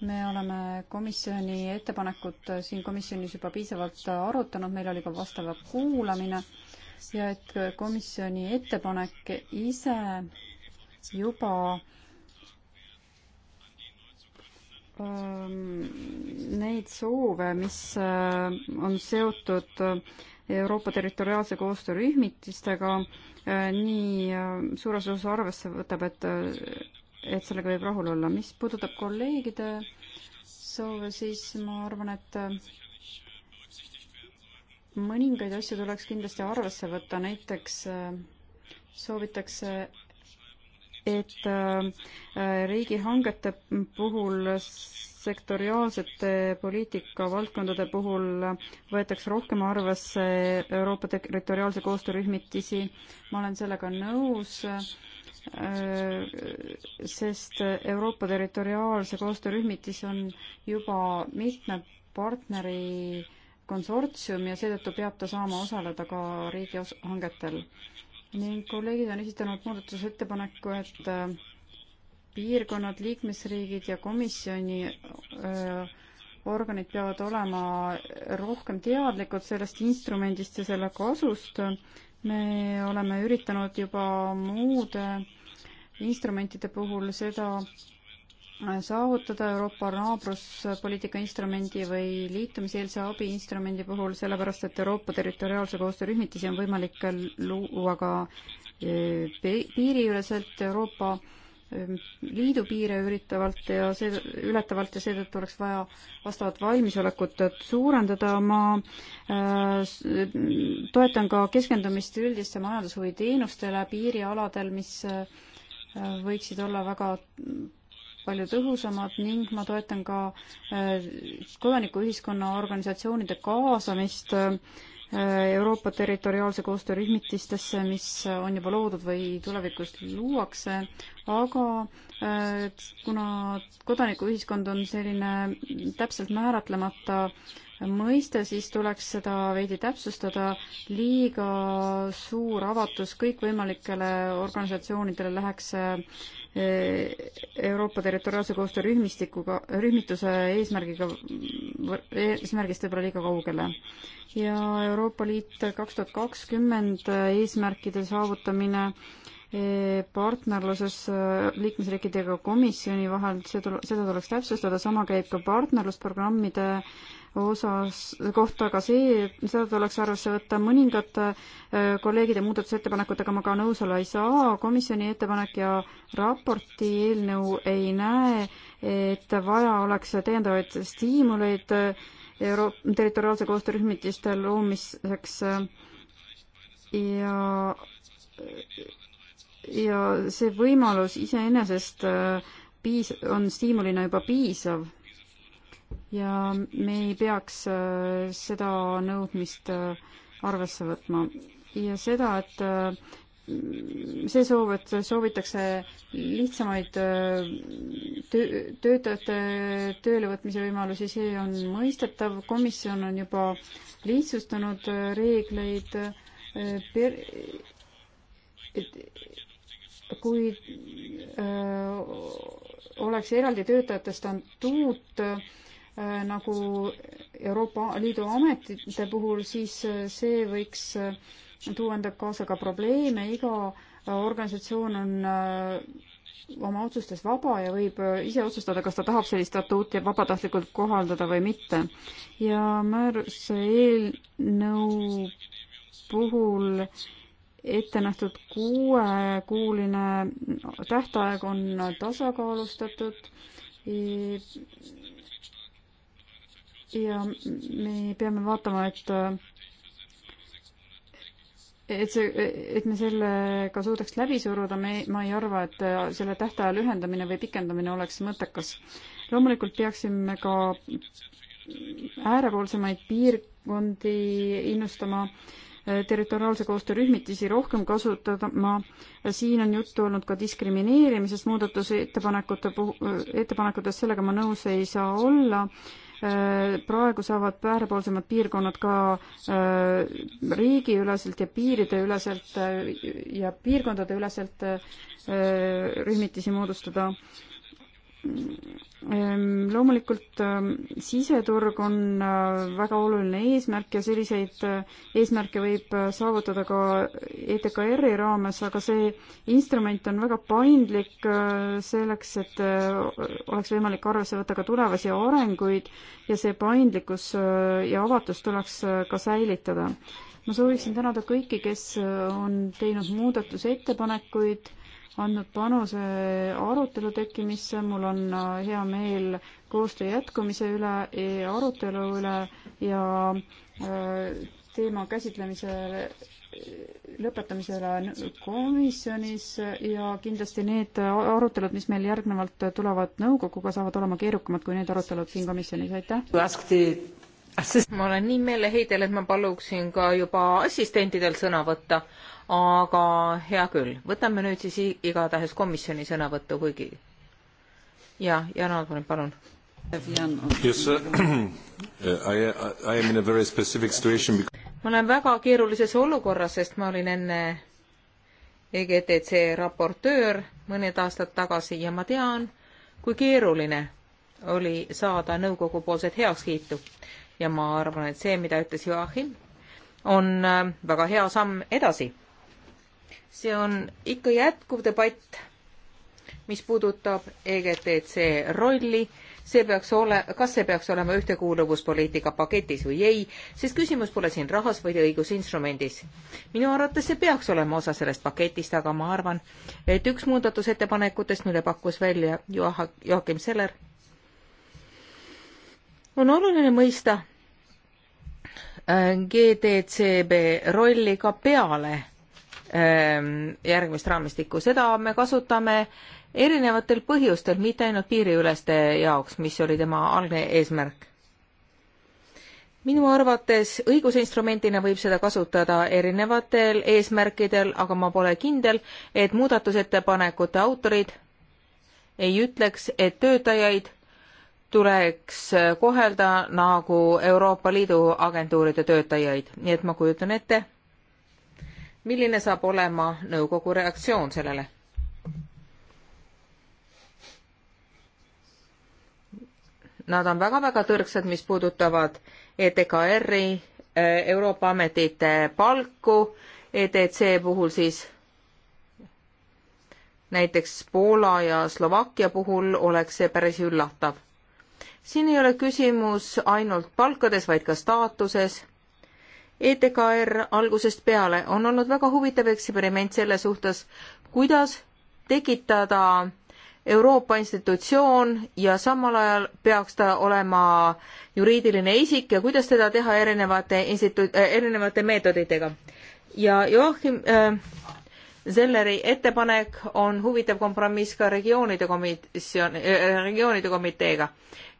me oleme komisjoni ettepanekut siin komisjonis juba piisavalt arutanud, meil oli ka vastav kuulamine ja et komisjoni ettepanek ise juba äh, Ähm, neid soove, mis äh, on seotud äh, Euroopa territoriaalse koostöö rühmitistega, äh, nii suures osas arvesse võtab, et, et sellega võib rahul olla. mis puudutab kolleegide soove, siis ma arvan, et mõningaid asju tuleks kindlasti arvesse võtta, näiteks soovitakse et äh, riigihangete puhul sektoriaalsete poliitikavaldkondade puhul võetakse rohkem arvesse Euroopa territoriaalse koostöö rühmitisi. ma olen sellega nõus, äh, sest Euroopa territoriaalse koostöö rühmitis on juba mitme partneri konsortsium ja seetõttu peab ta saama osaleda ka riigihangetel ning kolleegid on esitanud muudatusettepaneku, et äh, piirkonnad, liikmesriigid ja komisjoni öö, äh, organid peavad olema rohkem teadlikud sellest instrumendist ja selle kasust. me oleme üritanud juba muude instrumentide puhul seda saavutada Euroopa naabruspoliitika instrumendi või liitumiseelse abi instrumendi puhul, sellepärast et Euroopa territoriaalse koostöö rühmitisi on võimalik luua ka e, piiriüleselt Euroopa e, Liidu piire üritavalt ja see, ületavalt ja seetõttu oleks vaja vastavat valmisolekut suurendada. ma äh, toetan ka keskendumist üldiste majandushuvi teenustele piirialadel, mis äh, võiksid olla väga palju tõhusamad ning ma toetan ka äh, kodanikuühiskonna organisatsioonide kaasamist äh, Euroopa territoriaalse koostöö rühmitistesse, mis on juba loodud või tulevikus luuakse, aga äh, kuna kodanikuühiskond on selline täpselt määratlemata mõiste, siis tuleks seda veidi täpsustada. liiga suur avatus kõikvõimalikele organisatsioonidele läheks Euroopa territoriaalse koostöö rühmistikuga, rühmituse eesmärgiga, eesmärgist võib-olla liiga kaugele. ja Euroopa Liit kaks tuhat kakskümmend eesmärkide saavutamine e, partnerluses e, liikmesriikidega komisjoni vahel, see tul-, seda tuleks täpsustada, sama käib ka partnerlusprogrammide osas, kohta ka see, seda tuleks arvesse võtta, mõningate äh, kolleegide muudatusettepanekutega ma ka nõus olla ei saa, komisjoni ettepanek ja raporti eelnõu ei näe, et vaja oleks täiendavaid stiimuleid äh, Euro-, territoriaalse koostöörühmitiste loomiseks äh, ja ja see võimalus iseenesest piis-, on stiimulina juba piisav ja me ei peaks äh, seda nõudmist äh, arvesse võtma ja seda, et äh, see soov, et soovitakse lihtsamaid töö, töötajate töölevõtmise võimalusi, see on mõistetav, komisjon on juba lihtsustanud reegleid, per-, kui öö, oleks eraldi töötajate statuut, Äh, nagu Euroopa Liidu ametite puhul, siis äh, see võiks äh, tuua endaga kaasa ka probleeme, iga organisatsioon on oma otsustes vaba ja võib ise otsustada, kas ta tahab sellist statuuti vabatahtlikult kohaldada või mitte. ja määruse eelnõu puhul ette nähtud kuuekuuline tähtaeg on tasakaalustatud e, ja me peame vaatama, et et see, et me sellega suudaks läbi suruda, me, ma ei arva, et selle tähtaja lühendamine või pikendamine oleks mõttekas. loomulikult peaksime ka äärepoolsemaid piirkondi innustama territoriaalse koostöö rühmitisi rohkem kasutama. siin on juttu olnud ka diskrimineerimisest muudatusettepanekute puhul, ettepanekutest, sellega ma nõus ei saa olla. Äh, praegu saavad äärepoolsemad piirkonnad ka äh, riigiüleselt ja piirideüleselt äh, ja piirkondadeüleselt rühmitisi moodustada Ehm, loomulikult ehm, siseturg on äh, väga oluline eesmärk ja selliseid äh, eesmärke võib äh, saavutada ka ETKR-i raames, aga see instrument on väga paindlik selleks, et oleks võimalik arvesse võtta ka tulevasi arenguid ja see paindlikkus ja avatus tuleks ka säilitada. ma sooviksin tänada kõiki, kes on teinud muudatusettepanekuid andnud panuse arutelu tekkimisse, mul on äh, hea meel koostöö jätkumise üle e, arutelu üle ja äh, teema käsitlemise lõpetamisele komisjonis ja kindlasti need arutelud, mis meil järgnevalt tulevad nõukoguga, saavad olema keerukamad kui need arutelud siin komisjonis, aitäh! ma olen nii meeleheidel, et ma paluksin ka juba assistentidel sõna võtta aga hea küll, võtame nüüd siis igatahes komisjoni sõnavõttu, kuigi ja, Jan Algren, palun. Yes, uh, I, I am in a very specific situation because ma olen väga keerulises olukorras, sest ma olin enne EGTC raportöör mõned aastad tagasi ja ma tean, kui keeruline oli saada nõukogu poolset heakskiitu. ja ma arvan, et see, mida ütles Joachim, on äh, väga hea samm edasi see on ikka jätkuv debatt, mis puudutab EGTC rolli, see peaks ole, kas see peaks olema ühtekuuluvuspoliitika paketis või ei, sest küsimus pole siin rahas, vaid õigusinstrumendis. minu arvates see peaks olema osa sellest paketist, aga ma arvan, et üks muudatusettepanekutest, mille pakkus välja Joachim Seller, on oluline mõista äh, GDCB rolli ka peale Ehm, järgmist raamistikku, seda me kasutame erinevatel põhjustel, mitte ainult piiriüleste jaoks, mis oli tema algne eesmärk. minu arvates õigusinstrumendina võib seda kasutada erinevatel eesmärkidel, aga ma pole kindel, et muudatusettepanekute autorid ei ütleks, et töötajaid tuleks kohelda nagu Euroopa Liidu agentuuride töötajaid, nii et ma kujutan ette milline saab olema nõukogu reaktsioon sellele? Nad on väga-väga tõrksad, mis puudutavad ETKR-i, eh, Euroopa ametite palku, EDC puhul siis näiteks Poola ja Slovakkia puhul oleks see päris üllatav. siin ei ole küsimus ainult palkades, vaid ka staatuses ETKR algusest peale on olnud väga huvitav eksperiment selle suhtes, kuidas tekitada Euroopa institutsioon ja samal ajal peaks ta olema juriidiline isik ja kuidas teda teha erinevate institu-, äh, erinevate meetoditega. ja Joachim äh, Selleri ettepanek on huvitav kompromiss ka regioonide komisjon, äh, regioonide komiteega,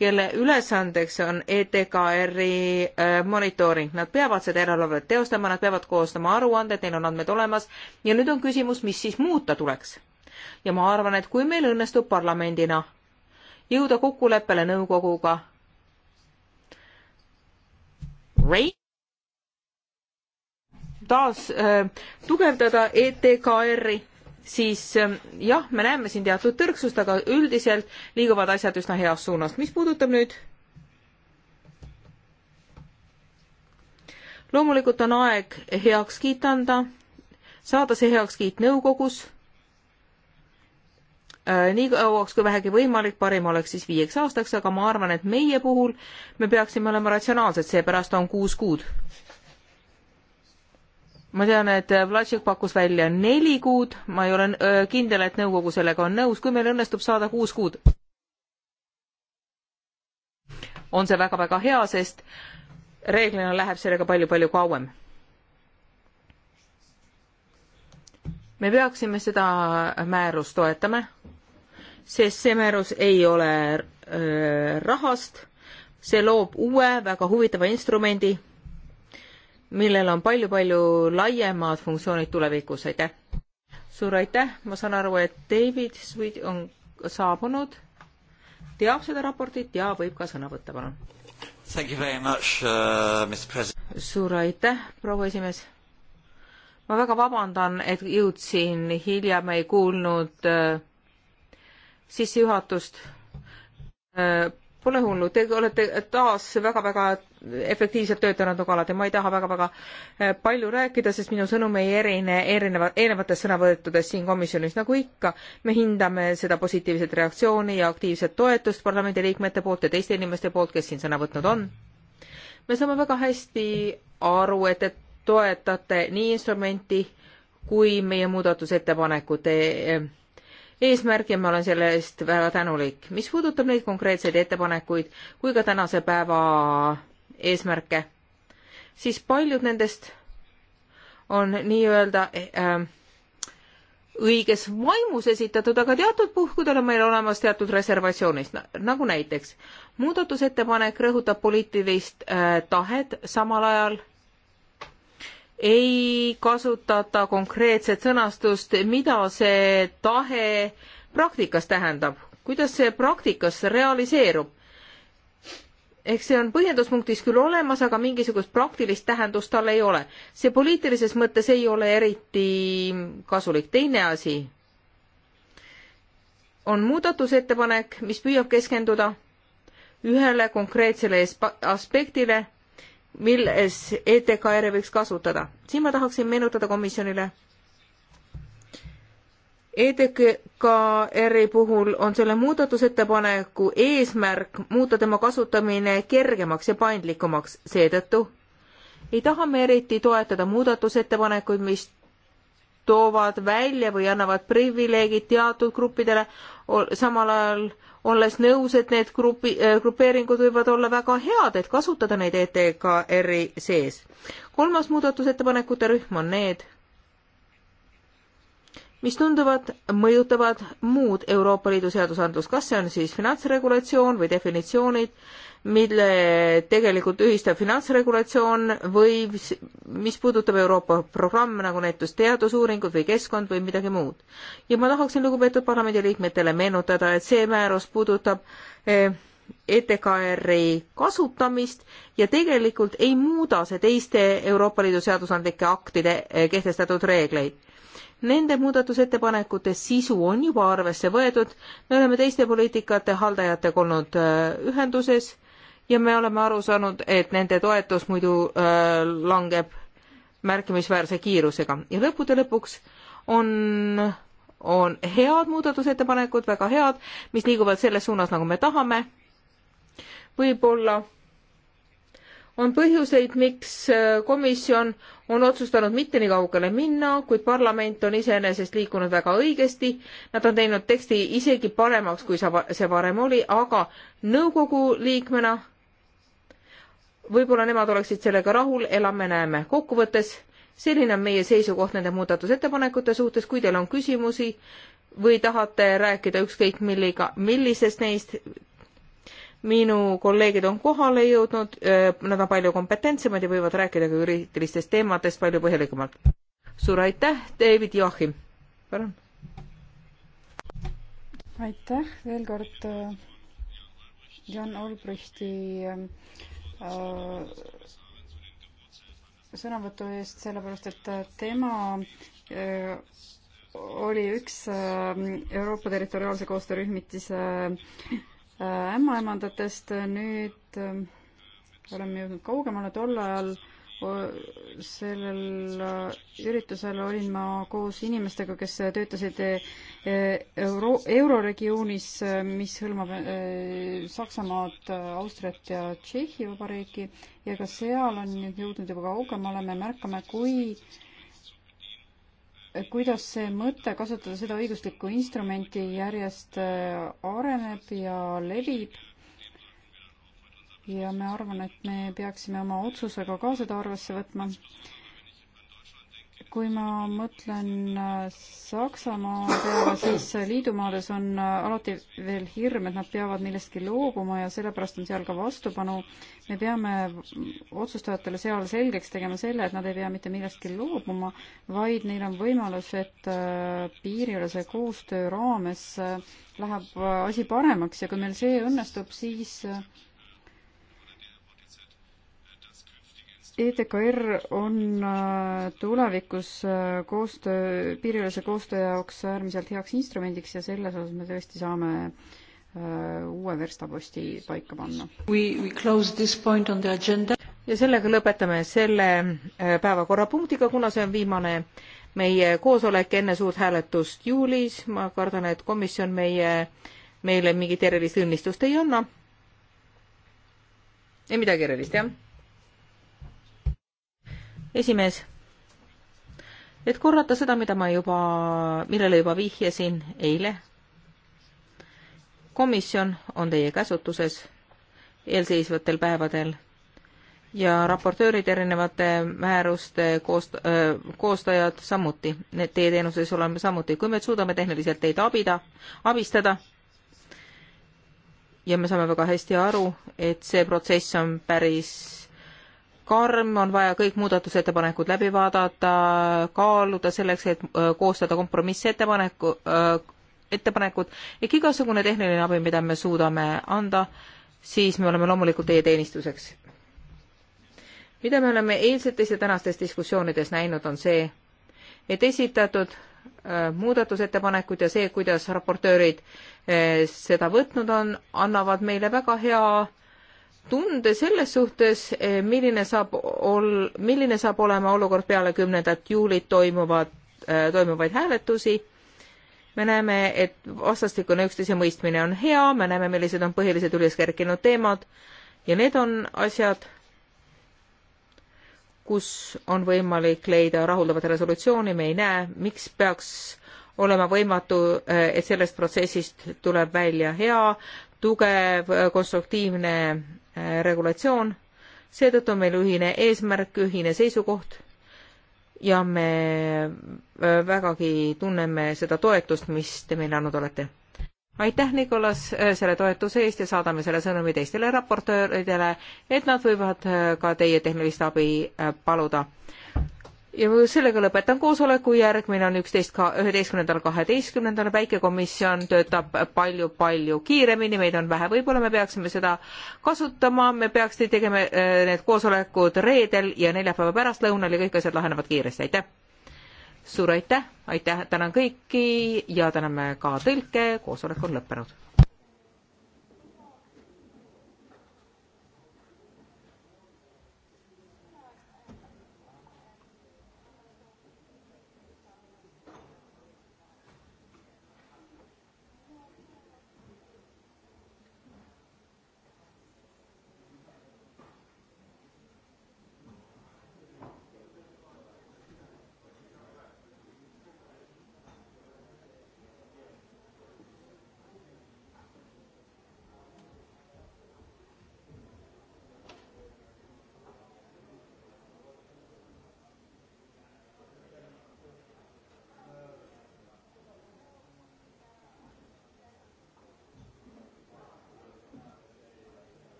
kelle ülesandeks on ETKR-i äh, monitooring. Nad peavad seda järelevalvet teostama, nad peavad koostama aruanded, neil on andmed olemas ja nüüd on küsimus, mis siis muuta tuleks. ja ma arvan, et kui meil õnnestub parlamendina jõuda kokkuleppele nõukoguga, Ray taas äh, tugevdada ETKR-i, siis äh, jah, me näeme siin teatud tõrksust, aga üldiselt liiguvad asjad üsna heas suunas. mis puudutab nüüd loomulikult on aeg heakskiit anda, saada see heakskiit nõukogus äh, nii kauaks kui vähegi võimalik, parim oleks siis viieks aastaks, aga ma arvan, et meie puhul me peaksime olema ratsionaalsed, seepärast on kuus kuud ma tean, et Vlatšev pakkus välja neli kuud, ma ei ole äh, kindel, et nõukogu sellega on nõus, kui meil õnnestub saada kuus kuud, on see väga-väga hea, sest reeglina läheb sellega palju-palju kauem. me peaksime seda määrust toetama, sest see määrus ei ole öö, äh, rahast, see loob uue väga huvitava instrumendi millel on palju-palju laiemad funktsioonid tulevikus, aitäh! suur aitäh, ma saan aru, et David Sweet on saabunud, teab seda raportit ja võib ka sõna võtta, palun. Uh, suur aitäh, proua esimees. ma väga vabandan, et jõudsin hilja, ma ei kuulnud uh, sissejuhatust uh,. Pole hullu, te olete taas väga-väga efektiivselt töötanud Ogalad ja ma ei taha väga-väga eh, palju rääkida, sest minu sõnum ei erine erineva, eelnevates sõnavõttudes siin komisjonis, nagu ikka, me hindame seda positiivset reaktsiooni ja aktiivset toetust parlamendiliikmete poolt ja teiste inimeste poolt, kes siin sõna võtnud on. me saame väga hästi aru, et te toetate nii instrumenti kui meie muudatusettepanekute eh, eesmärk ja ma olen selle eest väga tänulik. mis puudutab neid konkreetseid ettepanekuid kui ka tänase päeva eesmärke, siis paljud nendest on nii-öelda äh, õiges vaimus esitatud, aga teatud puhkudel on meil olemas teatud reservatsioonid, nagu näiteks muudatusettepanek rõhutab poliitilist äh, tahet, samal ajal ei kasutata konkreetset sõnastust, mida see tahe praktikas tähendab, kuidas see praktikas realiseerub ehk see on põhjenduspunktis küll olemas, aga mingisugust praktilist tähendust tal ei ole. see poliitilises mõttes ei ole eriti kasulik. teine asi on muudatusettepanek, mis püüab keskenduda ühele konkreetsele aspektile, milles ETKR e võiks kasutada. siin ma tahaksin meenutada komisjonile EDK eri puhul on selle muudatusettepaneku eesmärk muuta tema kasutamine kergemaks ja paindlikumaks, seetõttu ei taha me eriti toetada muudatusettepanekuid, mis toovad välja või annavad privileegid teatud gruppidele, samal ajal olles nõus, et need grupi, äh, grupeeringud võivad olla väga head, et kasutada neid ETKR-i sees. kolmas muudatusettepanekute rühm on need, mis tunduvad, mõjutavad muud Euroopa Liidu seadusandlust, kas see on siis finantsregulatsioon või definitsioonid, mille tegelikult ühistab finantsregulatsioon või mis, mis puudutab Euroopa programme nagu näiteks teadusuuringud või keskkond või midagi muud. ja ma tahaksin lugupeetud parlamendiliikmetele meenutada, et see määrus puudutab ETKR-i eh, e kasutamist ja tegelikult ei muuda see teiste Euroopa Liidu seadusandlike aktide eh, kehtestatud reegleid Nende muudatusettepanekute sisu on juba arvesse võetud, me oleme teiste poliitikate haldajatega olnud äh, ühenduses ja me oleme aru saanud, et nende toetus muidu äh, langeb märkimisväärse kiirusega ja lõppude lõpuks on, on head muudatusettepanekud, väga head, mis liiguvad selles suunas, nagu me tahame. võib-olla on põhjuseid, miks äh, komisjon on otsustanud mitte nii kaugele minna, kuid parlament on iseenesest liikunud väga õigesti. Nad on teinud teksti isegi paremaks, kui see varem oli, aga nõukogu liikmena võib-olla nemad oleksid sellega rahul, elame-näeme. kokkuvõttes selline on meie seisukoht nende muudatusettepanekute suhtes, kui teil on küsimusi või tahate rääkida ükskõik milliga, millisest neist, minu kolleegid on kohale jõudnud, nad on palju kompetentsemad ja võivad rääkida ka juriidilistest teemadest palju põhjalikumalt. suur aitäh, David Joachim, palun. aitäh veel kord Jan Olbrichti sõnavõtu eest, sellepärast et tema oli üks Euroopa territoriaalse koostöörühmitise Äh, ämmaemandatest, äh, nüüd äh, oleme jõudnud kaugemale, tol ajal sellel üritusel olin ma koos inimestega, kes töötasid euro, euroregioonis, mis hõlmab Saksamaad, Austriat ja Tšehhi Vabariiki ja ka seal on nüüd jõudnud juba kaugemale, me märkame, kui kuidas see mõte kasutada seda õiguslikku instrumenti järjest äh, areneb ja levib. ja me arvan, et me peaksime oma otsusega ka seda arvesse võtma kui ma mõtlen äh, Saksamaa peale, siis liidumaades on äh, alati veel hirm, et nad peavad millestki loobuma ja sellepärast on seal ka vastupanu. me peame otsustajatele seal selgeks tegema selle, et nad ei pea mitte millestki loobuma, vaid neil on võimalus, et äh, piiriülese koostöö raames läheb asi paremaks ja kui meil see õnnestub, siis ETKR on äh, tulevikus äh, koostöö, piiriülese koostöö jaoks äärmiselt heaks instrumendiks ja selles osas me tõesti saame äh, uue verstaposti paika panna. ja sellega lõpetame selle päevakorrapunktiga, kuna see on viimane meie koosolek enne suurt hääletust juulis. ma kardan, et komisjon meie, meile mingit erilist õnnistust ei anna. ei midagi erilist, jah esimees, et korrata seda, mida ma juba, millele juba vihjasin eile. komisjon on teie käsutuses eelseisvatel päevadel ja raportöörid erinevate määruste koost-, koostajad samuti. Need teie teenuses oleme samuti, kui me suudame tehniliselt teid abida, abistada ja me saame väga hästi aru, et see protsess on päris karm, on vaja kõik muudatusettepanekud läbi vaadata, kaaluda selleks, et äh, koostada kompromissettepaneku, äh, ettepanekud ehk igasugune tehniline abi, mida me suudame anda, siis me oleme loomulikult teie teenistuseks. mida me oleme eilsetes ja tänastes diskussioonides näinud, on see, et esitatud äh, muudatusettepanekud ja see, kuidas raportöörid seda võtnud on, annavad meile väga hea tunde selles suhtes, eh, milline saab ol-, milline saab olema olukord peale kümnendat juulit toimuvat, eh, toimuvaid hääletusi. me näeme, et vastastikune üksteise mõistmine on hea, me näeme, millised on põhilised üles kerkinud teemad ja need on asjad, kus on võimalik leida rahuldavat resolutsiooni, me ei näe, miks peaks olema võimatu, eh, et sellest protsessist tuleb välja hea, tugev, konstruktiivne regulatsioon, seetõttu on meil ühine eesmärk, ühine seisukoht ja me äh, vägagi tunneme seda toetust, mis te meile andnud olete. aitäh, Nikolas, äh, selle toetuse eest ja saadame selle sõnumi teistele raportööridele, et nad võivad äh, ka teie tehnilist abi paluda ja sellega lõpetan koosoleku, järgmine on üksteist, üheteistkümnendal, kaheteistkümnendal, päikekomisjon töötab palju-palju kiiremini, meid on vähe, võib-olla me peaksime seda kasutama, me peaks tegema äh, need koosolekud reedel ja neljapäeva pärastlõunal ja kõik asjad lahenevad kiiresti, aitäh! suur aitäh, aitäh, tänan kõiki ja täname ka tõlke, koosolek on lõppenud.